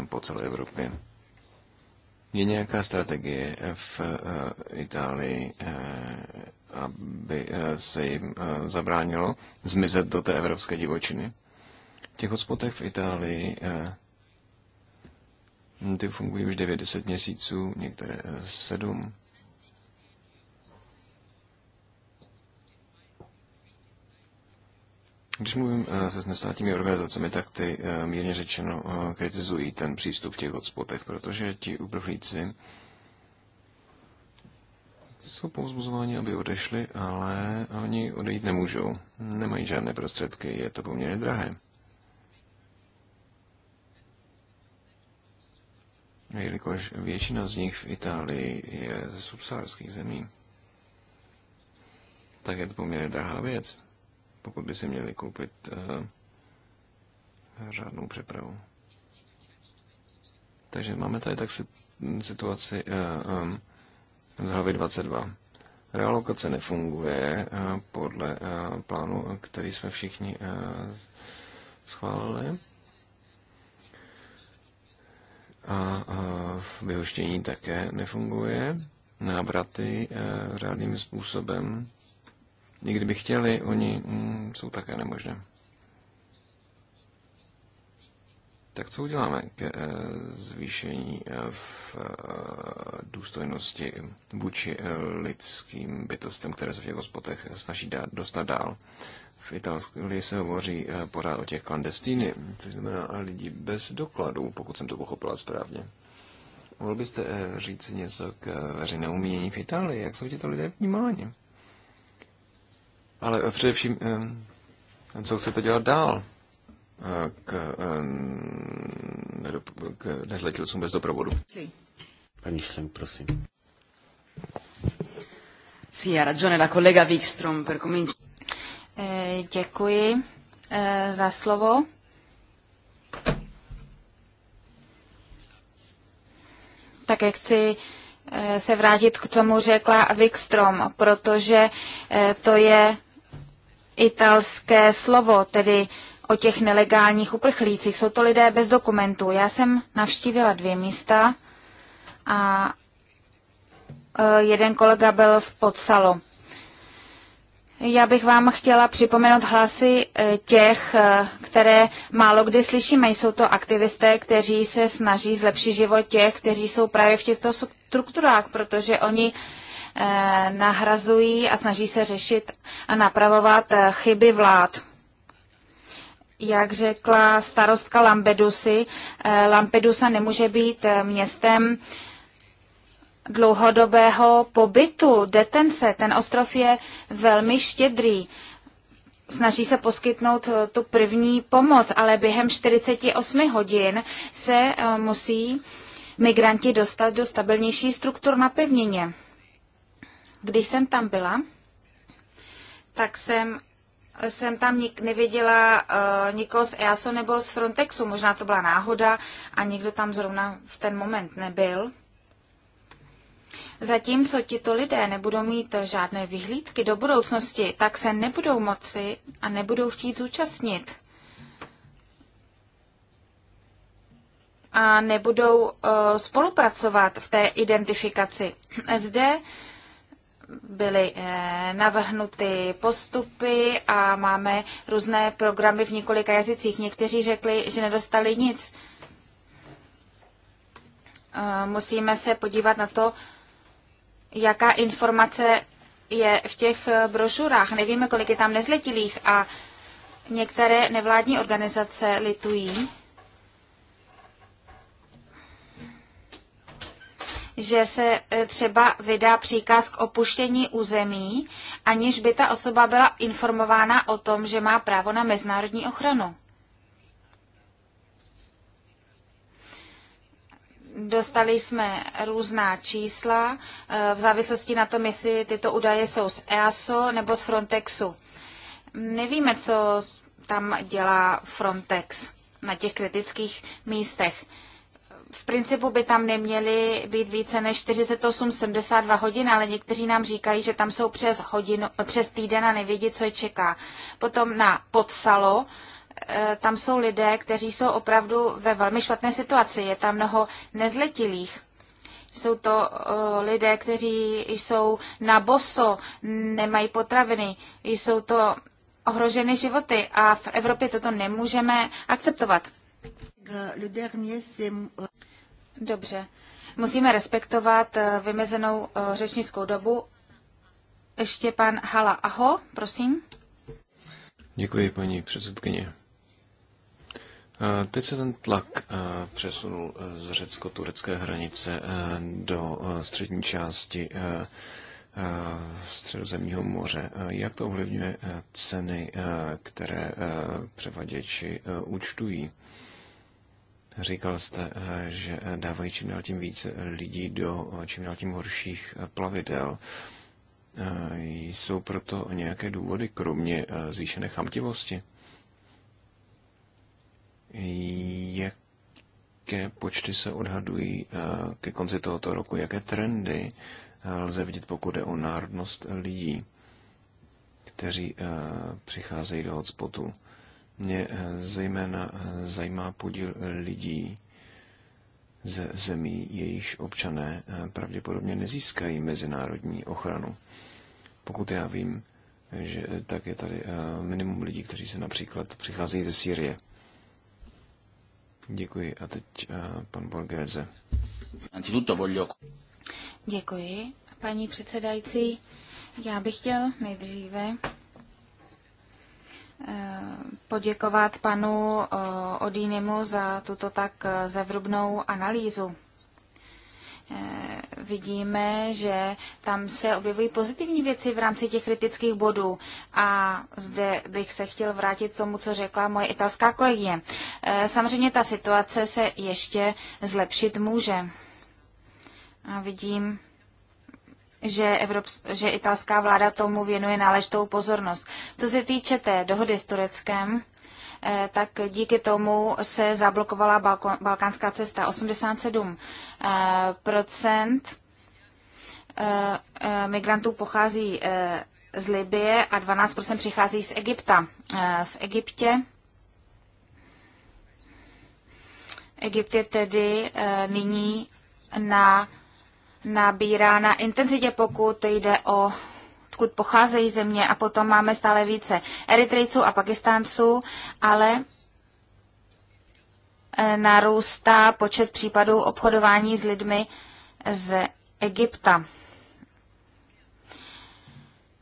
a po celé Evropě. Je nějaká strategie v eh, Itálii, eh, aby eh, se jim zabránilo zmizet do té evropské divočiny? V těch hospodech v Itálii ty fungují už 90 měsíců, některé 7. Když mluvím eh, se s nestátními organizacemi, tak ty eh, mírně řečeno eh, kritizují ten přístup v těch hotspotech, protože ti uprchlíci jsou povzbuzováni, aby odešli, ale oni odejít nemůžou. Nemají žádné prostředky, je to poměrně drahé. Jelikož většina z nich v Itálii je ze subsaharských zemí, tak je to poměrně drahá věc pokud by si měli koupit eh, řádnou přepravu. Takže máme tady tak situaci eh, eh, z hlavy 22. Realokace nefunguje podle plánu, který jsme všichni schválili. A vyhoštění také nefunguje. Návraty řádným způsobem i kdyby chtěli, oni mm, jsou také nemožné. Tak co uděláme k eh, zvýšení eh, v eh, důstojnosti vůči lidským bytostem, které se v těch hospodech snaží dát, dostat dál? V Itálii se hovoří pořád o těch klandestíny, což znamená lidi bez dokladů, pokud jsem to pochopila správně. Mohl byste říct něco k veřejnému umění v Itálii? Jak jsou tito lidé vnímáni? Ale především, eh, co chcete dělat dál eh, k, eh, k nezletilcům bez doprovodu? Paní Šlenk, prosím. Sì, ha ragione la collega Wikström per cominciare. Děkuji za slovo. Také chci se vrátit k tomu řekla Wikström, protože to je italské slovo, tedy o těch nelegálních uprchlících. Jsou to lidé bez dokumentů. Já jsem navštívila dvě místa a e, jeden kolega byl v Podsalu. Já bych vám chtěla připomenout hlasy e, těch, e, které málo kdy slyšíme. Jsou to aktivisté, kteří se snaží zlepšit život těch, kteří jsou právě v těchto strukturách, protože oni Eh, nahrazují a snaží se řešit a napravovat eh, chyby vlád. Jak řekla starostka Lampedusy, eh, Lampedusa nemůže být městem dlouhodobého pobytu, detence. Ten ostrov je velmi štědrý snaží se poskytnout tu první pomoc, ale během 48 hodin se musí migranti dostat do stabilnější struktur na pevnině. Když jsem tam byla, tak jsem, jsem tam nik, neviděla uh, eh, nikoho z EASO nebo z Frontexu. Možná to byla náhoda a nikdo tam zrovna v ten moment nebyl. Zatímco tito lidé nebudou mít žádné vyhlídky do budoucnosti, tak se nebudou moci a nebudou chtít zúčastnit. A nebudou uh, spolupracovat v té identifikaci. Zde byly eh, navrhnuty postupy a máme různé programy v několika jazycích. Někteří řekli, že nedostali nic. Eh, musíme se podívat na to, jaká informace je v těch eh, brožurách. Nevíme, kolik je tam nezletilých a některé nevládní organizace litují, že se e, třeba vydá příkaz k opuštění území, aniž by ta osoba byla informována o tom, že má právo na mezinárodní ochranu. Dostali jsme různá čísla e, v závislosti na tom, jestli tyto údaje jsou z EASO nebo z Frontexu. Nevíme, co tam dělá Frontex na těch kritických místech v principu by tam neměly být více než 48-72 hodin, ale někteří nám říkají, že tam jsou přes, hodinu, přes týden a nevědí, co je čeká. Potom na podsalo, eh, tam jsou lidé, kteří jsou opravdu ve velmi špatné situaci. Je tam mnoho nezletilých. Jsou to eh, lidé, kteří jsou na boso, nemají potraviny, jsou to ohroženy životy a v Evropě toto nemůžeme akceptovat. Dobře. Musíme respektovat eh, vymezenou eh, řečnickou dobu. Ještě pan Hala Aho, prosím. Děkuji, paní předsedkyně. Eh, teď se ten tlak přesunul z řecko-turecké hranice do střední části středozemního moře. Jak to ovlivňuje ceny, které převaděči účtují? Říkal jste, eh, že eh, dávají čím dál tím více eh, lidí do čím dál tím horších plavidel. Jsou proto nějaké důvody, kromě zvýšené chamtivosti? Jaké počty se odhadují ke konci tohoto roku? Jaké trendy lze vidět, pokud je o národnost lidí, kteří přicházejí do hotspotu? Mě eh, zejména eh, zajímá podíl lidí ze zemí, jejichž občané eh, pravděpodobně nezískají mezinárodní ochranu. Pokud já vím, že tak je tady minimum lidí, kteří se například přicházejí ze Sýrie. Děkuji. A teď pan Borgéze. Děkuji. Paní předsedající, já bych chtěl nejdříve poděkovat panu eh, Odínimu za tuto tak eh, zevrubnou analýzu. Eh, vidíme, že tam se objevují pozitivní věci v rámci těch kritických bodů. A zde bych se chtěl vrátit k tomu, co řekla moje italská kolegyně. Samozřejmě ta situace se ještě zlepšit může. A vidím, že, Evrops- že italská vláda tomu věnuje náležitou pozornost. Co se týče té dohody s Tureckem, eh, tak díky tomu se zablokovala Balko- balkánská cesta 87 eh, eh, migrantů pochází z Libie a 12 přichází z Egypta. V Egyptě Egypt je tedy nyní na nabírá na intenzitě, pokud jde o odkud pocházejí země a potom máme stále více Eritrejců a Pakistánců, ale e, narůstá počet případů obchodování s lidmi z Egypta.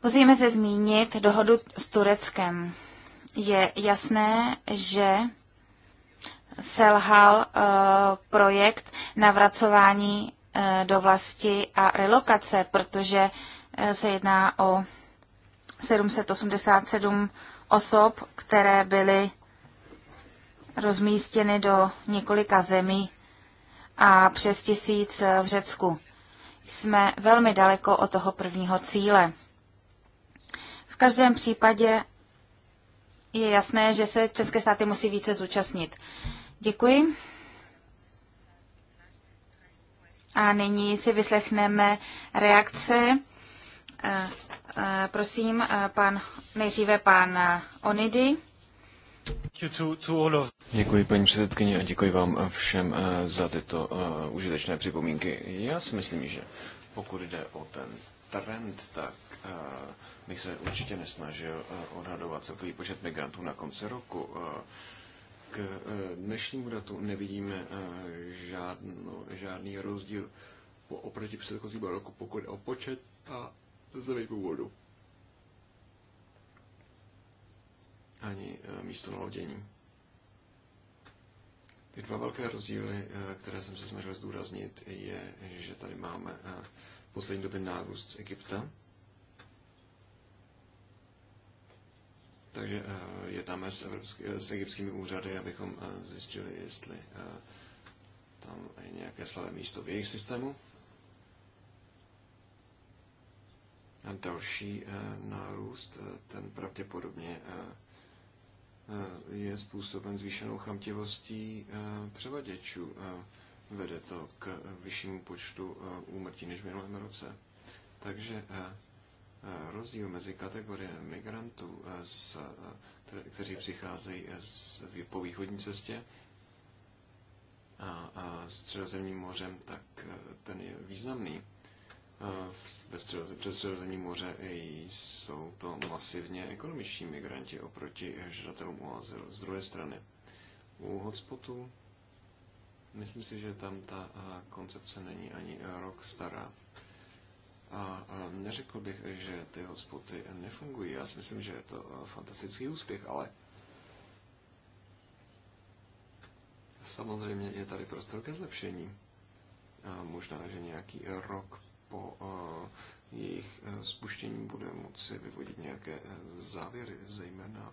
Musíme se zmínit dohodu s Tureckem. Je jasné, že selhal e, projekt navracování Eh, do vlasti a relokace, protože eh, se jedná o 787 osob, které byly rozmístěny do několika zemí a přes tisíc eh, v Řecku. Jsme velmi daleko od toho prvního cíle. V každém případě je jasné, že se české státy musí více zúčastnit. Děkuji. A nyní si vyslechneme reakce. Eh, eh, prosím, eh, pan, nejdříve pan Onidy. Děkuji paní předsedkyně a děkuji vám všem za tyto užitečné připomínky. Já si myslím, že pokud jde o ten trend, tak bych se určitě nesnažil odhadovat celkový počet migrantů na konci roku k eh, dnešnímu datu nevidíme eh, žádno, žádný rozdíl po oproti předchozímu roku, pokud je o počet a zemi původu. Ani eh, místo nalodění. Ty dva velké rozdíly, které jsem se snažil zdůraznit, je, že tady máme v poslední době nárůst z Egypta, Takže eh, jednáme s, evropský, eh, s egyptskými úřady, abychom eh, zjistili, jestli tam je nějaké slavé místo v jejich systému. A další nárůst, ten pravděpodobně je způsoben zvýšenou chamtivostí převaděčů. Vede to k vyššímu počtu úmrtí než v minulém roce. Takže Eh, rozdíl mezi kategorie migrantů, eh, z, eh, kteří přicházejí z, po východní cestě a, a středozemním mořem, tak ten je významný. Ve středoze, přes středozemní moře jsou to masivně ekonomičtí migranti oproti žadatelům o azyl. Z druhé strany, u hotspotu, myslím si, že tam ta koncepce není ani rok stará a, neřekl bych, že ty hotspoty nefungují. Já si myslím, že je to eh, fantastický úspěch, ale samozřejmě je tady prostor ke zlepšení. A možná, že nějaký rok po eh, jejich eh, spuštění bude moci vyvodit nějaké závěry, zejména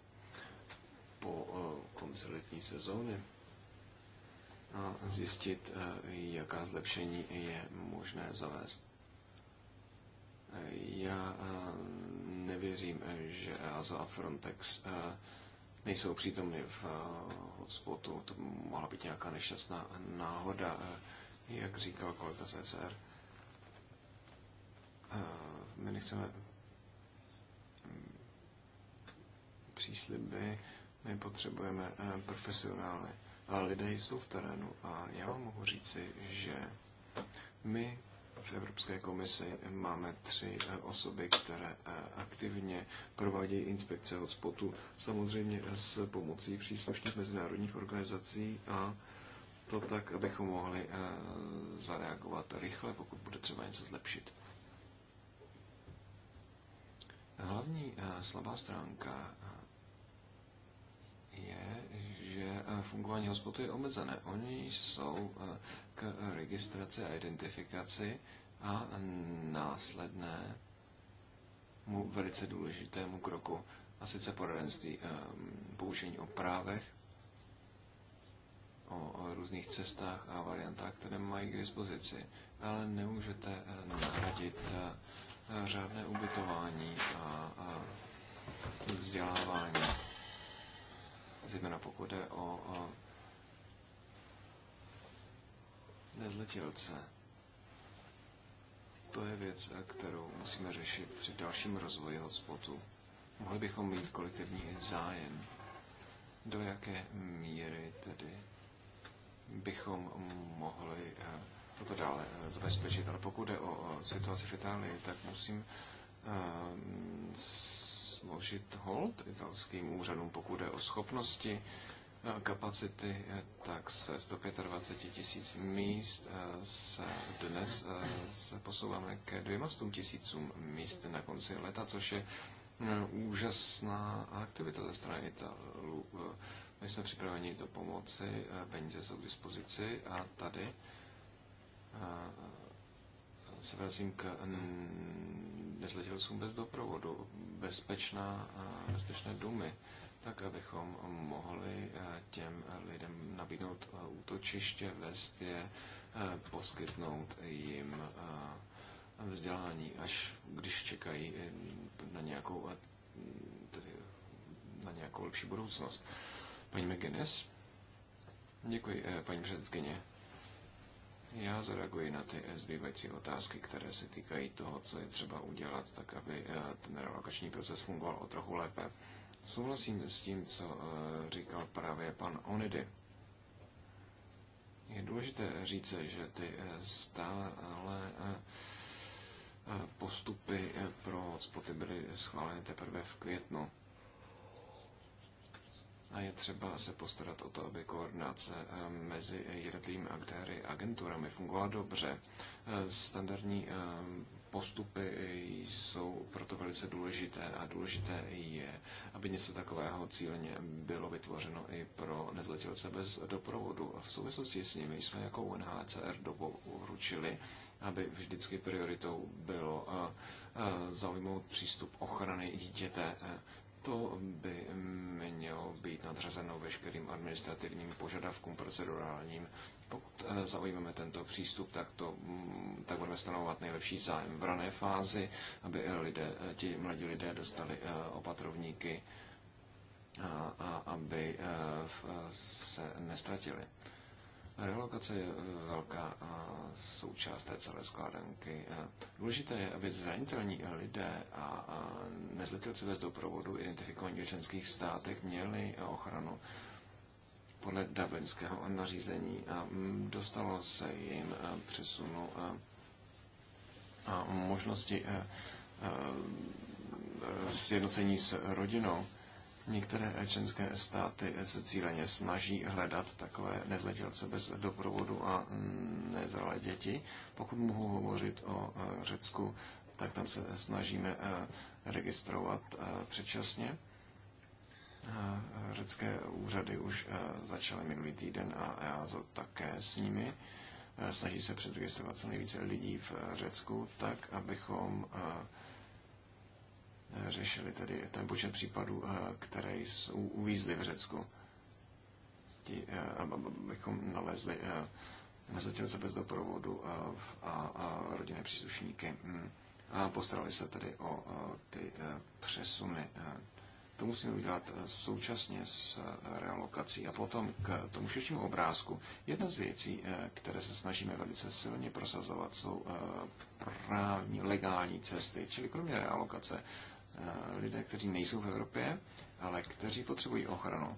po konci letní sezóny a zjistit, jaká zlepšení je možné zavést. Já eh, nevěřím, eh, že EASA a Frontex eh, nejsou přítomny v hotspotu. To mohla být nějaká nešťastná náhoda, jak říkal kolega z ECR. My nechceme mm, přísliby, my potřebujeme profesionály. A lidé jsou v terénu a já vám mohu říci, že my v Evropské komisi máme tři eh, osoby, které eh, aktivně provádějí inspekce hotspotu, samozřejmě s pomocí příslušných mezinárodních organizací a to tak, abychom mohli eh, zareagovat rychle, pokud bude třeba něco zlepšit. Hlavní slabá stránka je, že eh, fungování hotspotu je omezené. Oni jsou eh, k registraci a identifikaci a následné mu velice důležitému kroku, a sice poradenství, eh, poučení o právech, o různých cestách a variantách, které mají k dispozici, ale nemůžete nahradit řádné ubytování a vzdělávání zejména pokud jde o nezletilce. To je věc, kterou musíme řešit při dalším rozvoji hotspotu. Mohli bychom mít kolektivní zájem, do jaké míry tedy bychom mohli eh, toto dále eh, zabezpečit. Ale pokud jde o situaci v Itálii, tak musím eh, složit hold italským úřadům, pokud jde o schopnosti, eh, kapacity, eh, tak se 125 tisíc míst eh, se dnes se posouváme ke 200 tisícům míst na konci leta, což je úžasná aktivita ze strany Italů. My jsme připraveni do pomoci, peníze jsou k dispozici a tady se vracím k nezletilcům bez doprovodu bezpečná, bezpečné domy, tak abychom mohli eh, těm lidem nabídnout eh, útočiště, vést je, eh, poskytnout jim vzdělání, až když čekají na nějakou, tedy na nějakou lepší budoucnost. Paní McGuinness? Děkuji, paní předsedkyně. Já zareaguji na ty zbývající otázky, které se týkají toho, co je třeba udělat, tak aby eh, ten relokační proces fungoval o trochu lépe. Souhlasím s tím, co eh, říkal právě pan Onidy. Je důležité říct, že ty eh, stále postupy pro spoty byly schváleny teprve v květnu a je třeba se postarat o to, aby koordinace eh, mezi jednotlivými aktéry a agenturami fungovala dobře. Eh, standardní eh, postupy jsou proto velice důležité a důležité je, aby něco takového cíleně bylo vytvořeno i pro nezletilce bez doprovodu. V souvislosti s nimi jsme jako UNHCR doporučili, aby vždycky prioritou bylo zaujmout přístup ochrany dítěte to by mělo být nadřazeno veškerým administrativním požadavkům procedurálním. Pokud eh, zaujmeme tento přístup, tak, to, mm, tak budeme stanovovat nejlepší zájem v rané fázi, aby lidé, eh, ti mladí lidé dostali eh, opatrovníky a, a aby se nestratili. Relokace je eh, velká součást té celé skládanky. Důležité je, aby zranitelní lidé a nezletilci bez doprovodu identifikovaní v členských státech měli ochranu podle dublinského nařízení a mm, dostalo se jim eh, přesunu eh, a možnosti sjednocení s rodinou. Některé členské státy se cíleně snaží hledat takové nezletilce bez doprovodu a mm, nezralé děti. Pokud mohu hovořit o e, Řecku, tak tam se snažíme e, registrovat e, předčasně. Řecké úřady už začaly minulý týden a EASO také s nimi. Snaží se předregistrovat co nejvíce lidí v Řecku, tak abychom řešili tedy ten počet případů, eh, které jsou uvízly v Řecku. Ti, eh, abychom nalezli se eh, bez doprovodu a rodinné příslušníky mm. a postarali se tedy o ty přesuny. To musíme udělat současně s realokací. A potom k tomu širšímu obrázku. Jedna z věcí, které se snažíme velice silně prosazovat, jsou právní, legální cesty. Čili kromě realokace Eh, lidé, kteří nejsou v Evropě, ale kteří potřebují ochranu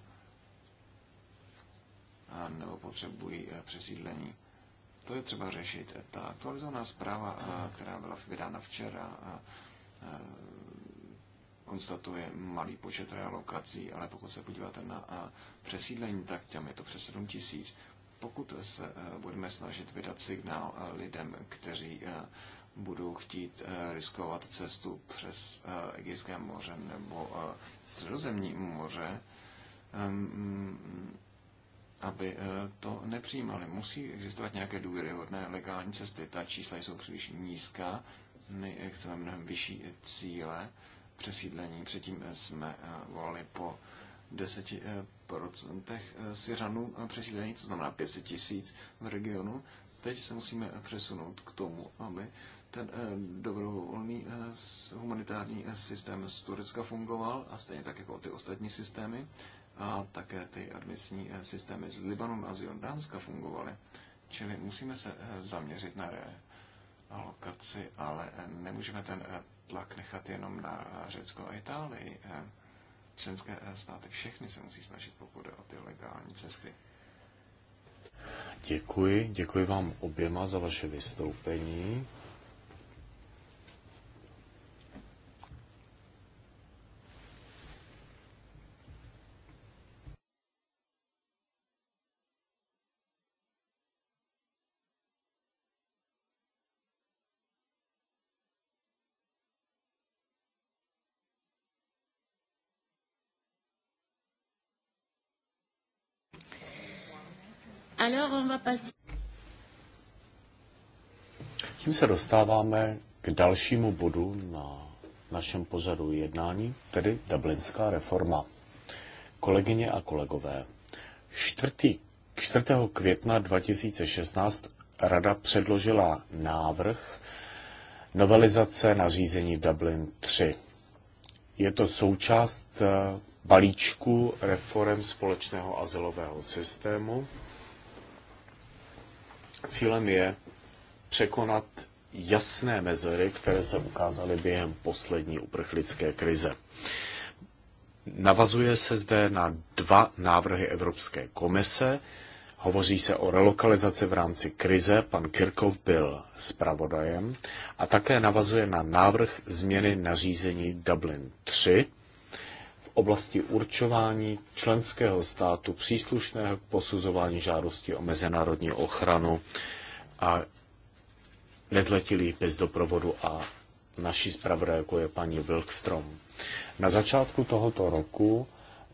a nebo potřebují eh, přesídlení. To je třeba řešit. Ta aktualizovaná zpráva, eh, která byla vydána včera, konstatuje malý počet realokací, ale pokud se podíváte na přesídlení, tak těm je to přes 7 tisíc. Pokud se budeme snažit vydat signál lidem, kteří budou chtít eh, riskovat cestu přes eh, Egejské moře nebo eh, Středozemní moře, ehm, aby to nepřijímali. Musí existovat nějaké důvěryhodné legální cesty. Ta čísla jsou příliš nízká. My chceme mnohem vyšší cíle přesídlení. Předtím jsme volali po 10% Syřanů přesídlení, co znamená 500 tisíc v regionu. Teď se musíme přesunout k tomu, aby ten eh, dobrovolný eh, humanitární eh, systém z Turecka fungoval a stejně tak jako ty ostatní systémy a také ty admisní systémy z Libanonu a z Jordánska fungovaly. Čili musíme se zaměřit na realokaci, ale nemůžeme ten tlak nechat jenom na Řecko a Itálii. Členské státy všechny se musí snažit, pokud o ty legální cesty. Děkuji, děkuji vám oběma za vaše vystoupení. Alors on va passer... Tím se dostáváme k dalšímu bodu na našem pořadu jednání, tedy Dublinská reforma. Kolegyně a kolegové, 4. 4. května 2016 Rada předložila návrh novelizace nařízení Dublin 3. Je to součást eh, balíčku reform společného azylového systému Cílem je překonat jasné mezery, které se ukázaly během poslední uprchlické krize. Navazuje se zde na dva návrhy Evropské komise. Hovoří se o relokalizaci v rámci krize, pan Kirkov byl zpravodajem, a také navazuje na návrh změny nařízení Dublin 3, oblasti určování členského státu příslušného k posuzování žádosti o mezinárodní ochranu a nezletilých bez doprovodu a naší zpravodajkou je paní Wilkstrom. Na začátku tohoto roku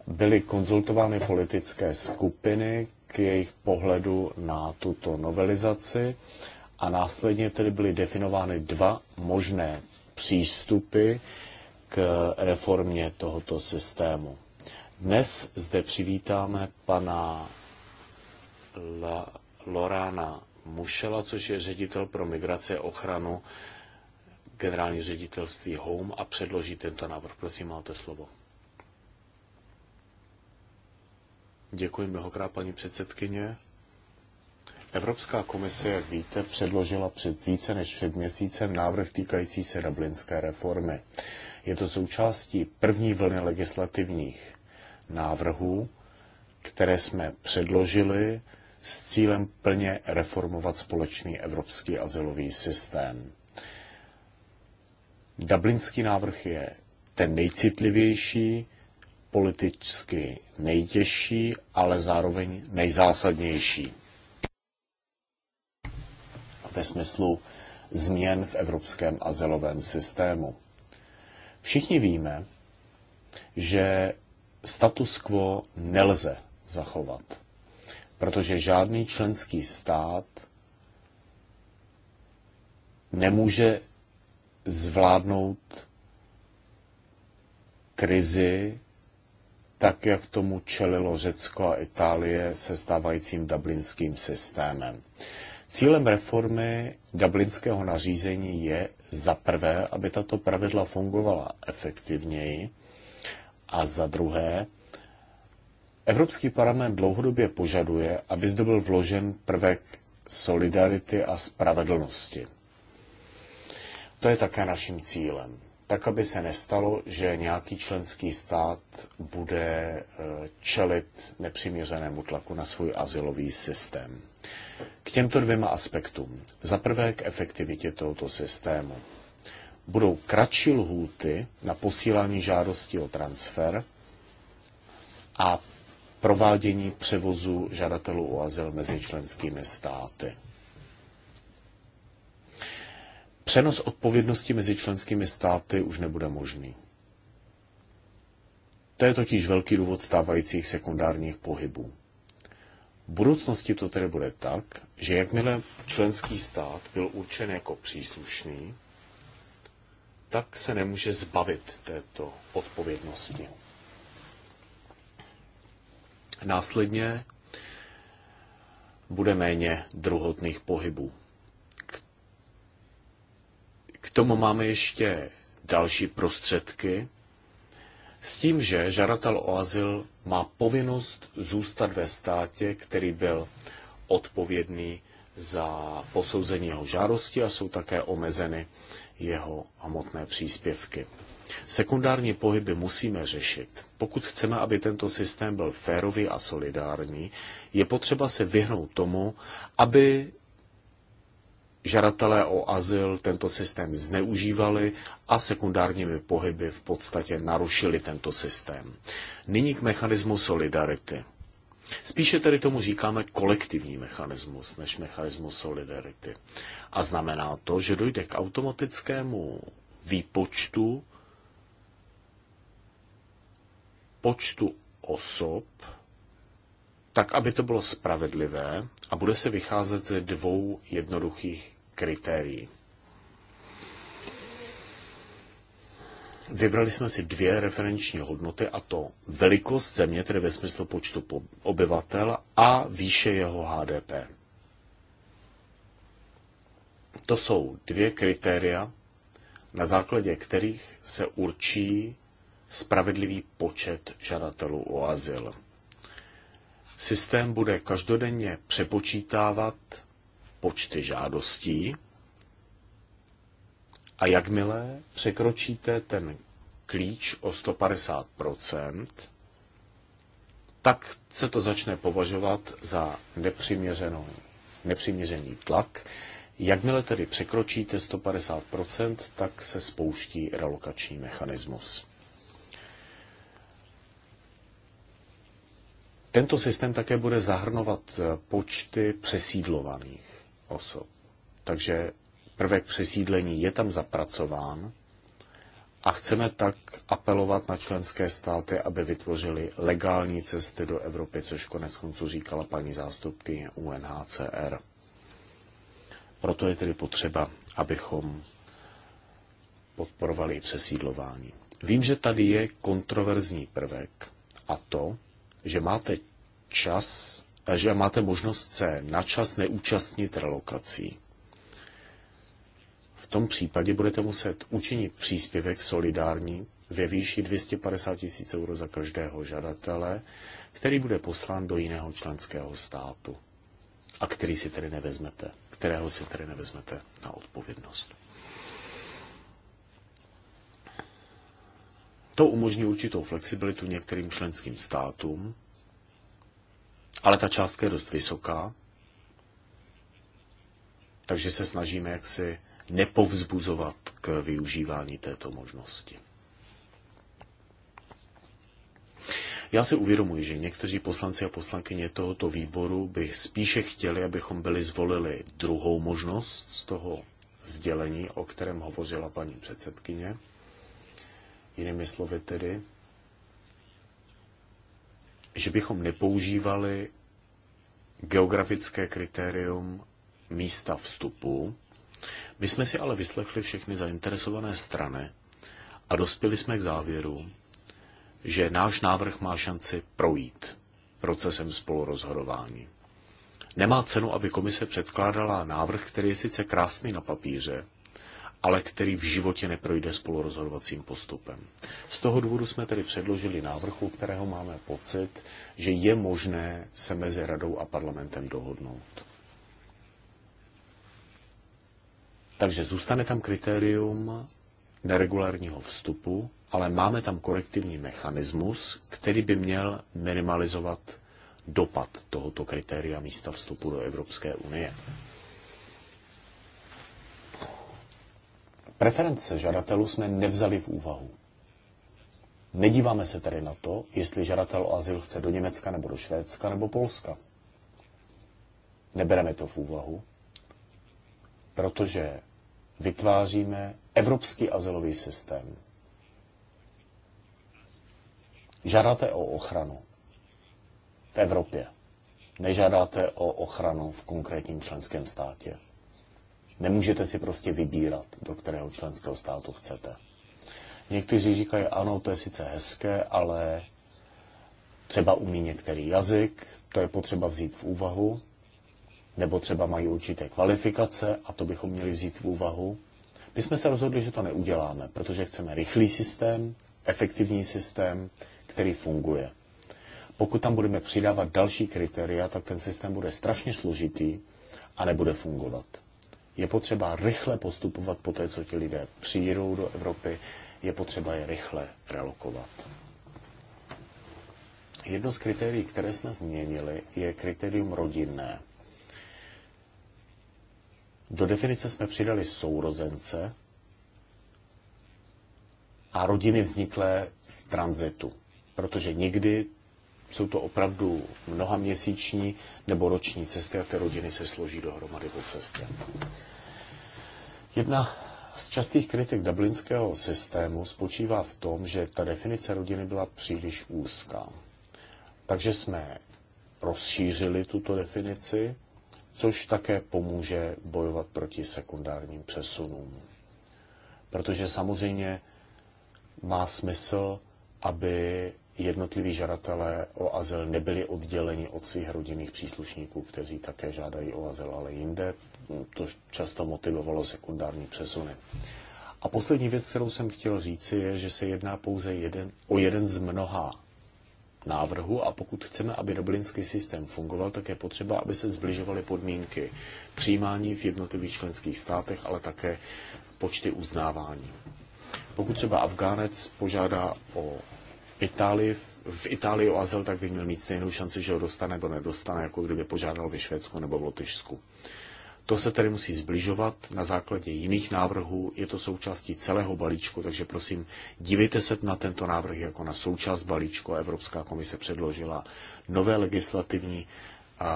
byly konzultovány politické skupiny k jejich pohledu na tuto novelizaci a následně tedy byly definovány dva možné přístupy, k reformě tohoto systému. Dnes zde přivítáme pana La, Lorana Mušela, což je ředitel pro migraci a ochranu generální ředitelství Home a předloží tento návrh. Prosím, máte slovo. Děkuji mnohokrát, paní předsedkyně. Evropská komise, jak víte, předložila před více než před měsícem návrh týkající se dublinské reformy. Je to součástí první vlny legislativních návrhů, které jsme předložili s cílem plně reformovat společný evropský azylový systém. Dublinský návrh je ten nejcitlivější, politicky nejtěžší, ale zároveň nejzásadnější ve smyslu změn v evropském azylovém systému. Všichni víme, že status quo nelze zachovat, protože žádný členský stát nemůže zvládnout krizi, tak jak tomu čelilo Řecko a Itálie se stávajícím dublinským systémem. Cílem reformy dublinského nařízení je za prvé, aby tato pravidla fungovala efektivněji a za druhé, Evropský parlament dlouhodobě požaduje, aby zde byl vložen prvek solidarity a spravedlnosti. To je také naším cílem tak aby se nestalo, že nějaký členský stát bude eh, čelit nepřiměřenému tlaku na svůj asilový systém. K těmto dvěma aspektům. Za prvé k efektivitě tohoto systému. Budou kratší lhůty na posílání žádosti o transfer a provádění převozu žadatelů o azyl mezi členskými státy přenos odpovědnosti mezi členskými státy už nebude možný. To je totiž velký důvod stávajících sekundárních pohybů. V budoucnosti to tedy bude tak, že jakmile členský stát byl určen jako příslušný, tak se nemůže zbavit této odpovědnosti. Následně bude méně druhotných pohybů. K tomu máme ještě další prostředky, s tím, že žadatel o azyl má povinnost zůstat ve státě, který byl odpovědný za posouzení jeho žádosti a jsou také omezeny jeho hmotné příspěvky. Sekundární pohyby musíme řešit. Pokud chceme, aby tento systém byl férový a solidární, je potřeba se vyhnout tomu, aby žadatelé o azyl tento systém zneužívali a sekundárními pohyby v podstatě narušili tento systém. Nyní k mechanismu solidarity. Spíše tedy tomu říkáme kolektivní mechanismus než mechanismus solidarity. A znamená to, že dojde k automatickému výpočtu počtu osob, tak, aby to bylo spravedlivé a bude se vycházet ze dvou jednoduchých kritérií. Vybrali jsme si dvě referenční hodnoty, a to velikost země, tedy ve smyslu počtu obyvatel, a výše jeho HDP. To jsou dvě kritéria, na základě kterých se určí spravedlivý počet žadatelů o azyl. Systém bude každodenně přepočítávat počty žádostí a jakmile překročíte ten klíč o 150 tak se to začne považovat za nepřiměřenou, nepřiměřený tlak. Jakmile tedy překročíte 150 tak se spouští relokační mechanismus. Tento systém také bude zahrnovat eh, počty přesídlovaných osob. Takže prvek přesídlení je tam zapracován a chceme tak apelovat na členské státy, aby vytvořili legální cesty do Evropy, což konec konců říkala paní zástupkyně UNHCR. Proto je tedy potřeba, abychom podporovali přesídlování. Vím, že tady je kontroverzní prvek a to, že máte čas, že máte možnost se na čas neúčastnit relokací. V tom případě budete muset učinit příspěvek solidární ve výši 250 tisíc euro za každého žadatele, který bude poslán do jiného členského státu a který si tedy nevezmete, kterého si tedy nevezmete na odpovědnost. To umožní určitou flexibilitu některým členským státům, ale ta částka je dost vysoká, takže se snažíme jaksi nepovzbuzovat k využívání této možnosti. Já si uvědomuji, že někteří poslanci a poslankyně tohoto výboru by spíše chtěli, abychom byli zvolili druhou možnost z toho sdělení, o kterém hovořila paní předsedkyně. Jinými slovy tedy, že bychom nepoužívali geografické kritérium místa vstupu. My jsme si ale vyslechli všechny zainteresované strany a dospěli jsme k závěru, že náš návrh má šanci projít procesem spolurozhodování. Nemá cenu, aby komise předkládala návrh, který je sice krásný na papíře, ale který v životě neprojde spolurozhodovacím postupem. Z toho důvodu jsme tedy předložili návrh, u kterého máme pocit, že je možné se mezi radou a parlamentem dohodnout. Takže zůstane tam kritérium neregulárního vstupu, ale máme tam korektivní mechanismus, který by měl minimalizovat dopad tohoto kritéria místa vstupu do Evropské unie. Preference žadatelů jsme nevzali v úvahu. Nedíváme se tedy na to, jestli žadatel o azyl chce do Německa nebo do Švédska nebo Polska. Nebereme to v úvahu, protože vytváříme evropský azylový systém. Žádáte o ochranu v Evropě. Nežádáte o ochranu v konkrétním členském státě. Nemůžete si prostě vybírat, do kterého členského státu chcete. Někteří říkají, ano, to je sice hezké, ale třeba umí některý jazyk, to je potřeba vzít v úvahu, nebo třeba mají určité kvalifikace a to bychom měli vzít v úvahu. My jsme se rozhodli, že to neuděláme, protože chceme rychlý systém, efektivní systém, který funguje. Pokud tam budeme přidávat další kritéria, tak ten systém bude strašně složitý a nebude fungovat. Je potřeba rychle postupovat po té, co ti lidé přijdou do Evropy, je potřeba je rychle relokovat. Jedno z kritérií, které jsme změnili, je kritérium rodinné. Do definice jsme přidali sourozence a rodiny vzniklé v tranzitu, protože nikdy jsou to opravdu mnoha měsíční nebo roční cesty a ty rodiny se složí dohromady po cestě. Jedna z častých kritik dublinského systému spočívá v tom, že ta definice rodiny byla příliš úzká. Takže jsme rozšířili tuto definici, což také pomůže bojovat proti sekundárním přesunům. Protože samozřejmě má smysl, aby jednotliví žadatelé o azyl nebyli odděleni od svých rodinných příslušníků, kteří také žádají o azyl, ale jinde. To často motivovalo sekundární přesuny. A poslední věc, kterou jsem chtěl říci, je, že se jedná pouze jeden, o jeden z mnoha návrhu a pokud chceme, aby dublinský systém fungoval, tak je potřeba, aby se zbližovaly podmínky přijímání v jednotlivých členských státech, ale také počty uznávání. Pokud třeba Afgánec požádá o Itálii, v Itálii o azyl, tak by měl mít stejnou šanci, že ho dostane nebo nedostane, jako kdyby požádal ve Švédsku nebo v Lotyšsku. To se tedy musí zbližovat na základě jiných návrhů, je to součástí celého balíčku, takže prosím, dívejte se na tento návrh jako na součást balíčku. Evropská komise předložila nové legislativní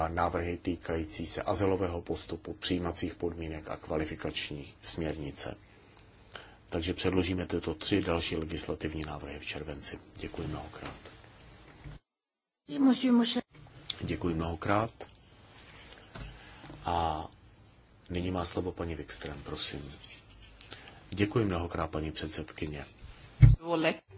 návrhy týkající se azylového postupu, přijímacích podmínek a kvalifikační směrnice. Takže předložíme tyto tři další legislativní návrhy v červenci. Děkuji mnohokrát. Děkuji mnohokrát. A nyní má slovo paní Wikström, prosím. Děkuji mnohokrát, paní předsedkyně.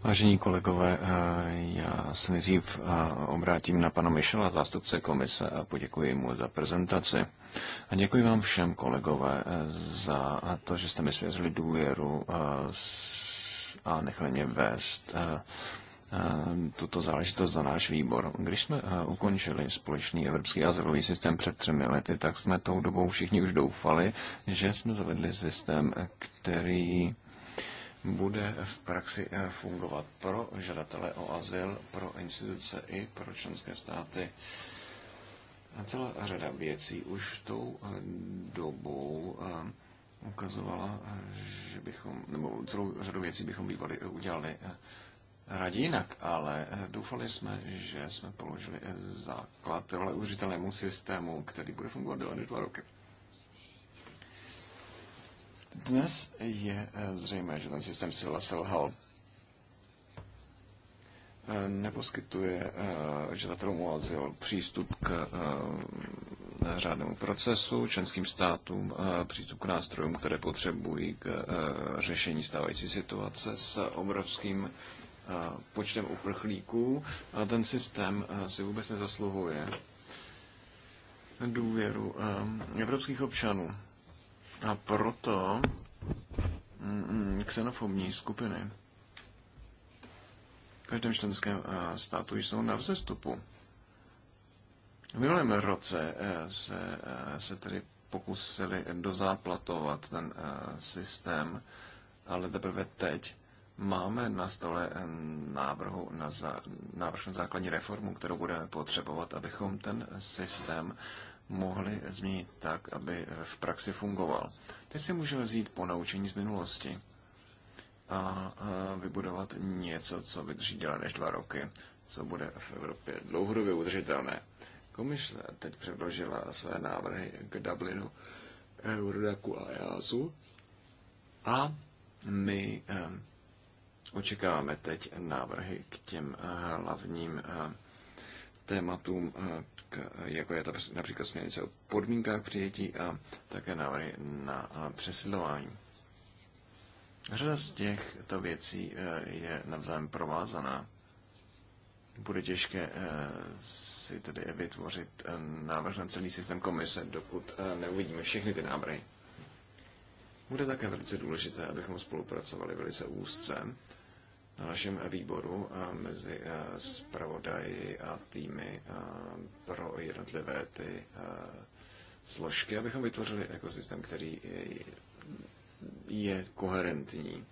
Vážení kolegové, eh, já se nejdřív eh, obrátím na pana Michela, zástupce komise, a poděkuji mu za prezentaci. A děkuji vám všem, kolegové, eh, za to, že jste mi svěřili důvěru a nechali mě vést tuto záležitost za náš výbor. Když jsme ukončili společný evropský azylový systém před třemi lety, tak jsme tou dobou všichni už doufali, že jsme zavedli systém, který bude v praxi eh, fungovat pro žadatele o azyl, pro instituce i pro členské státy. A celá řada věcí už tou eh, dobou eh, ukazovala, že bychom, nebo celou řadu věcí bychom bývali udělali raději jinak, ale doufali jsme, že jsme položili základ trvale udržitelnému systému, který bude fungovat dva roky. Dnes je eh, zřejmé, že ten systém zcela selhal. Eh, neposkytuje eh, žadatelům o azyl přístup k řádnému procesu, členským státům přístup k nástrojům, které potřebují k řešení stávající situace s obrovským počtem uprchlíků. A ten systém si vůbec nezasluhuje důvěru evropských občanů. A proto ksenofobní mm, skupiny v každém členském eh, státu jsou na vzestupu. V minulém roce eh, se, eh, se tedy pokusili dozaplatovat ten systém, ale teprve teď máme na stole návrhu na za, návrh na základní reformu, kterou budeme potřebovat, abychom ten systém mohli změnit tak, aby v praxi fungoval. Teď si můžeme vzít po naučení z minulosti a vybudovat něco, co vydrží déle než dva roky, co bude v Evropě dlouhodobě udržitelné. Komise teď předložila své návrhy k Dublinu, Eurodaku a EASu a my eh, očekáváme teď návrhy k těm eh, hlavním eh, tématům, eh, jako je například směrnice o podmínkách přijetí a také návrhy na eh, přesilování. Řada z těchto věcí eh, je navzájem provázaná. Bude těžké si tedy vytvořit návrh na celý systém komise, dokud neuvidíme všechny ty návrhy. Bude také velice důležité, abychom spolupracovali velice úzce na našem výboru mezi eh, zpravodaji a týmy eh, pro jednotlivé ty eh, složky, abychom vytvořili ekosystém, který je koherentní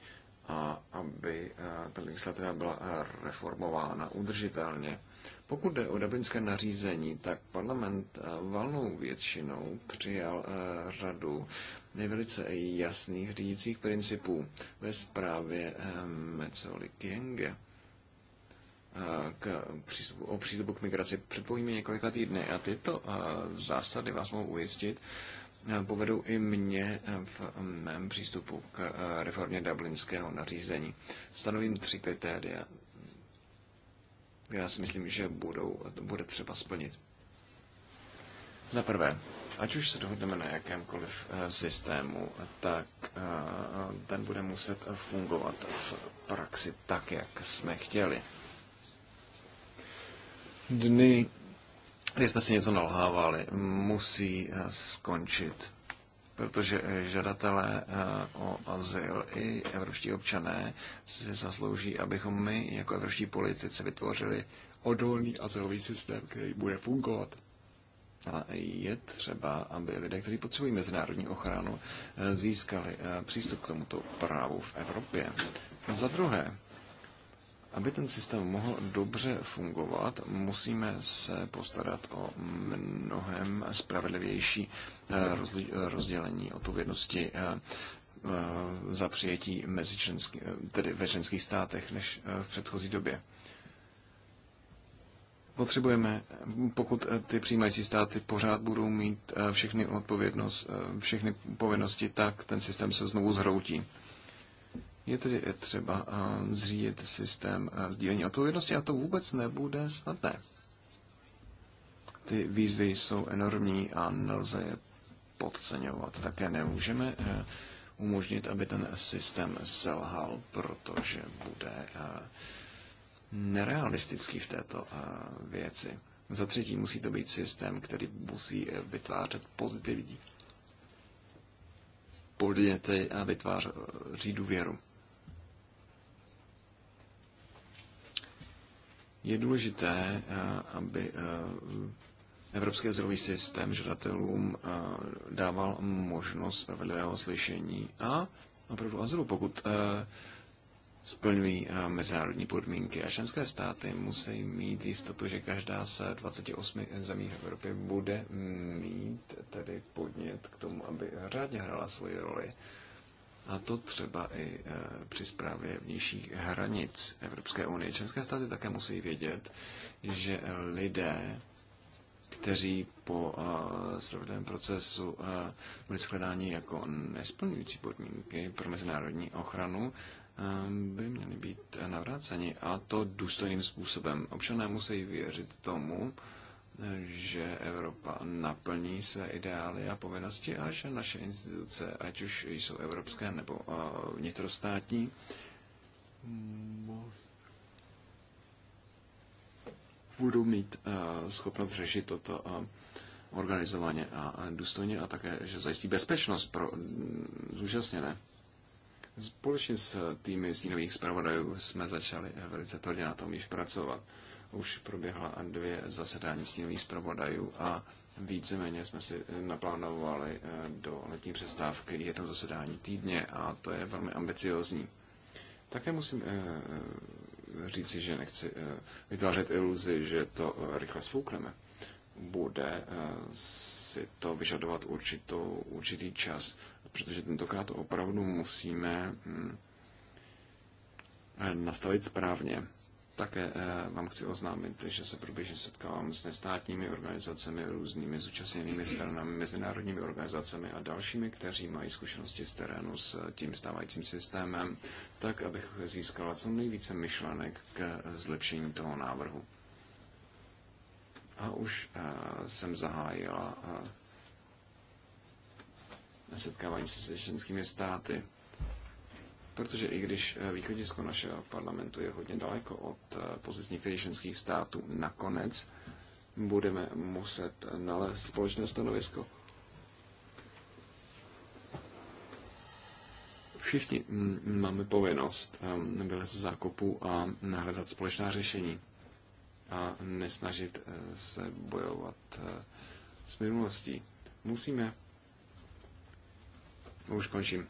a aby ta legislativa byla reformována udržitelně pokud jde o dublinské nařízení, tak parlament eh, valnou většinou přijal eh, řadu nejvelice jasných řídících principů ve zprávě eh, Mecoli Kienge k přístupu, o přístupu k migraci předpovíme několika týdny. A tyto zásady vás mohu ujistit, povedou i mě v mém přístupu k reformě dublinského nařízení. Stanovím tři kritéria která si myslím, že budou, bude třeba splnit. Za prvé, ať už se dohodneme na jakémkoliv eh, systému, tak eh, ten bude muset fungovat v praxi tak, jak jsme chtěli. Dny, kdy jsme si něco nalhávali, musí eh, skončit protože eh, žadatelé eh, o azyl i evropští občané si zaslouží, abychom my jako evropští politici vytvořili odolný azylový systém, který bude fungovat. A je třeba, aby lidé, kteří potřebují mezinárodní ochranu, eh, získali přístup k tomuto právu v Evropě. Za druhé, aby ten systém mohl dobře fungovat, musíme se postarat o mnohem spravedlivější eh, rozdělení odpovědnosti eh, eh, za přijetí mezi členský, tedy ve členských státech než v předchozí době. Potřebujeme, pokud ty přijímající státy pořád budou mít všechny odpovědnost, všechny povinnosti, tak ten systém se znovu zhroutí. Je tedy třeba eh, zřídit systém eh, sdílení odpovědnosti a to vůbec nebude snadné. Ty výzvy jsou enormní a nelze je podceňovat. Také nemůžeme eh, umožnit, aby ten systém selhal, protože bude nerealistický v této věci. Za třetí musí to být systém, který musí vytvářet pozitivní podněty a vytváří důvěru. Je důležité, eh, aby eh, Evropský azylový systém žadatelům eh, dával možnost spravedlivého slyšení a opravdu azylu, pokud splňují mezinárodní podmínky. A členské státy musí mít jistotu, že každá z 28 zemí v Evropě bude mít tedy podnět k tomu, aby řádně hrála svoji roli a to třeba i e, při zprávě vnějších hranic Evropské unie. České státy také musí vědět, že lidé, kteří po e, spravedlivém procesu e, byli shledáni jako nesplňující podmínky pro mezinárodní ochranu, by měli být navráceni a to důstojným způsobem. Občané musí věřit tomu, že Evropa naplní své ideály a povinnosti a že naše instituce, ať už jsou evropské nebo vnitrostátní, budou mít schopnost řešit toto organizovaně a důstojně a také, že zajistí bezpečnost pro zúčastněné. Společně s týmy stínových zpravodajů jsme začali e, velice tvrdě na tom již pracovat. Už proběhla dvě zasedání stínových zpravodajů a víceméně jsme si eh, naplánovali eh, do letní přestávky jedno zasedání týdně a to je velmi ambiciozní. Také musím eh, říci, že nechci vytvářet iluzi, že to rychle sfoukneme. Bude si to vyžadovat určitou, určitý čas, protože tentokrát opravdu musíme hm, nastavit správně. Také eh, vám chci oznámit, že se průběžně setkávám s nestátními organizacemi, různými zúčastněnými stranami, mezinárodními organizacemi a dalšími, kteří mají zkušenosti z terénu s tím stávajícím systémem, tak abych získala co nejvíce myšlenek k zlepšení toho návrhu. A už eh, jsem zahájila eh, setkávání se ženskými státy Protože i když eh, východisko našeho parlamentu je hodně daleko od eh, pozic některých členských států, nakonec budeme muset nalézt společné stanovisko. Všichni mm, máme povinnost ehm, vylézt z zákopu a nahledat společná řešení a nesnažit eh, se bojovat s minulostí. Musíme. Už končím.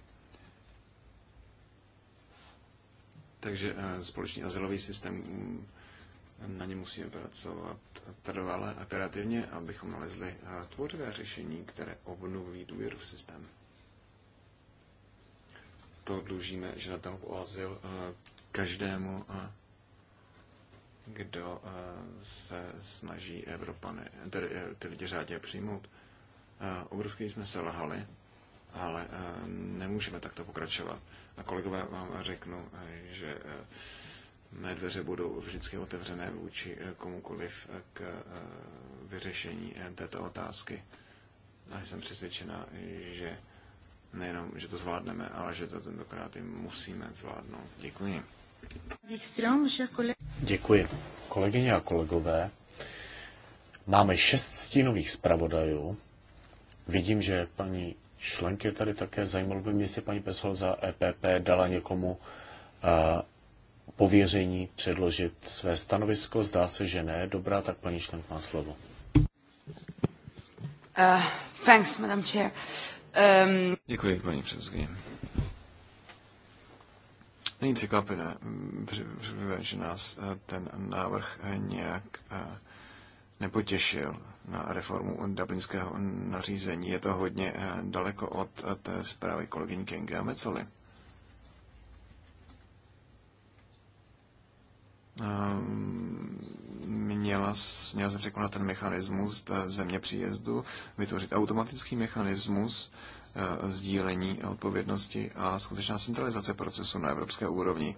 Takže eh, společný azylový systém, mm, na ně musíme pracovat trvale a operativně, abychom nalezli eh, tvořivé řešení, které obnoví důvěru v systém. To dlužíme žadatelům o azyl eh, každému, kdo se snaží Evropany, tedy ty lidi řádně přijmout. Obrovsky jsme se lahali, ale nemůžeme takto pokračovat a kolegové vám řeknu, že eh, mé dveře budou vždycky otevřené vůči eh, komukoliv eh, k vyřešení této otázky. A jsem přesvědčena, že nejenom, že to zvládneme, ale že to tentokrát i musíme zvládnout. Děkuji. Děkuji. Kolegyně a kolegové, máme šest stínových zpravodajů. Vidím, že paní členky tady také. Zajímalo by mě, jestli paní Pesol za EPP dala někomu a, eh, pověření předložit své stanovisko. Zdá se, že ne. Dobrá, tak paní Šlenk má slovo. Uh, thanks, Madam Chair. Um... Děkuji, paní předsedkyně. Není překvapené, že nás eh, ten návrh nějak nepotěšil na reformu dublinského nařízení. Je to hodně eh, daleko od eh, té zprávy kolegyň Kenge a Mecoli. Ehm, měla, měla se překonat ten mechanismus eh, země příjezdu, vytvořit automatický mechanismus sdílení odpovědnosti a skutečná centralizace procesu na evropské úrovni.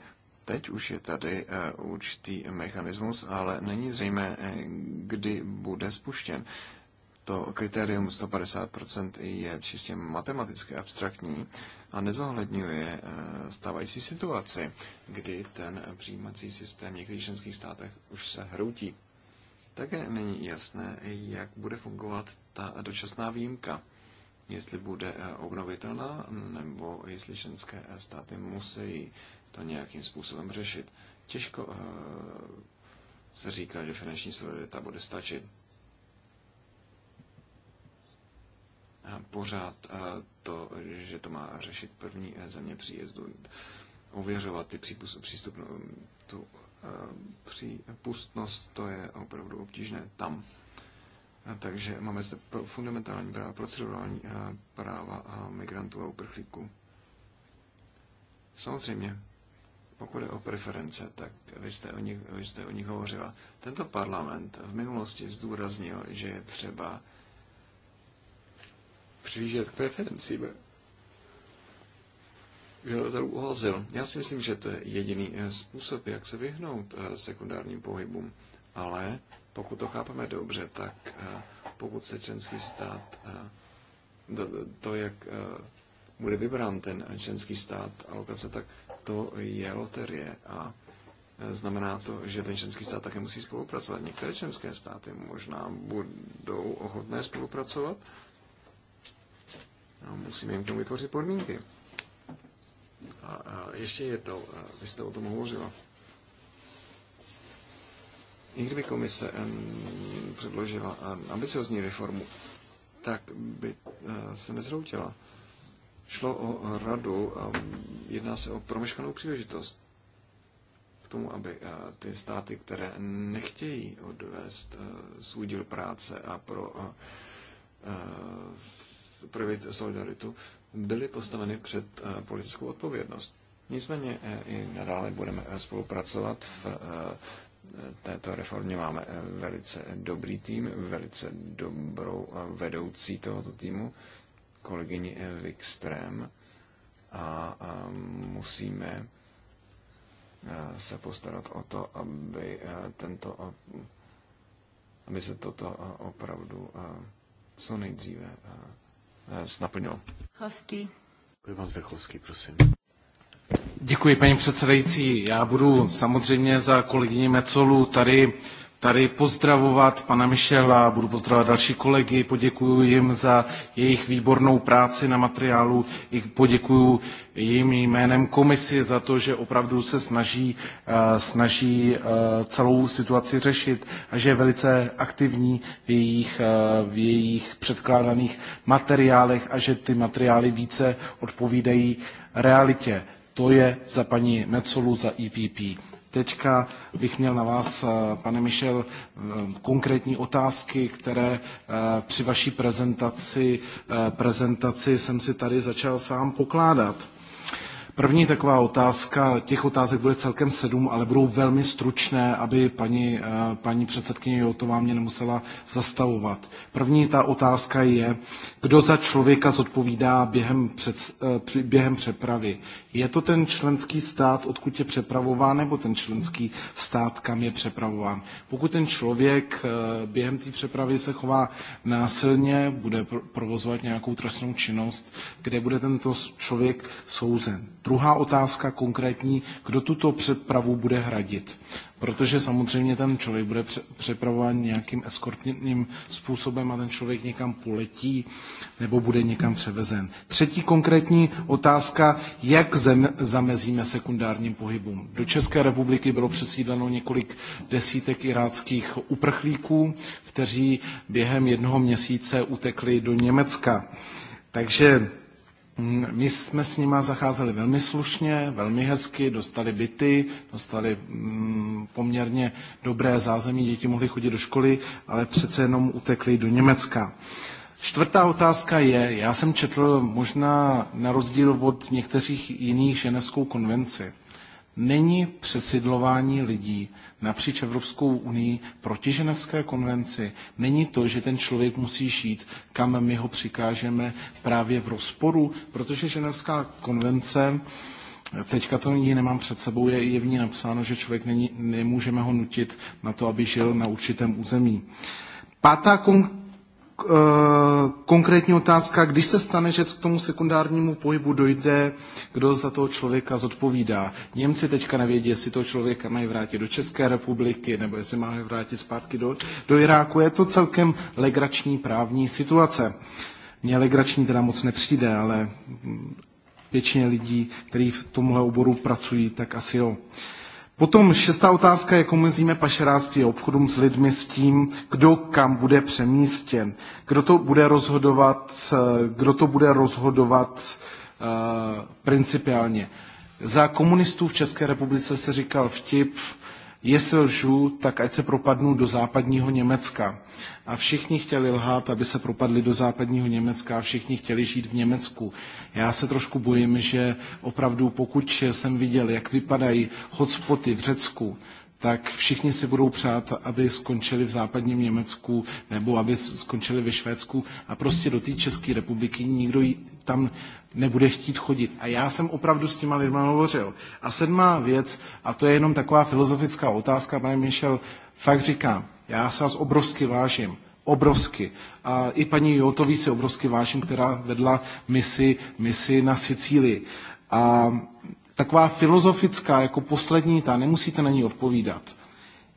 Teď už je tady eh, určitý mechanismus, ale není zřejmé, eh, kdy bude spuštěn. To kritérium 150% je čistě matematicky abstraktní a nezohledňuje eh, stávající situaci, kdy ten přijímací systém v některých členských státech už se hroutí. Také není jasné, jak bude fungovat ta dočasná výjimka jestli bude obnovitelná, nebo jestli členské státy musí to nějakým způsobem řešit. Těžko eh, se říká, že finanční solidarita bude stačit. A pořád eh, to, že to má řešit první eh, země příjezdu, ověřovat ty přípust, přístup, no, tu přípustnost, to je opravdu obtížné tam. Takže máme zde fundamentální práva, procedurální práva a migrantů a uprchlíků. Samozřejmě, pokud je o preference, tak vy jste o, nich, vy jste o nich hovořila. Tento parlament v minulosti zdůraznil, že je třeba přivížet k preferencím. Já Já si myslím, že to je jediný eh, způsob, jak se vyhnout eh, sekundárním pohybům. Ale pokud to chápeme dobře, tak eh, pokud se členský stát, to, jak bude vybrán ten členský stát alokace, tak to je loterie a e, znamená to, že ten členský stát také musí spolupracovat. Některé členské státy možná budou ochotné spolupracovat a musíme jim k tomu vytvořit podmínky. A, a ještě jednou, e, vy jste o tom hovořila. I kdyby komise e, předložila ambiciozní reformu, tak by se nezroutila šlo o radu a jedná se o promeškanou příležitost k tomu, aby eh, ty státy, které nechtějí odvést eh, svůj díl práce a pro eh, projevit solidaritu, byly postaveny před politickou odpovědnost. Nicméně i nadále budeme spolupracovat v této reformě máme velice dobrý tým, velice dobrou vedoucí tohoto týmu kolegyni Wikström a, a musíme se postarat o to, aby tento aby se toto opravdu co nejdříve snaplnilo. Hosky. Děkuji vám, Zdechovský, prosím. Děkuji, paní předsedající. Já budu samozřejmě za kolegyni Mecolu tady tady pozdravovat pana Michela, budu pozdravovat další kolegy, poděkuji jim za jejich výbornou práci na materiálu, I poděkuji jim jménem komisi za to, že opravdu se snaží, eh, snaží eh, celou situaci řešit a že je velice aktivní v jejich, eh, v jejich předkládaných materiálech a že ty materiály více odpovídají realitě. To je za paní Necolu, za EPP. Teďka bych měl na vás, eh, pane Michel, eh, konkrétní otázky, které eh, při vaší prezentaci, prezentaci jsem si tady začal sám pokládat. První taková otázka, těch otázek bude celkem sedm, ale budou velmi stručné, aby paní, paní předsedkyně Jotová mě nemusela zastavovat. První ta otázka je, kdo za člověka zodpovídá během, před, během přepravy. Je to ten členský stát, odkud je přepravován, nebo ten členský stát, kam je přepravován. Pokud ten člověk eh, během té přepravy se chová násilně, bude provozovat nějakou trestnou činnost, kde bude tento člověk souzen. Druhá otázka konkrétní, kdo tuto přepravu bude hradit protože samozřejmě ten člověk bude přepravován nějakým eskortním způsobem a ten člověk někam poletí nebo bude někam převezen. Třetí konkrétní otázka, jak zem, zamezíme sekundárním pohybům. Do České republiky bylo přesídleno několik desítek iráckých uprchlíků, kteří během jednoho měsíce utekli do Německa. Takže Mm, my jsme s nima zacházeli velmi slušně, velmi hezky, dostali byty, dostali mm, poměrně dobré zázemí, děti mohly chodit do školy, ale přece jenom utekli do Německa. Čtvrtá otázka je, já jsem četl možná na rozdíl od některých jiných ženevskou konvenci. Není přesidlování lidí napříč Evropskou unii proti ženevské konvenci. Není to, že ten člověk musí žít, kam my ho přikážeme právě v rozporu, protože ženevská konvence Teďka to ji nemám před sebou, je, je v ní napsáno, že člověk není, nemůžeme ho nutit na to, aby žil na určitém území. Pátá kon- Eh, konkrétní otázka, když se stane, že k tomu sekundárnímu pohybu dojde, kdo za toho člověka zodpovídá. Němci teďka nevědí, jestli toho člověka mají vrátit do České republiky, nebo jestli mají vrátit zpátky do, do Iráku. Je to celkem legrační právní situace. Mně legrační teda moc nepřijde, ale většině lidí, kteří v tomhle oboru pracují, tak asi jo. Uh, Potom šestá otázka je, jak omezíme pašeráctví a obchodům s lidmi s tím, kdo kam bude přemístěn, kdo to bude rozhodovat, eh, kdo to bude rozhodovat uh, principiálně. Za komunistů v České republice se říkal vtip, Jestli lžu, tak ať se propadnou do západního Německa. A všichni chtěli lhát, aby se propadli do západního Německa a všichni chtěli žít v Německu. Já se trošku bojím, že opravdu pokud jsem viděl, jak vypadají hotspoty v Řecku, tak všichni si budou přát, aby skončili v západním Německu nebo aby skončili ve Švédsku a prostě do té České republiky nikdo, tam nebude chtít chodit. A já jsem opravdu s těma lidma hovořil. A sedmá věc, a to je jenom taková filozofická otázka, pane Michel, fakt říkám, já se vás obrovsky vážím obrovsky. A i paní Jotový se obrovsky vážím, která vedla misi, misi na Sicílii. A taková filozofická, jako poslední, ta nemusíte na ní odpovídat.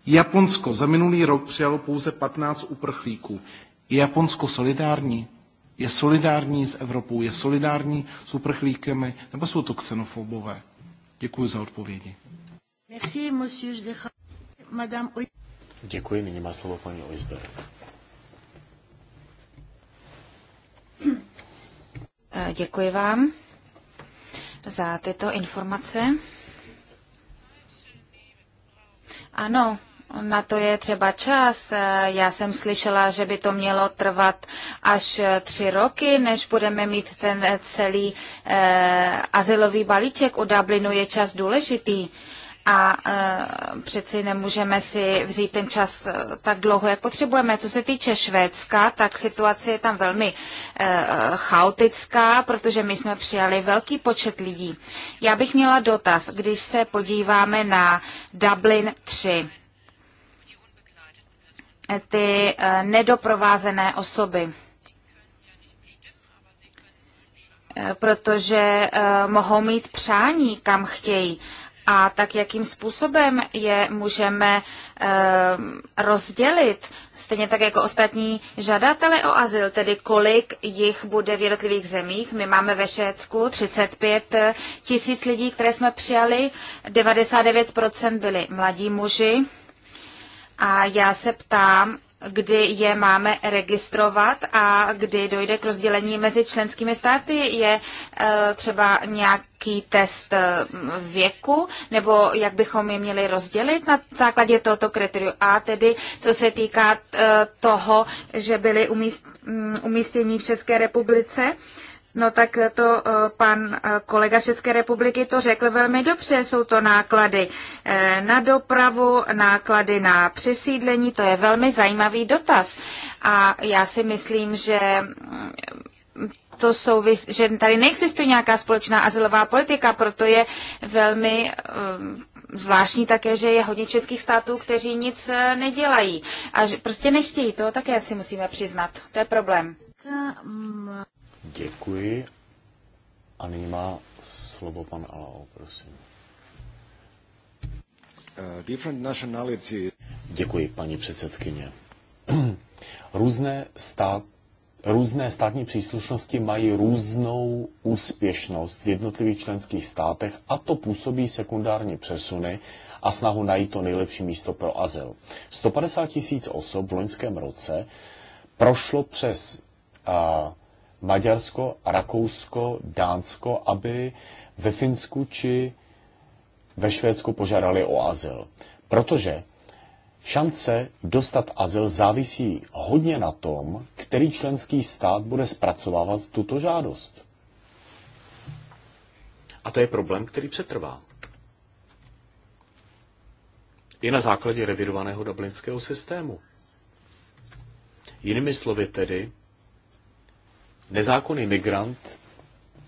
Japonsko za minulý rok přijalo pouze 15 uprchlíků. Je Japonsko solidární? je solidární s Evropou, je solidární s uprchlíkemi, nebo jsou to xenofobové? Děkuji za odpovědi. Děkuji, nyní má slovo paní Oisberg. Eh, děkuji vám za tyto informace. Ano, na to je třeba čas. Já jsem slyšela, že by to mělo trvat až tři roky, než budeme mít ten celý eh, asilový balíček. U Dublinu je čas důležitý a eh, přeci nemůžeme si vzít ten čas eh, tak dlouho, jak potřebujeme. Co se týče Švédska, tak situace je tam velmi eh, chaotická, protože my jsme přijali velký počet lidí. Já bych měla dotaz, když se podíváme na Dublin 3 ty eh, nedoprovázené osoby. Eh, protože eh, mohou mít přání, kam chtějí. A tak jakým způsobem je můžeme rozdělit, stejně tak jako ostatní žadatele o azyl, tedy kolik jich bude v jednotlivých zemích. My máme ve Švédsku 35 tisíc lidí, které jsme přijali, 99% byli mladí muži, a já se ptám, kdy je máme registrovat a kdy dojde k rozdělení mezi členskými státy. Je e, třeba nějaký test e, věku, nebo jak bychom je měli rozdělit na základě tohoto kritériu. A tedy, co se týká e, toho, že byli umístěni v České republice, No tak to eh, pan eh, kolega z České republiky to řekl velmi dobře. Jsou to náklady eh, na dopravu, náklady na přesídlení. To je velmi zajímavý dotaz. A já si myslím, že mm, to souvis, že tady neexistuje nějaká společná azylová politika, proto je velmi zvláštní také, že je hodně českých států, kteří nic nedělají a že prostě nechtějí. To také si musíme přiznat. To je problém. Děkuji. A nyní má slovo pan Alao, prosím. Eh, different Děkuji, paní předsedkyně. Různé, stát, různé státní příslušnosti mají různou úspěšnost v jednotlivých členských státech a to působí sekundární přesuny a snahu najít to nejlepší místo pro azyl. 150 tisíc osob v loňském roce prošlo přes Maďarsko, Rakousko, Dánsko, aby ve Finsku či ve Švédsku požádali o azyl. Protože šance dostat azyl závisí hodně na tom, který členský stát bude zpracovávat tuto žádost. A to je problém, který přetrvá. I na základě revidovaného dublinského systému. Jinými slovy tedy, nezákonný migrant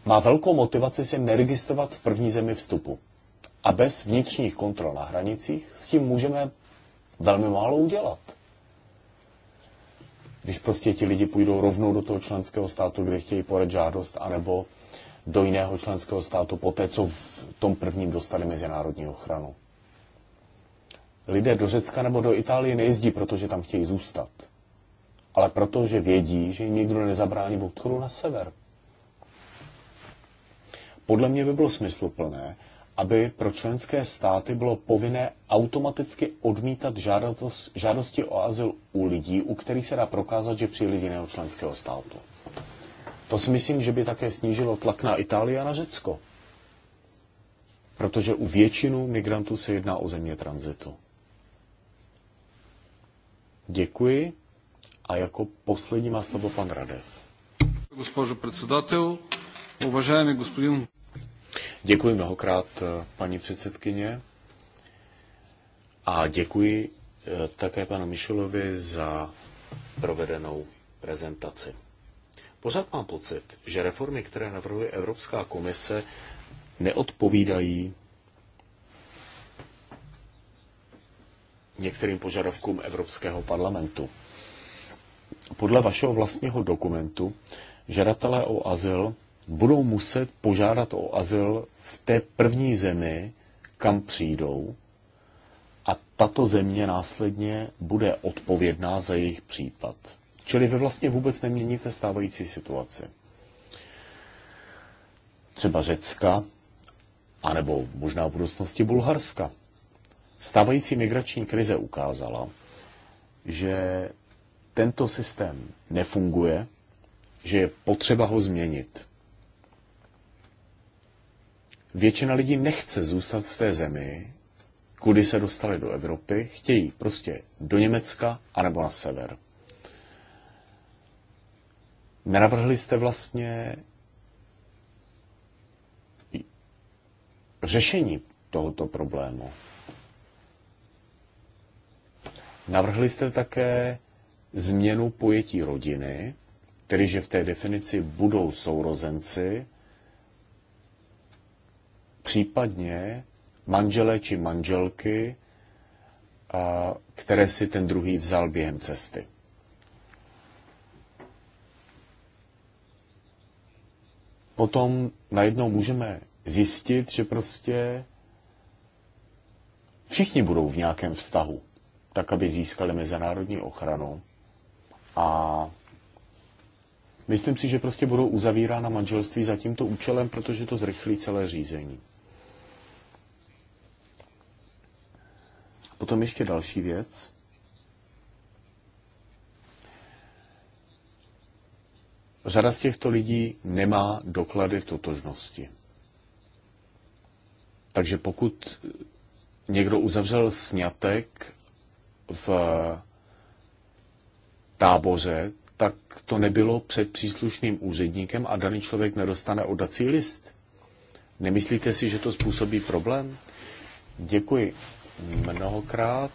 má velkou motivaci se neregistrovat v první zemi vstupu. A bez vnitřních kontrol na hranicích s tím můžeme velmi málo udělat. Když prostě ti lidi půjdou rovnou do toho členského státu, kde chtějí podat žádost, anebo do jiného členského státu po té, co v tom prvním dostali mezinárodní ochranu. Lidé do Řecka nebo do Itálie nejezdí, protože tam chtějí zůstat ale protože vědí, že jim nikdo nezabrání v odchodu na sever. Podle mě by bylo smysluplné, aby pro členské státy bylo povinné automaticky odmítat žádost, žádosti o azyl u lidí, u kterých se dá prokázat, že přijeli z jiného členského státu. To si myslím, že by také snížilo tlak na Itálii a na Řecko. Protože u většinu migrantů se jedná o země tranzitu. Děkuji. A jako poslední má slovo pan Radev. Госпожо председател, уважаеми Děkuji mnohokrát, eh, paní předsedkyně. A děkuji eh, také panu Mišulovi za provedenou prezentaci. Pořád mám pocit, že reformy, které navrhuje Evropská komise, neodpovídají některým požadavkům Evropského parlamentu podle vašeho vlastního dokumentu žadatelé o azyl budou muset požádat o azyl v té první zemi, kam přijdou, a tato země následně bude odpovědná za jejich případ. Čili vy vlastně vůbec neměníte stávající situaci. Třeba Řecka, anebo možná v budoucnosti Bulharska. Stávající migrační krize ukázala, že tento systém nefunguje, že je potřeba ho změnit. Většina lidí nechce zůstat v té zemi, kudy se dostali do Evropy, chtějí prostě do Německa anebo na sever. Nenavrhli jste vlastně řešení tohoto problému. Navrhli jste také změnu pojetí rodiny, tedy že v té definici budou sourozenci, případně manželé či manželky, které si ten druhý vzal během cesty. Potom najednou můžeme zjistit, že prostě všichni budou v nějakém vztahu, tak aby získali mezinárodní ochranu a myslím si, že prostě budou uzavírána manželství za tímto účelem, protože to zrychlí celé řízení. Potom ještě další věc. Řada z těchto lidí nemá doklady totožnosti. Takže pokud někdo uzavřel sňatek v táboře, tak to nebylo před příslušným úředníkem a daný člověk nedostane odací list. Nemyslíte si, že to způsobí problém? Děkuji mnohokrát.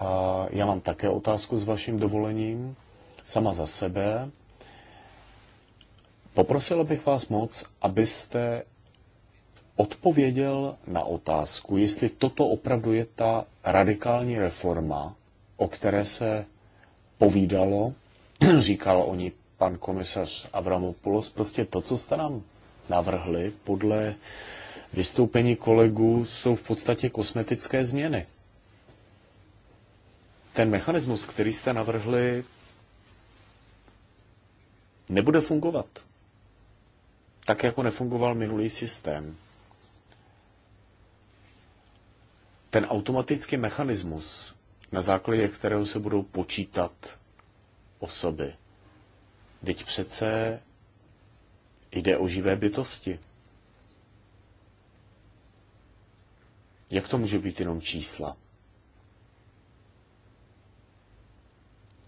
A já mám také otázku s vaším dovolením, sama za sebe. Poprosil bych vás moc, abyste odpověděl na otázku, jestli toto opravdu je ta radikální reforma, o které se povídalo, říkal o ní pan komisař Avramopoulos, prostě to, co jste nám navrhli podle vystoupení kolegů, jsou v podstatě kosmetické změny. Ten mechanismus, který jste navrhli, nebude fungovat. Tak, jako nefungoval minulý systém. Ten automatický mechanismus na základě kterého se budou počítat osoby. Teď přece jde o živé bytosti. Jak to může být jenom čísla?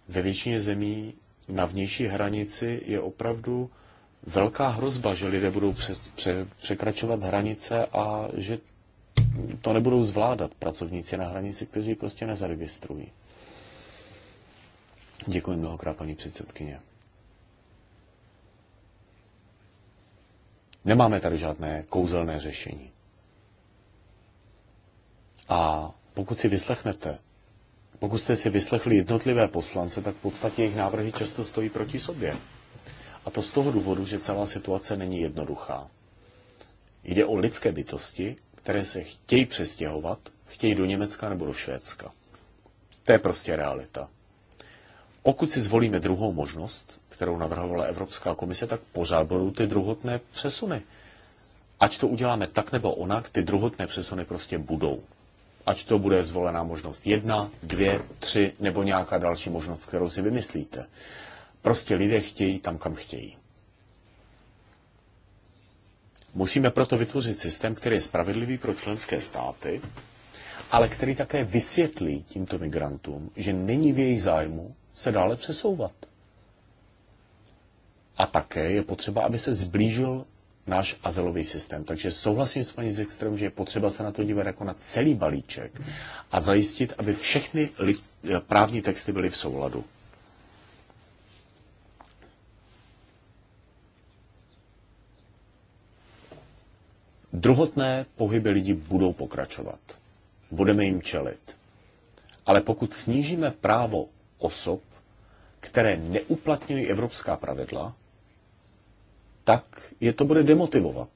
Ve většině zemí na vnější hranici je opravdu velká hrozba, že lidé budou přes, pře, překračovat hranice a že to nebudou zvládat pracovníci na hranici, kteří prostě nezaregistrují. Děkuji mnohokrát, paní předsedkyně. Nemáme tady žádné kouzelné řešení. A pokud si vyslechnete, pokud jste si vyslechli jednotlivé poslance, tak v podstatě jejich návrhy často stojí proti sobě. A to z toho důvodu, že celá situace není jednoduchá. Jde o lidské bytosti, které se chtějí přestěhovat, chtějí do Německa nebo do Švédska. To je prostě realita. Pokud si zvolíme druhou možnost, kterou navrhovala Evropská komise, tak pořád budou ty druhotné přesuny. Ať to uděláme tak nebo onak, ty druhotné přesuny prostě budou. Ať to bude zvolená možnost jedna, dvě, tři nebo nějaká další možnost, kterou si vymyslíte. Prostě lidé chtějí tam, kam chtějí. Musíme proto vytvořit systém, který je spravedlivý pro členské státy, ale který také vysvětlí tímto migrantům, že není v jejich zájmu se dále přesouvat. A také je potřeba, aby se zblížil náš azylový systém. Takže souhlasím s paní Zekstrem, že je potřeba se na to dívat jako na celý balíček a zajistit, aby všechny právní texty byly v souladu. Druhotné pohyby lidí budou pokračovat. Budeme jim čelit. Ale pokud snížíme právo osob, které neuplatňují evropská pravidla, tak je to bude demotivovat.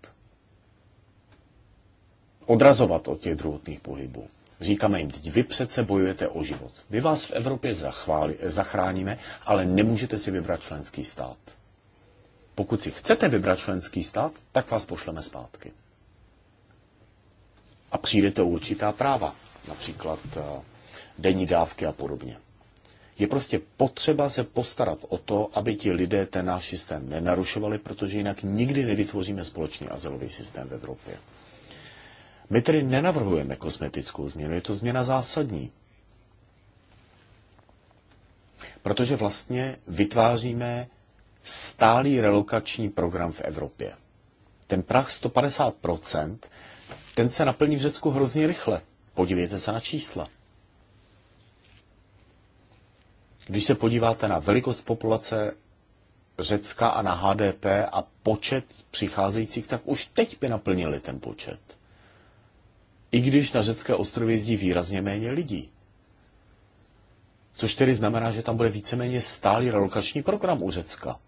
Odrazovat od těch druhotných pohybů. Říkáme jim, teď vy přece bojujete o život. My vás v Evropě zachváli, zachráníme, ale nemůžete si vybrat členský stát. Pokud si chcete vybrat členský stát, tak vás pošleme zpátky a přijdete o určitá práva, například eh, denní dávky a podobně. Je prostě potřeba se postarat o to, aby ti lidé ten náš systém nenarušovali, protože jinak nikdy nevytvoříme společný azylový systém v Evropě. My tedy nenavrhujeme kosmetickou změnu, je to změna zásadní. Protože vlastně vytváříme stálý relokační program v Evropě. Ten prach 150 ten se naplní v Řecku hrozně rychle. Podívejte se na čísla. Když se podíváte na velikost populace Řecka a na HDP a počet přicházejících, tak už teď by naplnili ten počet. I když na řecké ostrově jezdí výrazně méně lidí. Což tedy znamená, že tam bude víceméně stálý relokační program u Řecka.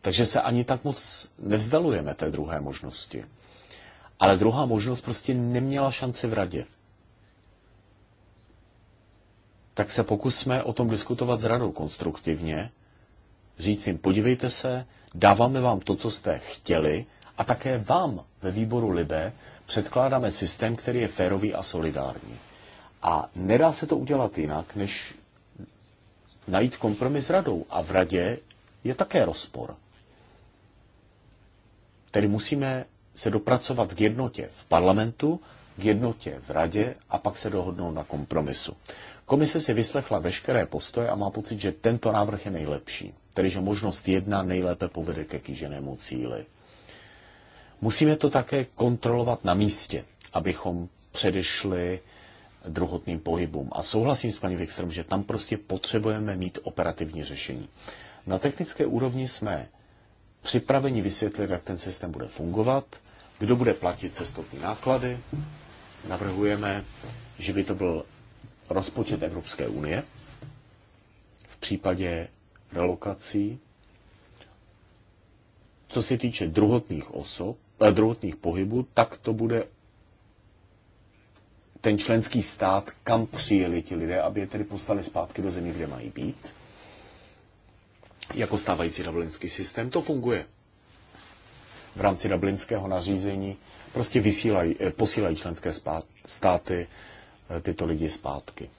Takže se ani tak moc nevzdalujeme té druhé možnosti. Ale druhá možnost prostě neměla šanci v radě. Tak se pokusme o tom diskutovat s radou konstruktivně, říct jim, podívejte se, dáváme vám to, co jste chtěli, a také vám ve výboru Libe předkládáme systém, který je férový a solidární. A nedá se to udělat jinak, než najít kompromis s radou. A v radě je také rozpor. Tedy musíme se dopracovat k jednotě v parlamentu, k jednotě v radě a pak se dohodnou na kompromisu. Komise si vyslechla veškeré postoje a má pocit, že tento návrh je nejlepší, tedy že možnost jedna nejlépe povede ke kýženému cíli. Musíme to také kontrolovat na místě, abychom předešli druhotným pohybům. A souhlasím s paní Vikstrom, že tam prostě potřebujeme mít operativní řešení. Na technické úrovni jsme připraveni vysvětlit, jak ten systém bude fungovat, kdo bude platit cestovní náklady. Navrhujeme, že by to byl rozpočet Evropské unie v případě relokací. Co se týče druhotných osob, eh, druhotných pohybů, tak to bude ten členský stát, kam přijeli ti lidé, aby je tedy poslali zpátky do země, kde mají být jako stávající dublinský systém. To funguje. V rámci dublinského nařízení prostě vysílají, eh, posílají členské státy eh, tyto lidi zpátky.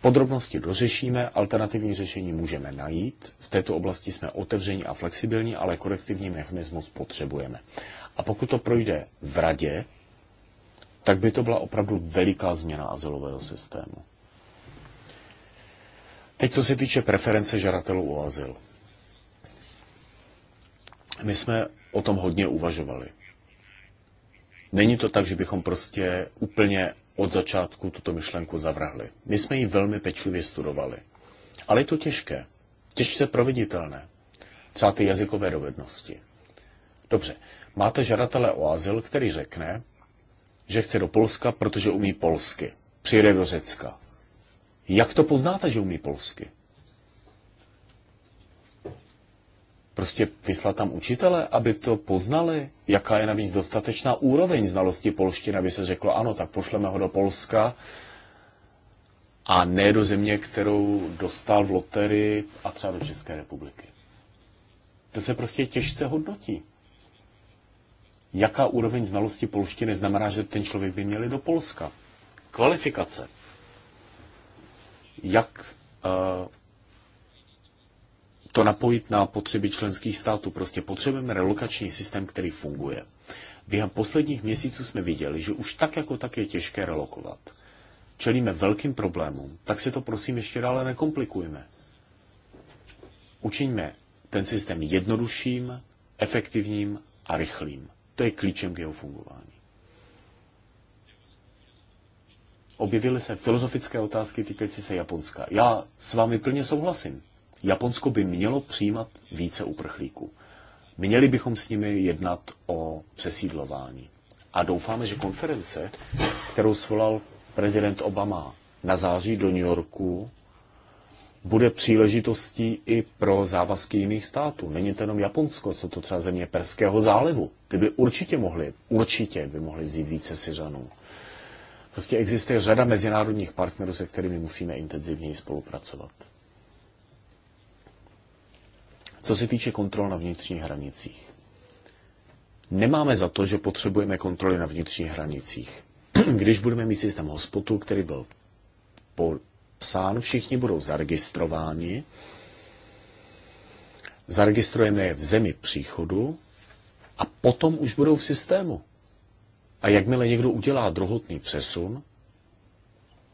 Podrobnosti dořešíme, alternativní řešení můžeme najít. V této oblasti jsme otevření a flexibilní, ale korektivní mechanismus potřebujeme. A pokud to projde v radě, tak by to byla opravdu veliká změna azylového systému. Teď co se týče preference žadatelů o azyl. My jsme o tom hodně uvažovali. Není to tak, že bychom prostě úplně od začátku tuto myšlenku zavrhli. My jsme ji velmi pečlivě studovali. Ale je to těžké. Těžce proveditelné. Třeba ty jazykové dovednosti. Dobře, máte žadatele o azyl, který řekne, že chce do Polska, protože umí polsky. Přijede do Řecka. Jak to poznáte, že umí polsky? Prostě vyslat tam učitele, aby to poznali, jaká je navíc dostatečná úroveň znalosti polštiny, aby se řeklo, ano, tak pošleme ho do Polska a ne do země, kterou dostal v lotery a třeba do České republiky. To se prostě těžce hodnotí. Jaká úroveň znalosti polštiny znamená, že ten člověk by měl do Polska? Kvalifikace. Jak uh, to napojit na potřeby členských států. Prostě potřebujeme relokační systém, který funguje. Během posledních měsíců jsme viděli, že už tak jako tak je těžké relokovat. Čelíme velkým problémům, tak si to prosím ještě dále nekomplikujme. Učiňme ten systém jednodušším, efektivním a rychlým. To je klíčem k jeho fungování. Objevily se filozofické otázky týkající se Japonska. Já s vámi plně souhlasím. Japonsko by mělo přijímat více uprchlíků. Měli bychom s nimi jednat o přesídlování. A doufáme, že konference, kterou svolal prezident Obama na září do New Yorku, bude příležitostí i pro závazky jiných států. Není to jenom Japonsko, co to třeba země Perského zálivu. Ty by určitě mohli. určitě by mohli vzít více Syřanů. Prostě existuje řada mezinárodních partnerů, se kterými musíme intenzivněji spolupracovat. Co se týče kontrol na vnitřních hranicích. Nemáme za to, že potřebujeme kontroly na vnitřních hranicích. Když budeme mít systém hospodu, který byl popsán, všichni budou zaregistrováni. Zaregistrujeme je v zemi příchodu a potom už budou v systému. A jakmile někdo udělá druhotný přesun,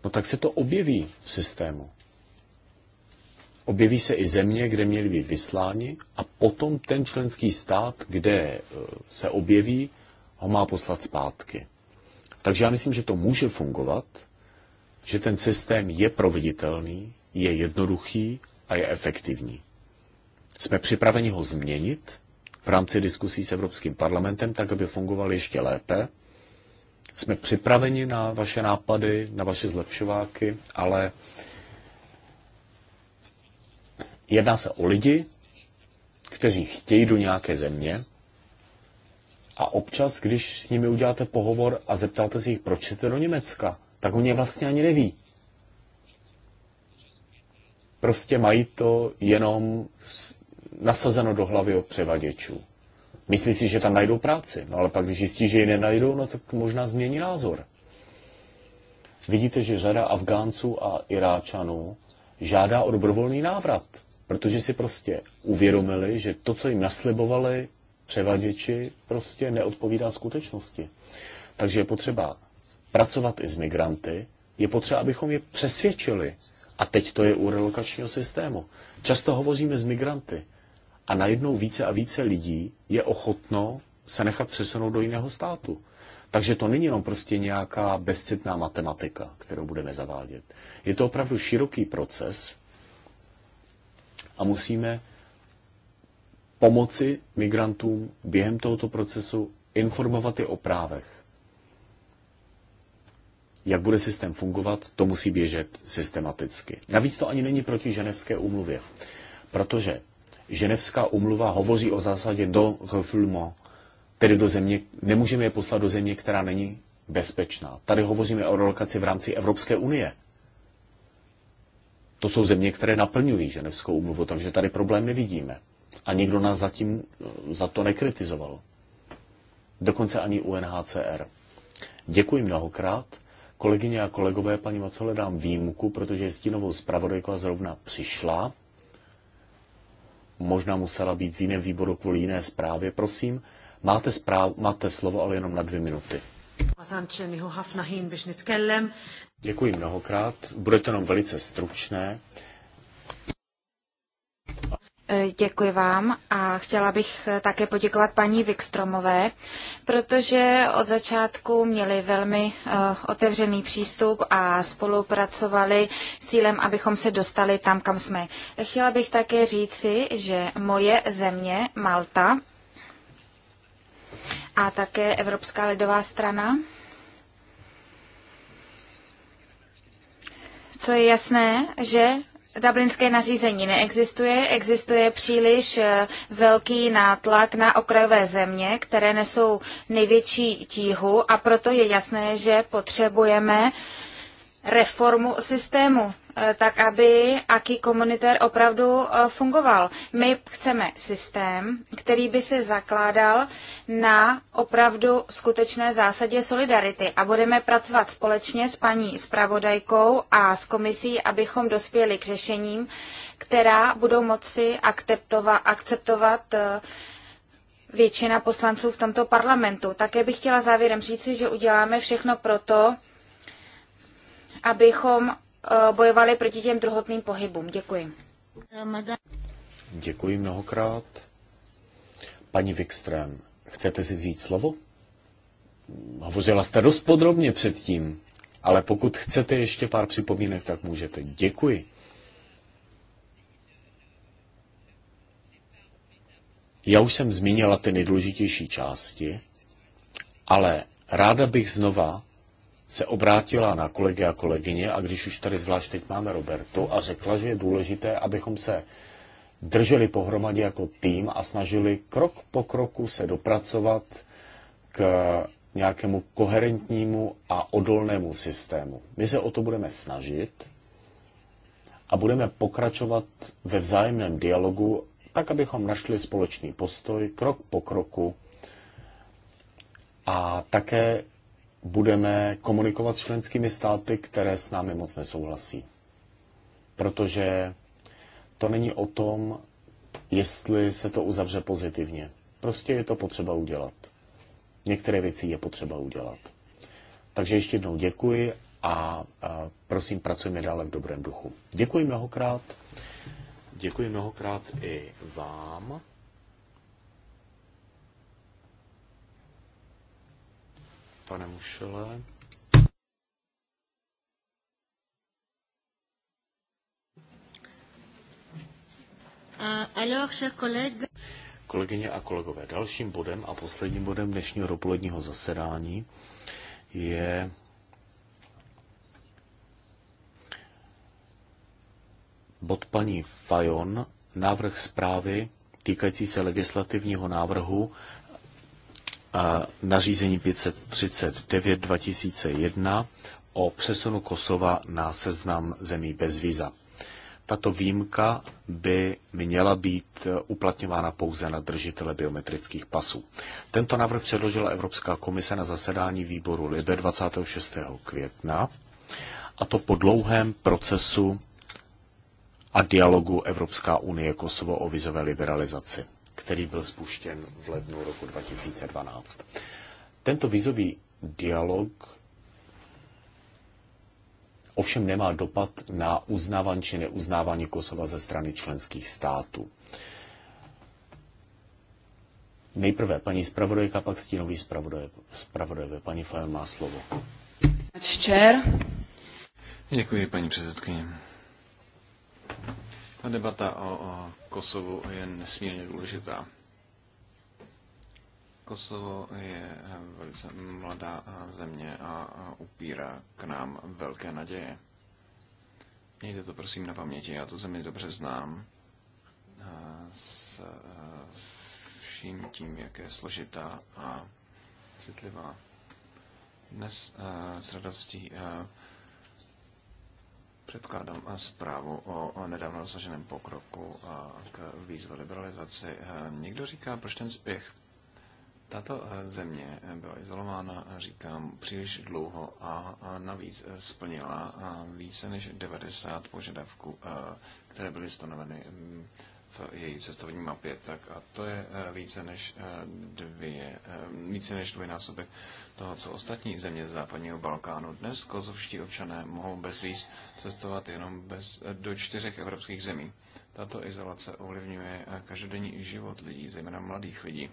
no tak se to objeví v systému objeví se i země, kde měli být vysláni a potom ten členský stát, kde e, se objeví, ho má poslat zpátky. Takže já myslím, že to může fungovat, že ten systém je proveditelný, je jednoduchý a je efektivní. Jsme připraveni ho změnit v rámci diskusí s Evropským parlamentem, tak aby fungoval ještě lépe. Jsme připraveni na vaše nápady, na vaše zlepšováky, ale Jedná se o lidi, kteří chtějí do nějaké země a občas, když s nimi uděláte pohovor a zeptáte se jich, proč jste do Německa, tak oni vlastně ani neví. Prostě mají to jenom nasazeno do hlavy od převaděčů. Myslí si, že tam najdou práci, no ale pak, když zjistí, že ji nenajdou, no tak možná změní názor. Vidíte, že řada Afgánců a Iráčanů žádá o dobrovolný návrat protože si prostě uvědomili, že to, co jim naslibovali převaděči, prostě neodpovídá skutečnosti. Takže je potřeba pracovat i s migranty, je potřeba, abychom je přesvědčili. A teď to je u relokačního systému. Často hovoříme s migranty a najednou více a více lidí je ochotno se nechat přesunout do jiného státu. Takže to není jenom prostě nějaká bezcitná matematika, kterou budeme zavádět. Je to opravdu široký proces, a musíme pomoci migrantům během tohoto procesu informovat je o právech. Jak bude systém fungovat, to musí běžet systematicky. Navíc to ani není proti ženevské umluvě, protože ženevská umluva hovoří o zásadě do refoulement, tedy do země, nemůžeme je poslat do země, která není bezpečná. Tady hovoříme o relokaci v rámci Evropské unie to jsou země, které naplňují ženevskou úmluvu, takže tady problém nevidíme. A nikdo nás zatím eh, za to nekritizoval. Dokonce ani UNHCR. Děkuji mnohokrát. Kolegyně a kolegové, paní Macole dám výjimku, protože je stínovou zpravodajka zrovna přišla. Možná musela být v jiném výboru kvůli jiné zprávě, prosím. Máte, zpráv, máte slovo, ale jenom na dvě minuty. Děkuji mnohokrát. Bude to jenom velice stručné. Děkuji vám a chtěla bych také poděkovat paní Vikstromové, protože od začátku měli velmi eh, otevřený přístup a spolupracovali s cílem, abychom se dostali tam, kam jsme. Chtěla bych také říci, že moje země, Malta, a také Evropská lidová strana. Co je jasné, že Dublinské nařízení neexistuje, existuje příliš eh, velký nátlak na okrajové země, které nesou největší tíhu a proto je jasné, že potřebujeme reformu systému Eh, tak aby aký komunitér opravdu eh, fungoval. My chceme systém, který by se zakládal na opravdu skutečné zásadě solidarity a budeme pracovat společně s paní zpravodajkou a s komisí, abychom dospěli k řešením, která budou moci akceptovat, akceptovat eh, většina poslanců v tomto parlamentu. Také bych chtěla závěrem říci, že uděláme všechno proto, abychom Eh, bojovali proti těm druhotným pohybům. Děkuji. Děkuji mnohokrát. Paní Wikström, chcete si vzít slovo? Hovořila jste dost podrobně předtím, ale pokud chcete ještě pár připomínek, tak můžete. Děkuji. Já už jsem zmínila ty nejdůležitější části, ale ráda bych znova se obrátila na kolegy a kolegyně, a když už tady zvlášť teď máme Robertu, a řekla, že je důležité, abychom se drželi pohromadě jako tým a snažili krok po kroku se dopracovat k nějakému koherentnímu a odolnému systému. My se o to budeme snažit a budeme pokračovat ve vzájemném dialogu, tak abychom našli společný postoj krok po kroku a také budeme komunikovat s členskými státy, které s námi moc nesouhlasí. Protože to není o tom, jestli se to uzavře pozitivně. Prostě je to potřeba udělat. Některé věci je potřeba udělat. Takže ještě jednou děkuji a prosím, pracujme dále v dobrém duchu. Děkuji mnohokrát. Děkuji mnohokrát i vám. pane Mušele. Kolegyně a kolegové, dalším bodem a posledním bodem dnešního dopoledního zasedání je bod paní Fajon, návrh zprávy týkající se legislativního návrhu nařízení 539 2001 o přesunu Kosova na seznam zemí bez víza. Tato výjimka by měla být uplatňována pouze na držitele biometrických pasů. Tento návrh předložila Evropská komise na zasedání výboru LIBE 26. května, a to po dlouhém procesu a dialogu Evropská unie Kosovo o vizové liberalizaci který byl spuštěn v lednu roku 2012. Tento vízový dialog ovšem nemá dopad na uznávání či neuznávání Kosova ze strany členských států. Nejprve paní zpravodajka, pak stínový zpravodajové. Paní Fajon má slovo. Čer. Děkuji, paní předsedkyně. Ta debata o, o Kosovu je nesmírně důležitá. Kosovo je eh, velice mladá eh, země a upírá k nám velké naděje. Mějte to prosím na paměti, já tu zemi dobře znám. Eh, s vším tím, jak je složitá a citlivá. Dnes s radostí Předkládám zprávu o nedávno dosaženém pokroku k výzvu liberalizaci. Eh, někdo říká, proč ten spěch? Tato eh, země byla izolována, říkám, příliš dlouho a navíc eh, splnila více než 90 požadavků, které byly stanoveny mm, v její cestovní mapě. Tak a to je eh, více než, eh, dvě, eh, více než dvojnásobek toho, co ostatní země z západního Balkánu. Dnes kozovští občané mohou bez víz cestovat jenom bez, do čtyřech evropských zemí. Tato izolace ovlivňuje každodenní život lidí, zejména mladých lidí.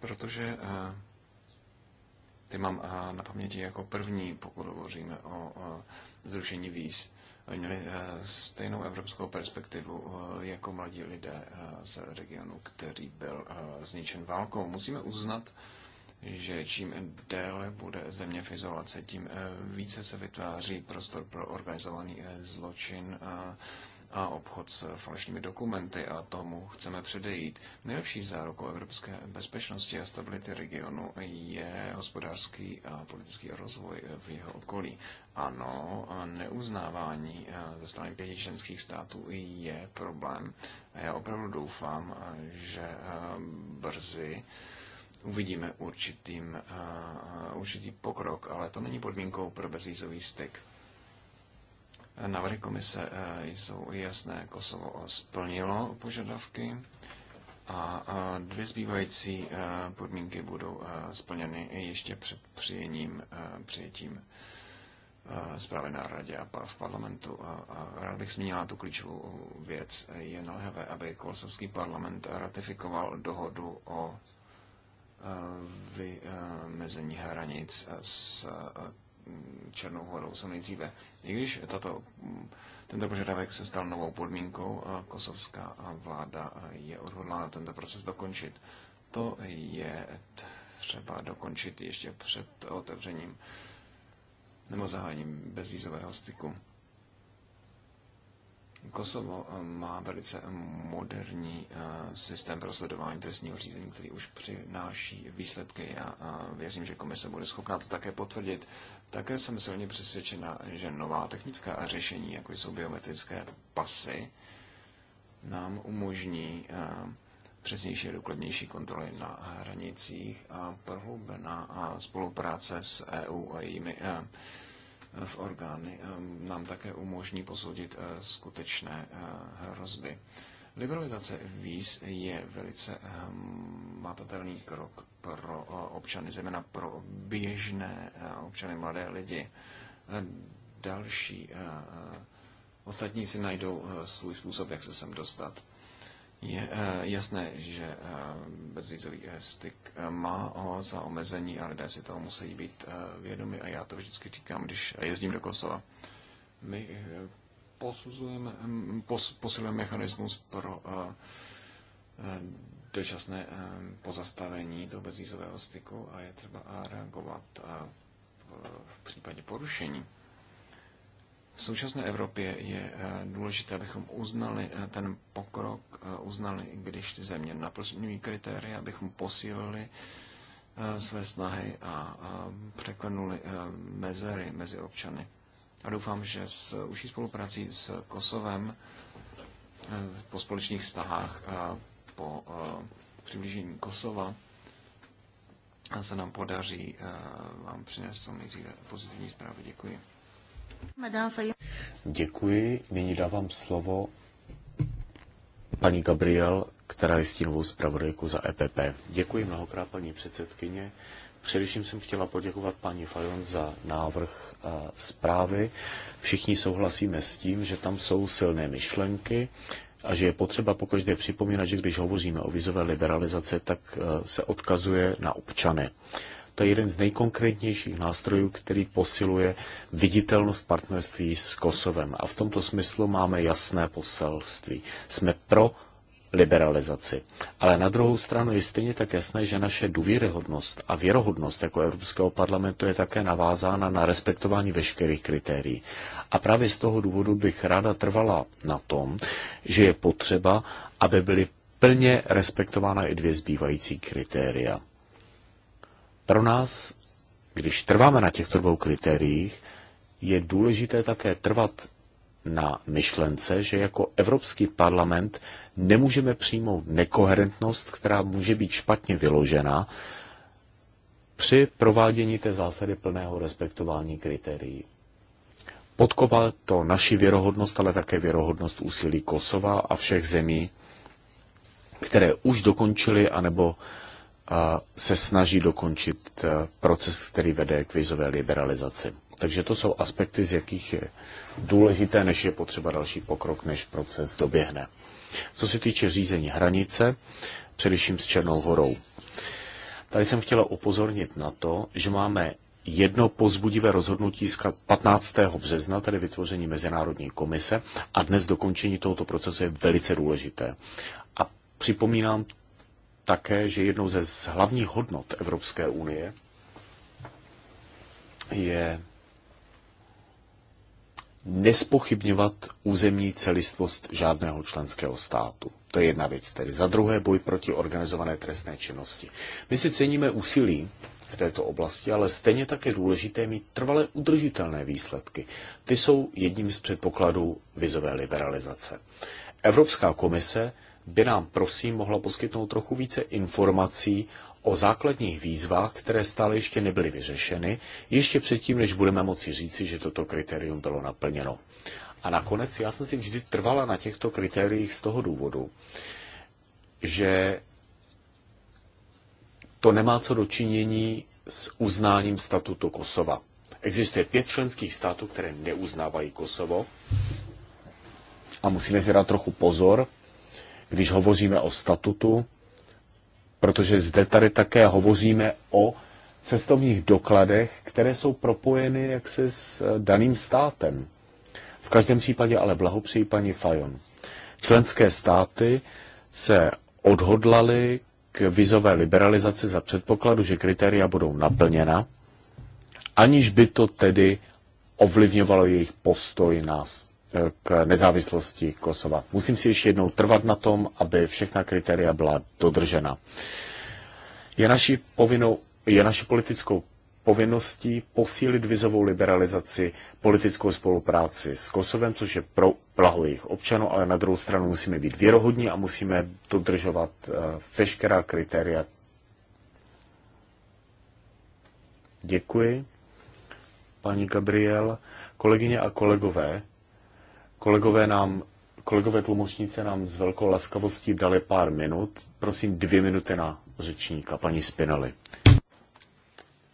Protože ty mám na paměti jako první, pokud hovoříme o zrušení víz aby měli eh, stejnou evropskou perspektivu eh, jako mladí lidé eh, z regionu, který byl zničen válkou. Musíme uznat, že čím déle bude země v izolaci, tím více se vytváří prostor pro organizovaný zločin a a obchod s falešnými dokumenty a tomu chceme předejít. Nejlepší zárukou evropské bezpečnosti a stability regionu je hospodářský a politický rozvoj v jeho okolí. Ano, neuznávání ze strany pěti členských států je problém. Já opravdu doufám, že brzy uvidíme určitým, určitý pokrok, ale to není podmínkou pro bezvízový styk. Návrhy komise eh, jsou jasné. Kosovo splnilo požadavky a dvě zbývající eh, podmínky budou eh, splněny ještě před přijením, přijetím zprávy na radě a v parlamentu. Rád bych zmínila tu klíčovou věc. Je naléhavé, aby kosovský parlament ratifikoval dohodu o vymezení hranic s Černou horou co nejdříve. I když tato, tento požadavek se stal novou podmínkou, kosovská vláda je odhodlána tento proces dokončit. To je třeba dokončit ještě před otevřením nebo zahájením bezvízového styku. Kosovo eh, má velice moderní eh, systém pro sledování trestního řízení, který už přináší výsledky a eh, věřím, že komise bude schopná to také potvrdit. Také jsem silně přesvědčena, že nová technická řešení, jako jsou biometrické pasy, nám umožní přesnější a důkladnější kontroly na hranicích a prohloubená spolupráce s EU a jejími v orgány ehm, nám také umožní posoudit eh, skutečné eh, hrozby. Liberalizace víz je velice ehm, matatelný krok pro eh, občany, zejména pro běžné občany, mladé lidi. Další ostatní si najdou svůj způsob, jak se sem dostat. Je eh, jasné, že eh, bezvízový eh, styk má ho za omezení a lidé si toho musí být vědomi a já to vždycky říkám, když jezdím do Kosova. My posuzujeme, pos, posilujeme mechanismus pro dočasné pozastavení toho bezvízového styku a je třeba reagovat v případě porušení. V současné Evropě je eh, důležité, abychom uznali eh, ten pokrok, eh, uznali, když ty země naplňují kritéria, abychom posílili své snahy a překlenuli mezery mezi občany. A doufám, že s užší spoluprací s Kosovem po společných stahách po přiblížení Kosova se nám podaří vám přinést co nejdříve pozitivní zprávy. Děkuji. Děkuji. Nyní dávám slovo paní Gabriel, která je stínovou zpravodajkou za EPP. Děkuji mnohokrát, paní předsedkyně. Především jsem chtěla poděkovat paní Fajon za návrh eh, zprávy. Všichni souhlasíme s tím, že tam jsou silné myšlenky a že je potřeba pokaždé připomínat, že když hovoříme o vizové liberalizace, tak eh, se odkazuje na občany. To je jeden z nejkonkrétnějších nástrojů, který posiluje viditelnost partnerství s Kosovem. A v tomto smyslu máme jasné poselství. Jsme pro liberalizaci. Ale na druhou stranu je stejně tak jasné, že naše důvěryhodnost a věrohodnost jako Evropského parlamentu je také navázána na respektování veškerých kritérií. A právě z toho důvodu bych ráda trvala na tom, že je potřeba, aby byly plně respektována i dvě zbývající kritéria. Pro nás, když trváme na těchto dvou kritériích, je důležité také trvat na myšlence, že jako Evropský parlament nemůžeme přijmout nekoherentnost, která může být špatně vyložena při provádění té zásady plného respektování kritérií. Podkopá to naši věrohodnost, ale také věrohodnost úsilí Kosova a všech zemí, které už dokončily anebo se snaží dokončit eh, proces, který vede k vizové liberalizaci. Takže to jsou aspekty, z jakých je důležité, než je potřeba další pokrok, než proces doběhne. Co se týče řízení hranice, především s Černou horou. Tady jsem chtěla upozornit na to, že máme jedno pozbudivé rozhodnutí z 15. března, tedy vytvoření Mezinárodní komise, a dnes dokončení tohoto procesu je velice důležité. A připomínám také, že jednou ze hlavních hodnot Evropské unie je nespochybňovat územní celistvost žádného členského státu. To je jedna věc. Tedy za druhé boj proti organizované trestné činnosti. My si ceníme úsilí v této oblasti, ale stejně tak je důležité mít trvale udržitelné výsledky. Ty jsou jedním z předpokladů vizové liberalizace. Evropská komise by nám prosím mohla poskytnout trochu více informací o základních výzvách, které stále ještě nebyly vyřešeny, ještě předtím, než budeme moci říci, že toto kritérium bylo naplněno. A nakonec já jsem si vždy trvala na těchto kritériích z toho důvodu, že to nemá co dočinění s uznáním statutu Kosova. Existuje pět členských států, které neuznávají Kosovo a musíme si dát trochu pozor, když hovoříme o statutu, protože zde tady také hovoříme o cestovních dokladech, které jsou propojeny jaksi s eh, daným státem. V každém případě ale blahopřeji paní Fajon. Členské státy se odhodlali k vizové liberalizaci za předpokladu, že kritéria budou naplněna, aniž by to tedy ovlivňovalo jejich postoj na k nezávislosti Kosova. Musím si ještě jednou trvat na tom, aby všechna kritéria byla dodržena. Je naší, povinnou, je naší politickou povinností posílit vizovou liberalizaci, politickou spolupráci s Kosovem, což je pro blaho jejich občanů, ale na druhou stranu musíme být věrohodní a musíme dodržovat eh, veškerá kritéria. Děkuji, paní Gabriel. Kolegyně a kolegové, Kolegové nám kolegové tlumočníci nám s velkou laskavostí dali pár minut. Prosím dvě minuty na řečníka, paní Spinelli.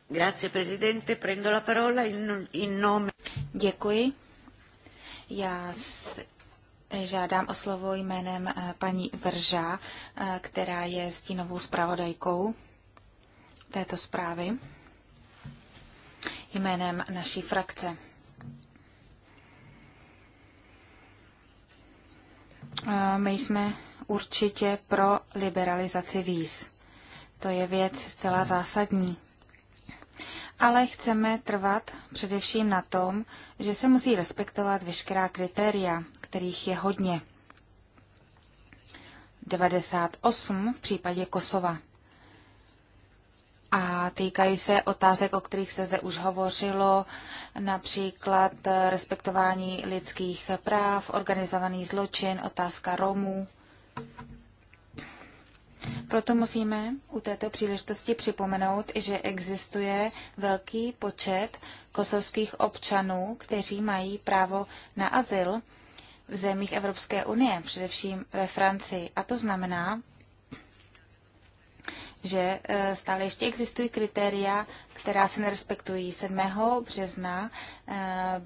Grazie, presidente. Prendo la parola in, in nome... Děkuji. Já s, žádám o slovo jménem eh, paní Vrža, eh, která je stínovou zpravodajkou této zprávy jménem naší frakce. Eh, my jsme určitě pro liberalizaci víz. To je věc zcela zásadní. Ale chceme trvat především na tom, že se musí respektovat veškerá kritéria, kterých je hodně. 98 v případě Kosova a týkají se otázek, o kterých se zde už hovořilo, například eh, respektování lidských práv, organizovaný zločin, otázka Romů. Proto musíme u této příležitosti připomenout, že existuje velký počet kosovských občanů, kteří mají právo na azyl v zemích Evropské unie, především ve Francii. A to znamená, že e, stále ještě existují kritéria, která se nerespektují. 7. března e,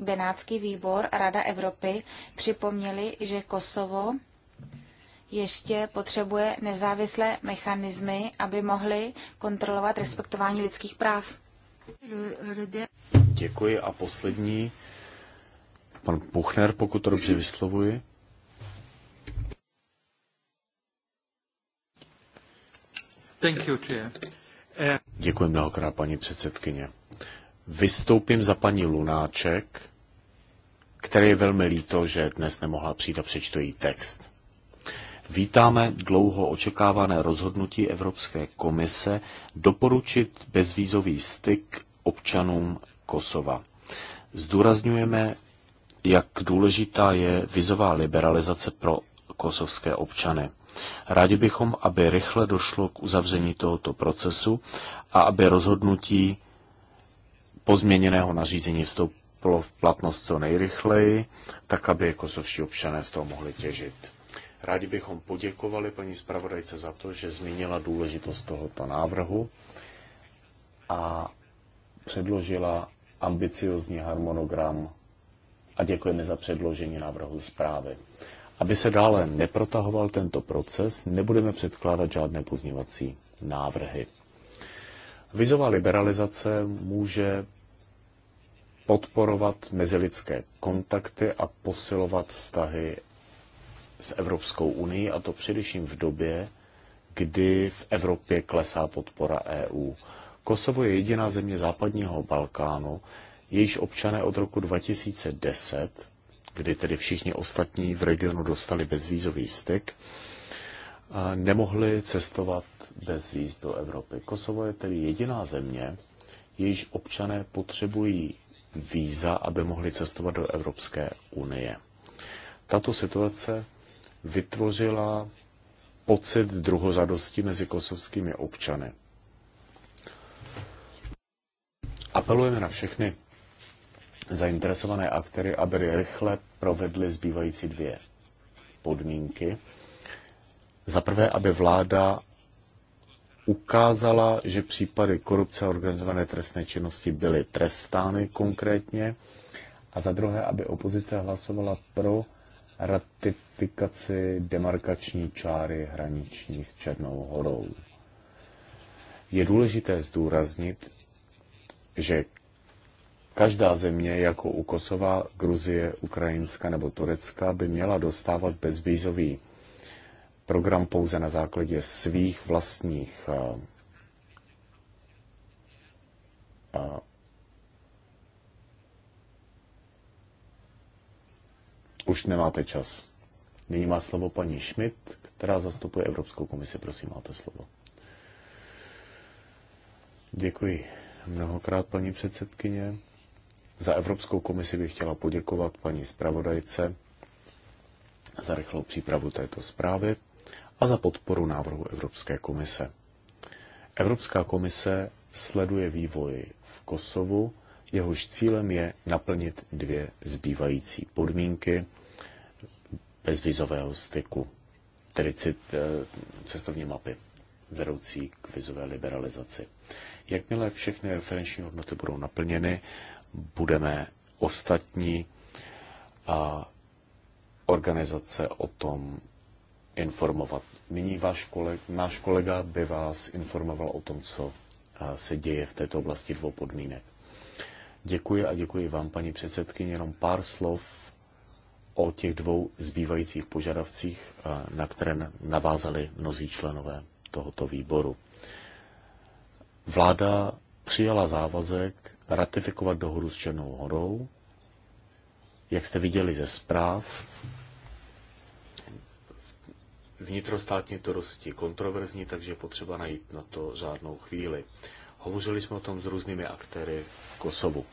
Benátský výbor a Rada Evropy připomněli, že Kosovo ještě potřebuje nezávislé mechanismy, aby mohly kontrolovat respektování lidských práv. Děkuji a poslední. Pan Puchner, pokud to dobře vyslovuji. Děkuji mnohokrát, paní předsedkyně. Vystoupím za paní Lunáček, které je velmi líto, že dnes nemohla přijít a přečtu její text. Vítáme dlouho očekávané rozhodnutí Evropské komise doporučit bezvízový styk občanům Kosova. Zdůrazňujeme, jak důležitá je vizová liberalizace pro kosovské občany. Rádi bychom, aby rychle došlo k uzavření tohoto procesu a aby rozhodnutí pozměněného nařízení vstoupilo v platnost co nejrychleji, tak aby kosovští jako občané z toho mohli těžit. Rádi bychom poděkovali paní zpravodajce za to, že zmínila důležitost tohoto návrhu a předložila ambiciozní harmonogram a děkujeme za předložení návrhu zprávy. Aby se dále neprotahoval tento proces, nebudeme předkládat žádné pozněvací návrhy. Vizová liberalizace může podporovat mezilidské kontakty a posilovat vztahy s Evropskou unii, a to především v době, kdy v Evropě klesá podpora EU. Kosovo je jediná země západního Balkánu, jejíž občané od roku 2010 kdy tedy všichni ostatní v regionu dostali bezvízový styk, nemohli cestovat bez víz do Evropy. Kosovo je tedy jediná země, jejíž občané potřebují víza, aby mohli cestovat do Evropské unie. Tato situace vytvořila pocit druhořadosti mezi kosovskými občany. Apelujeme na všechny zainteresované aktéry, aby rychle provedly zbývající dvě podmínky. Za prvé, aby vláda ukázala, že případy korupce a organizované trestné činnosti byly trestány konkrétně. A za druhé, aby opozice hlasovala pro ratifikaci demarkační čáry hraniční s Černou horou. Je důležité zdůraznit, že Každá země, jako u Kosova, Gruzie, Ukrajinska nebo Turecka, by měla dostávat bezvízový program pouze na základě svých vlastních a, eh, a, eh, Už nemáte čas. Nyní má slovo paní Schmidt, která zastupuje Evropskou komisi. Prosím, máte slovo. Děkuji mnohokrát, paní předsedkyně. Za Evropskou komisi bych chtěla poděkovat paní zpravodajce za rychlou přípravu této zprávy a za podporu návrhu Evropské komise. Evropská komise sleduje vývoj v Kosovu, jehož cílem je naplnit dvě zbývající podmínky bezvizového styku, tedy eh, cestovní mapy vedoucí k vizové liberalizaci. Jakmile všechny referenční hodnoty budou naplněny, budeme ostatní a organizace o tom informovat. Nyní váš koleg, náš kolega by vás informoval o tom, co se děje v této oblasti dvou podmínek. Děkuji a děkuji vám, paní předsedkyně, jenom pár slov o těch dvou zbývajících požadavcích, na které navázali mnozí členové tohoto výboru. Vláda přijala závazek ratifikovat dohodu s Černou horou. Jak jste viděli ze zpráv, vnitrostátní to dosti kontroverzní, takže je potřeba najít na to řádnou chvíli. Hovořili jsme o tom s různými aktéry v Kosovu.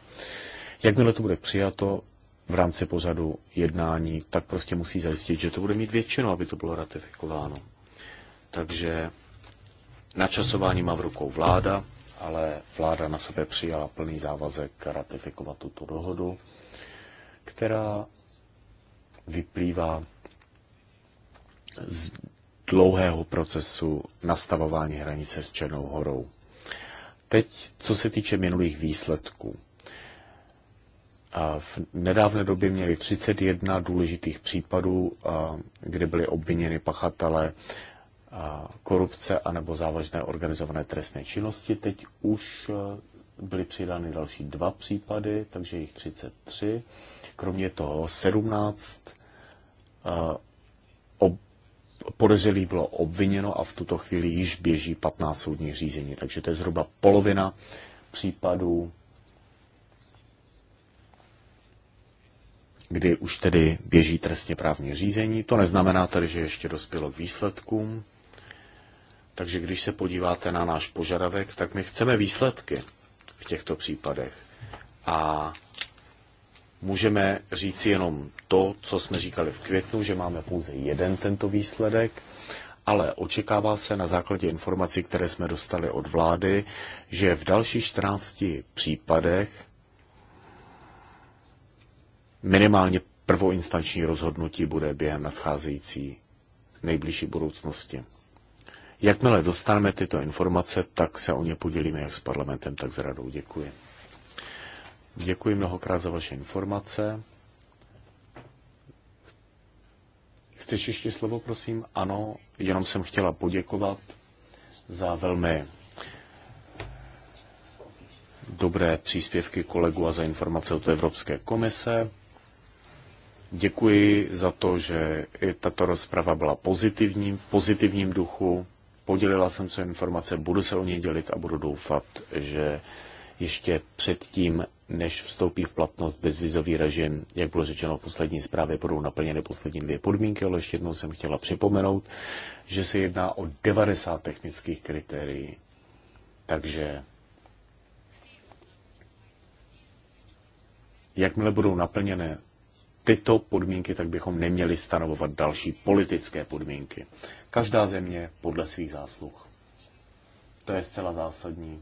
Jakmile to bude přijato v rámci pořadu jednání, tak prostě musí zajistit, že to bude mít většinu, aby to bylo ratifikováno. Takže načasování má v rukou vláda, ale vláda na sebe přijala plný závazek ratifikovat tuto dohodu, která vyplývá z dlouhého procesu nastavování hranice s Černou horou. Teď, co se týče minulých výsledků. V nedávné době měli 31 důležitých případů, kde byly obviněny pachatele korupce anebo závažné organizované trestné činnosti. Teď už eh, byly přidány další dva případy, takže jich 33. Kromě toho 17 eh, podezřelý bylo obviněno a v tuto chvíli již běží 15 soudních řízení. Takže to je zhruba polovina případů, kdy už tedy běží trestně právní řízení. To neznamená tedy, že ještě dospělo k výsledkům. Takže když se podíváte na náš požadavek, tak my chceme výsledky v těchto případech. A můžeme říct jenom to, co jsme říkali v květnu, že máme pouze jeden tento výsledek, ale očekává se na základě informací, které jsme dostali od vlády, že v dalších 14 případech minimálně prvoinstanční rozhodnutí bude během nadcházející nejbližší budoucnosti. Jakmile dostaneme tyto informace, tak se o ně podělíme jak s parlamentem, tak s radou. Děkuji. Děkuji mnohokrát za vaše informace. Chceš ještě slovo, prosím? Ano, jenom jsem chtěla poděkovat za velmi dobré příspěvky kolegů a za informace od Evropské komise. Děkuji za to, že i tato rozprava byla pozitivním, pozitivním duchu podělila jsem se informace, budu se o ně dělit a budu doufat, že ještě předtím, než vstoupí v platnost bezvizový režim, jak bylo řečeno v poslední zprávě, budou naplněny poslední dvě podmínky, ale ještě jednou jsem chtěla připomenout, že se jedná o 90 technických kritérií. Takže jakmile budou naplněné tyto podmínky, tak bychom neměli stanovovat další politické podmínky. Každá země podle svých zásluh. To je zcela zásadní.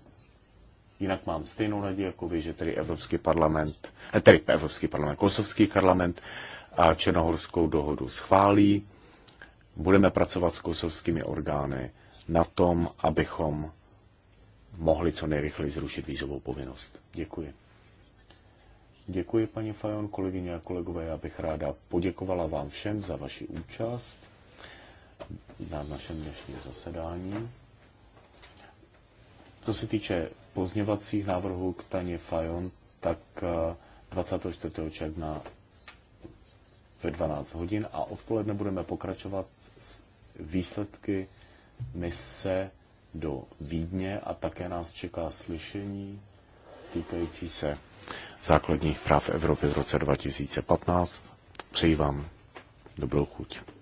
Jinak mám stejnou naději jako vy, že tedy Evropský parlament, eh, tedy Evropský parlament, Kosovský parlament a Černohorskou dohodu schválí. Budeme pracovat s kosovskými orgány na tom, abychom mohli co nejrychleji zrušit výzovou povinnost. Děkuji. Děkuji, paní Fajon, kolegyně a kolegové. Já bych ráda poděkovala vám všem za vaši účast na našem dnešním zasedání. Co se týče pozněvacích návrhů k Taně Fajon, tak 24. Eh, června ve 12 hodin a odpoledne budeme pokračovat s výsledky mise do Vídně a také nás čeká slyšení týkající se základních práv Evropy v roce 2015. Přeji vám dobrou chuť.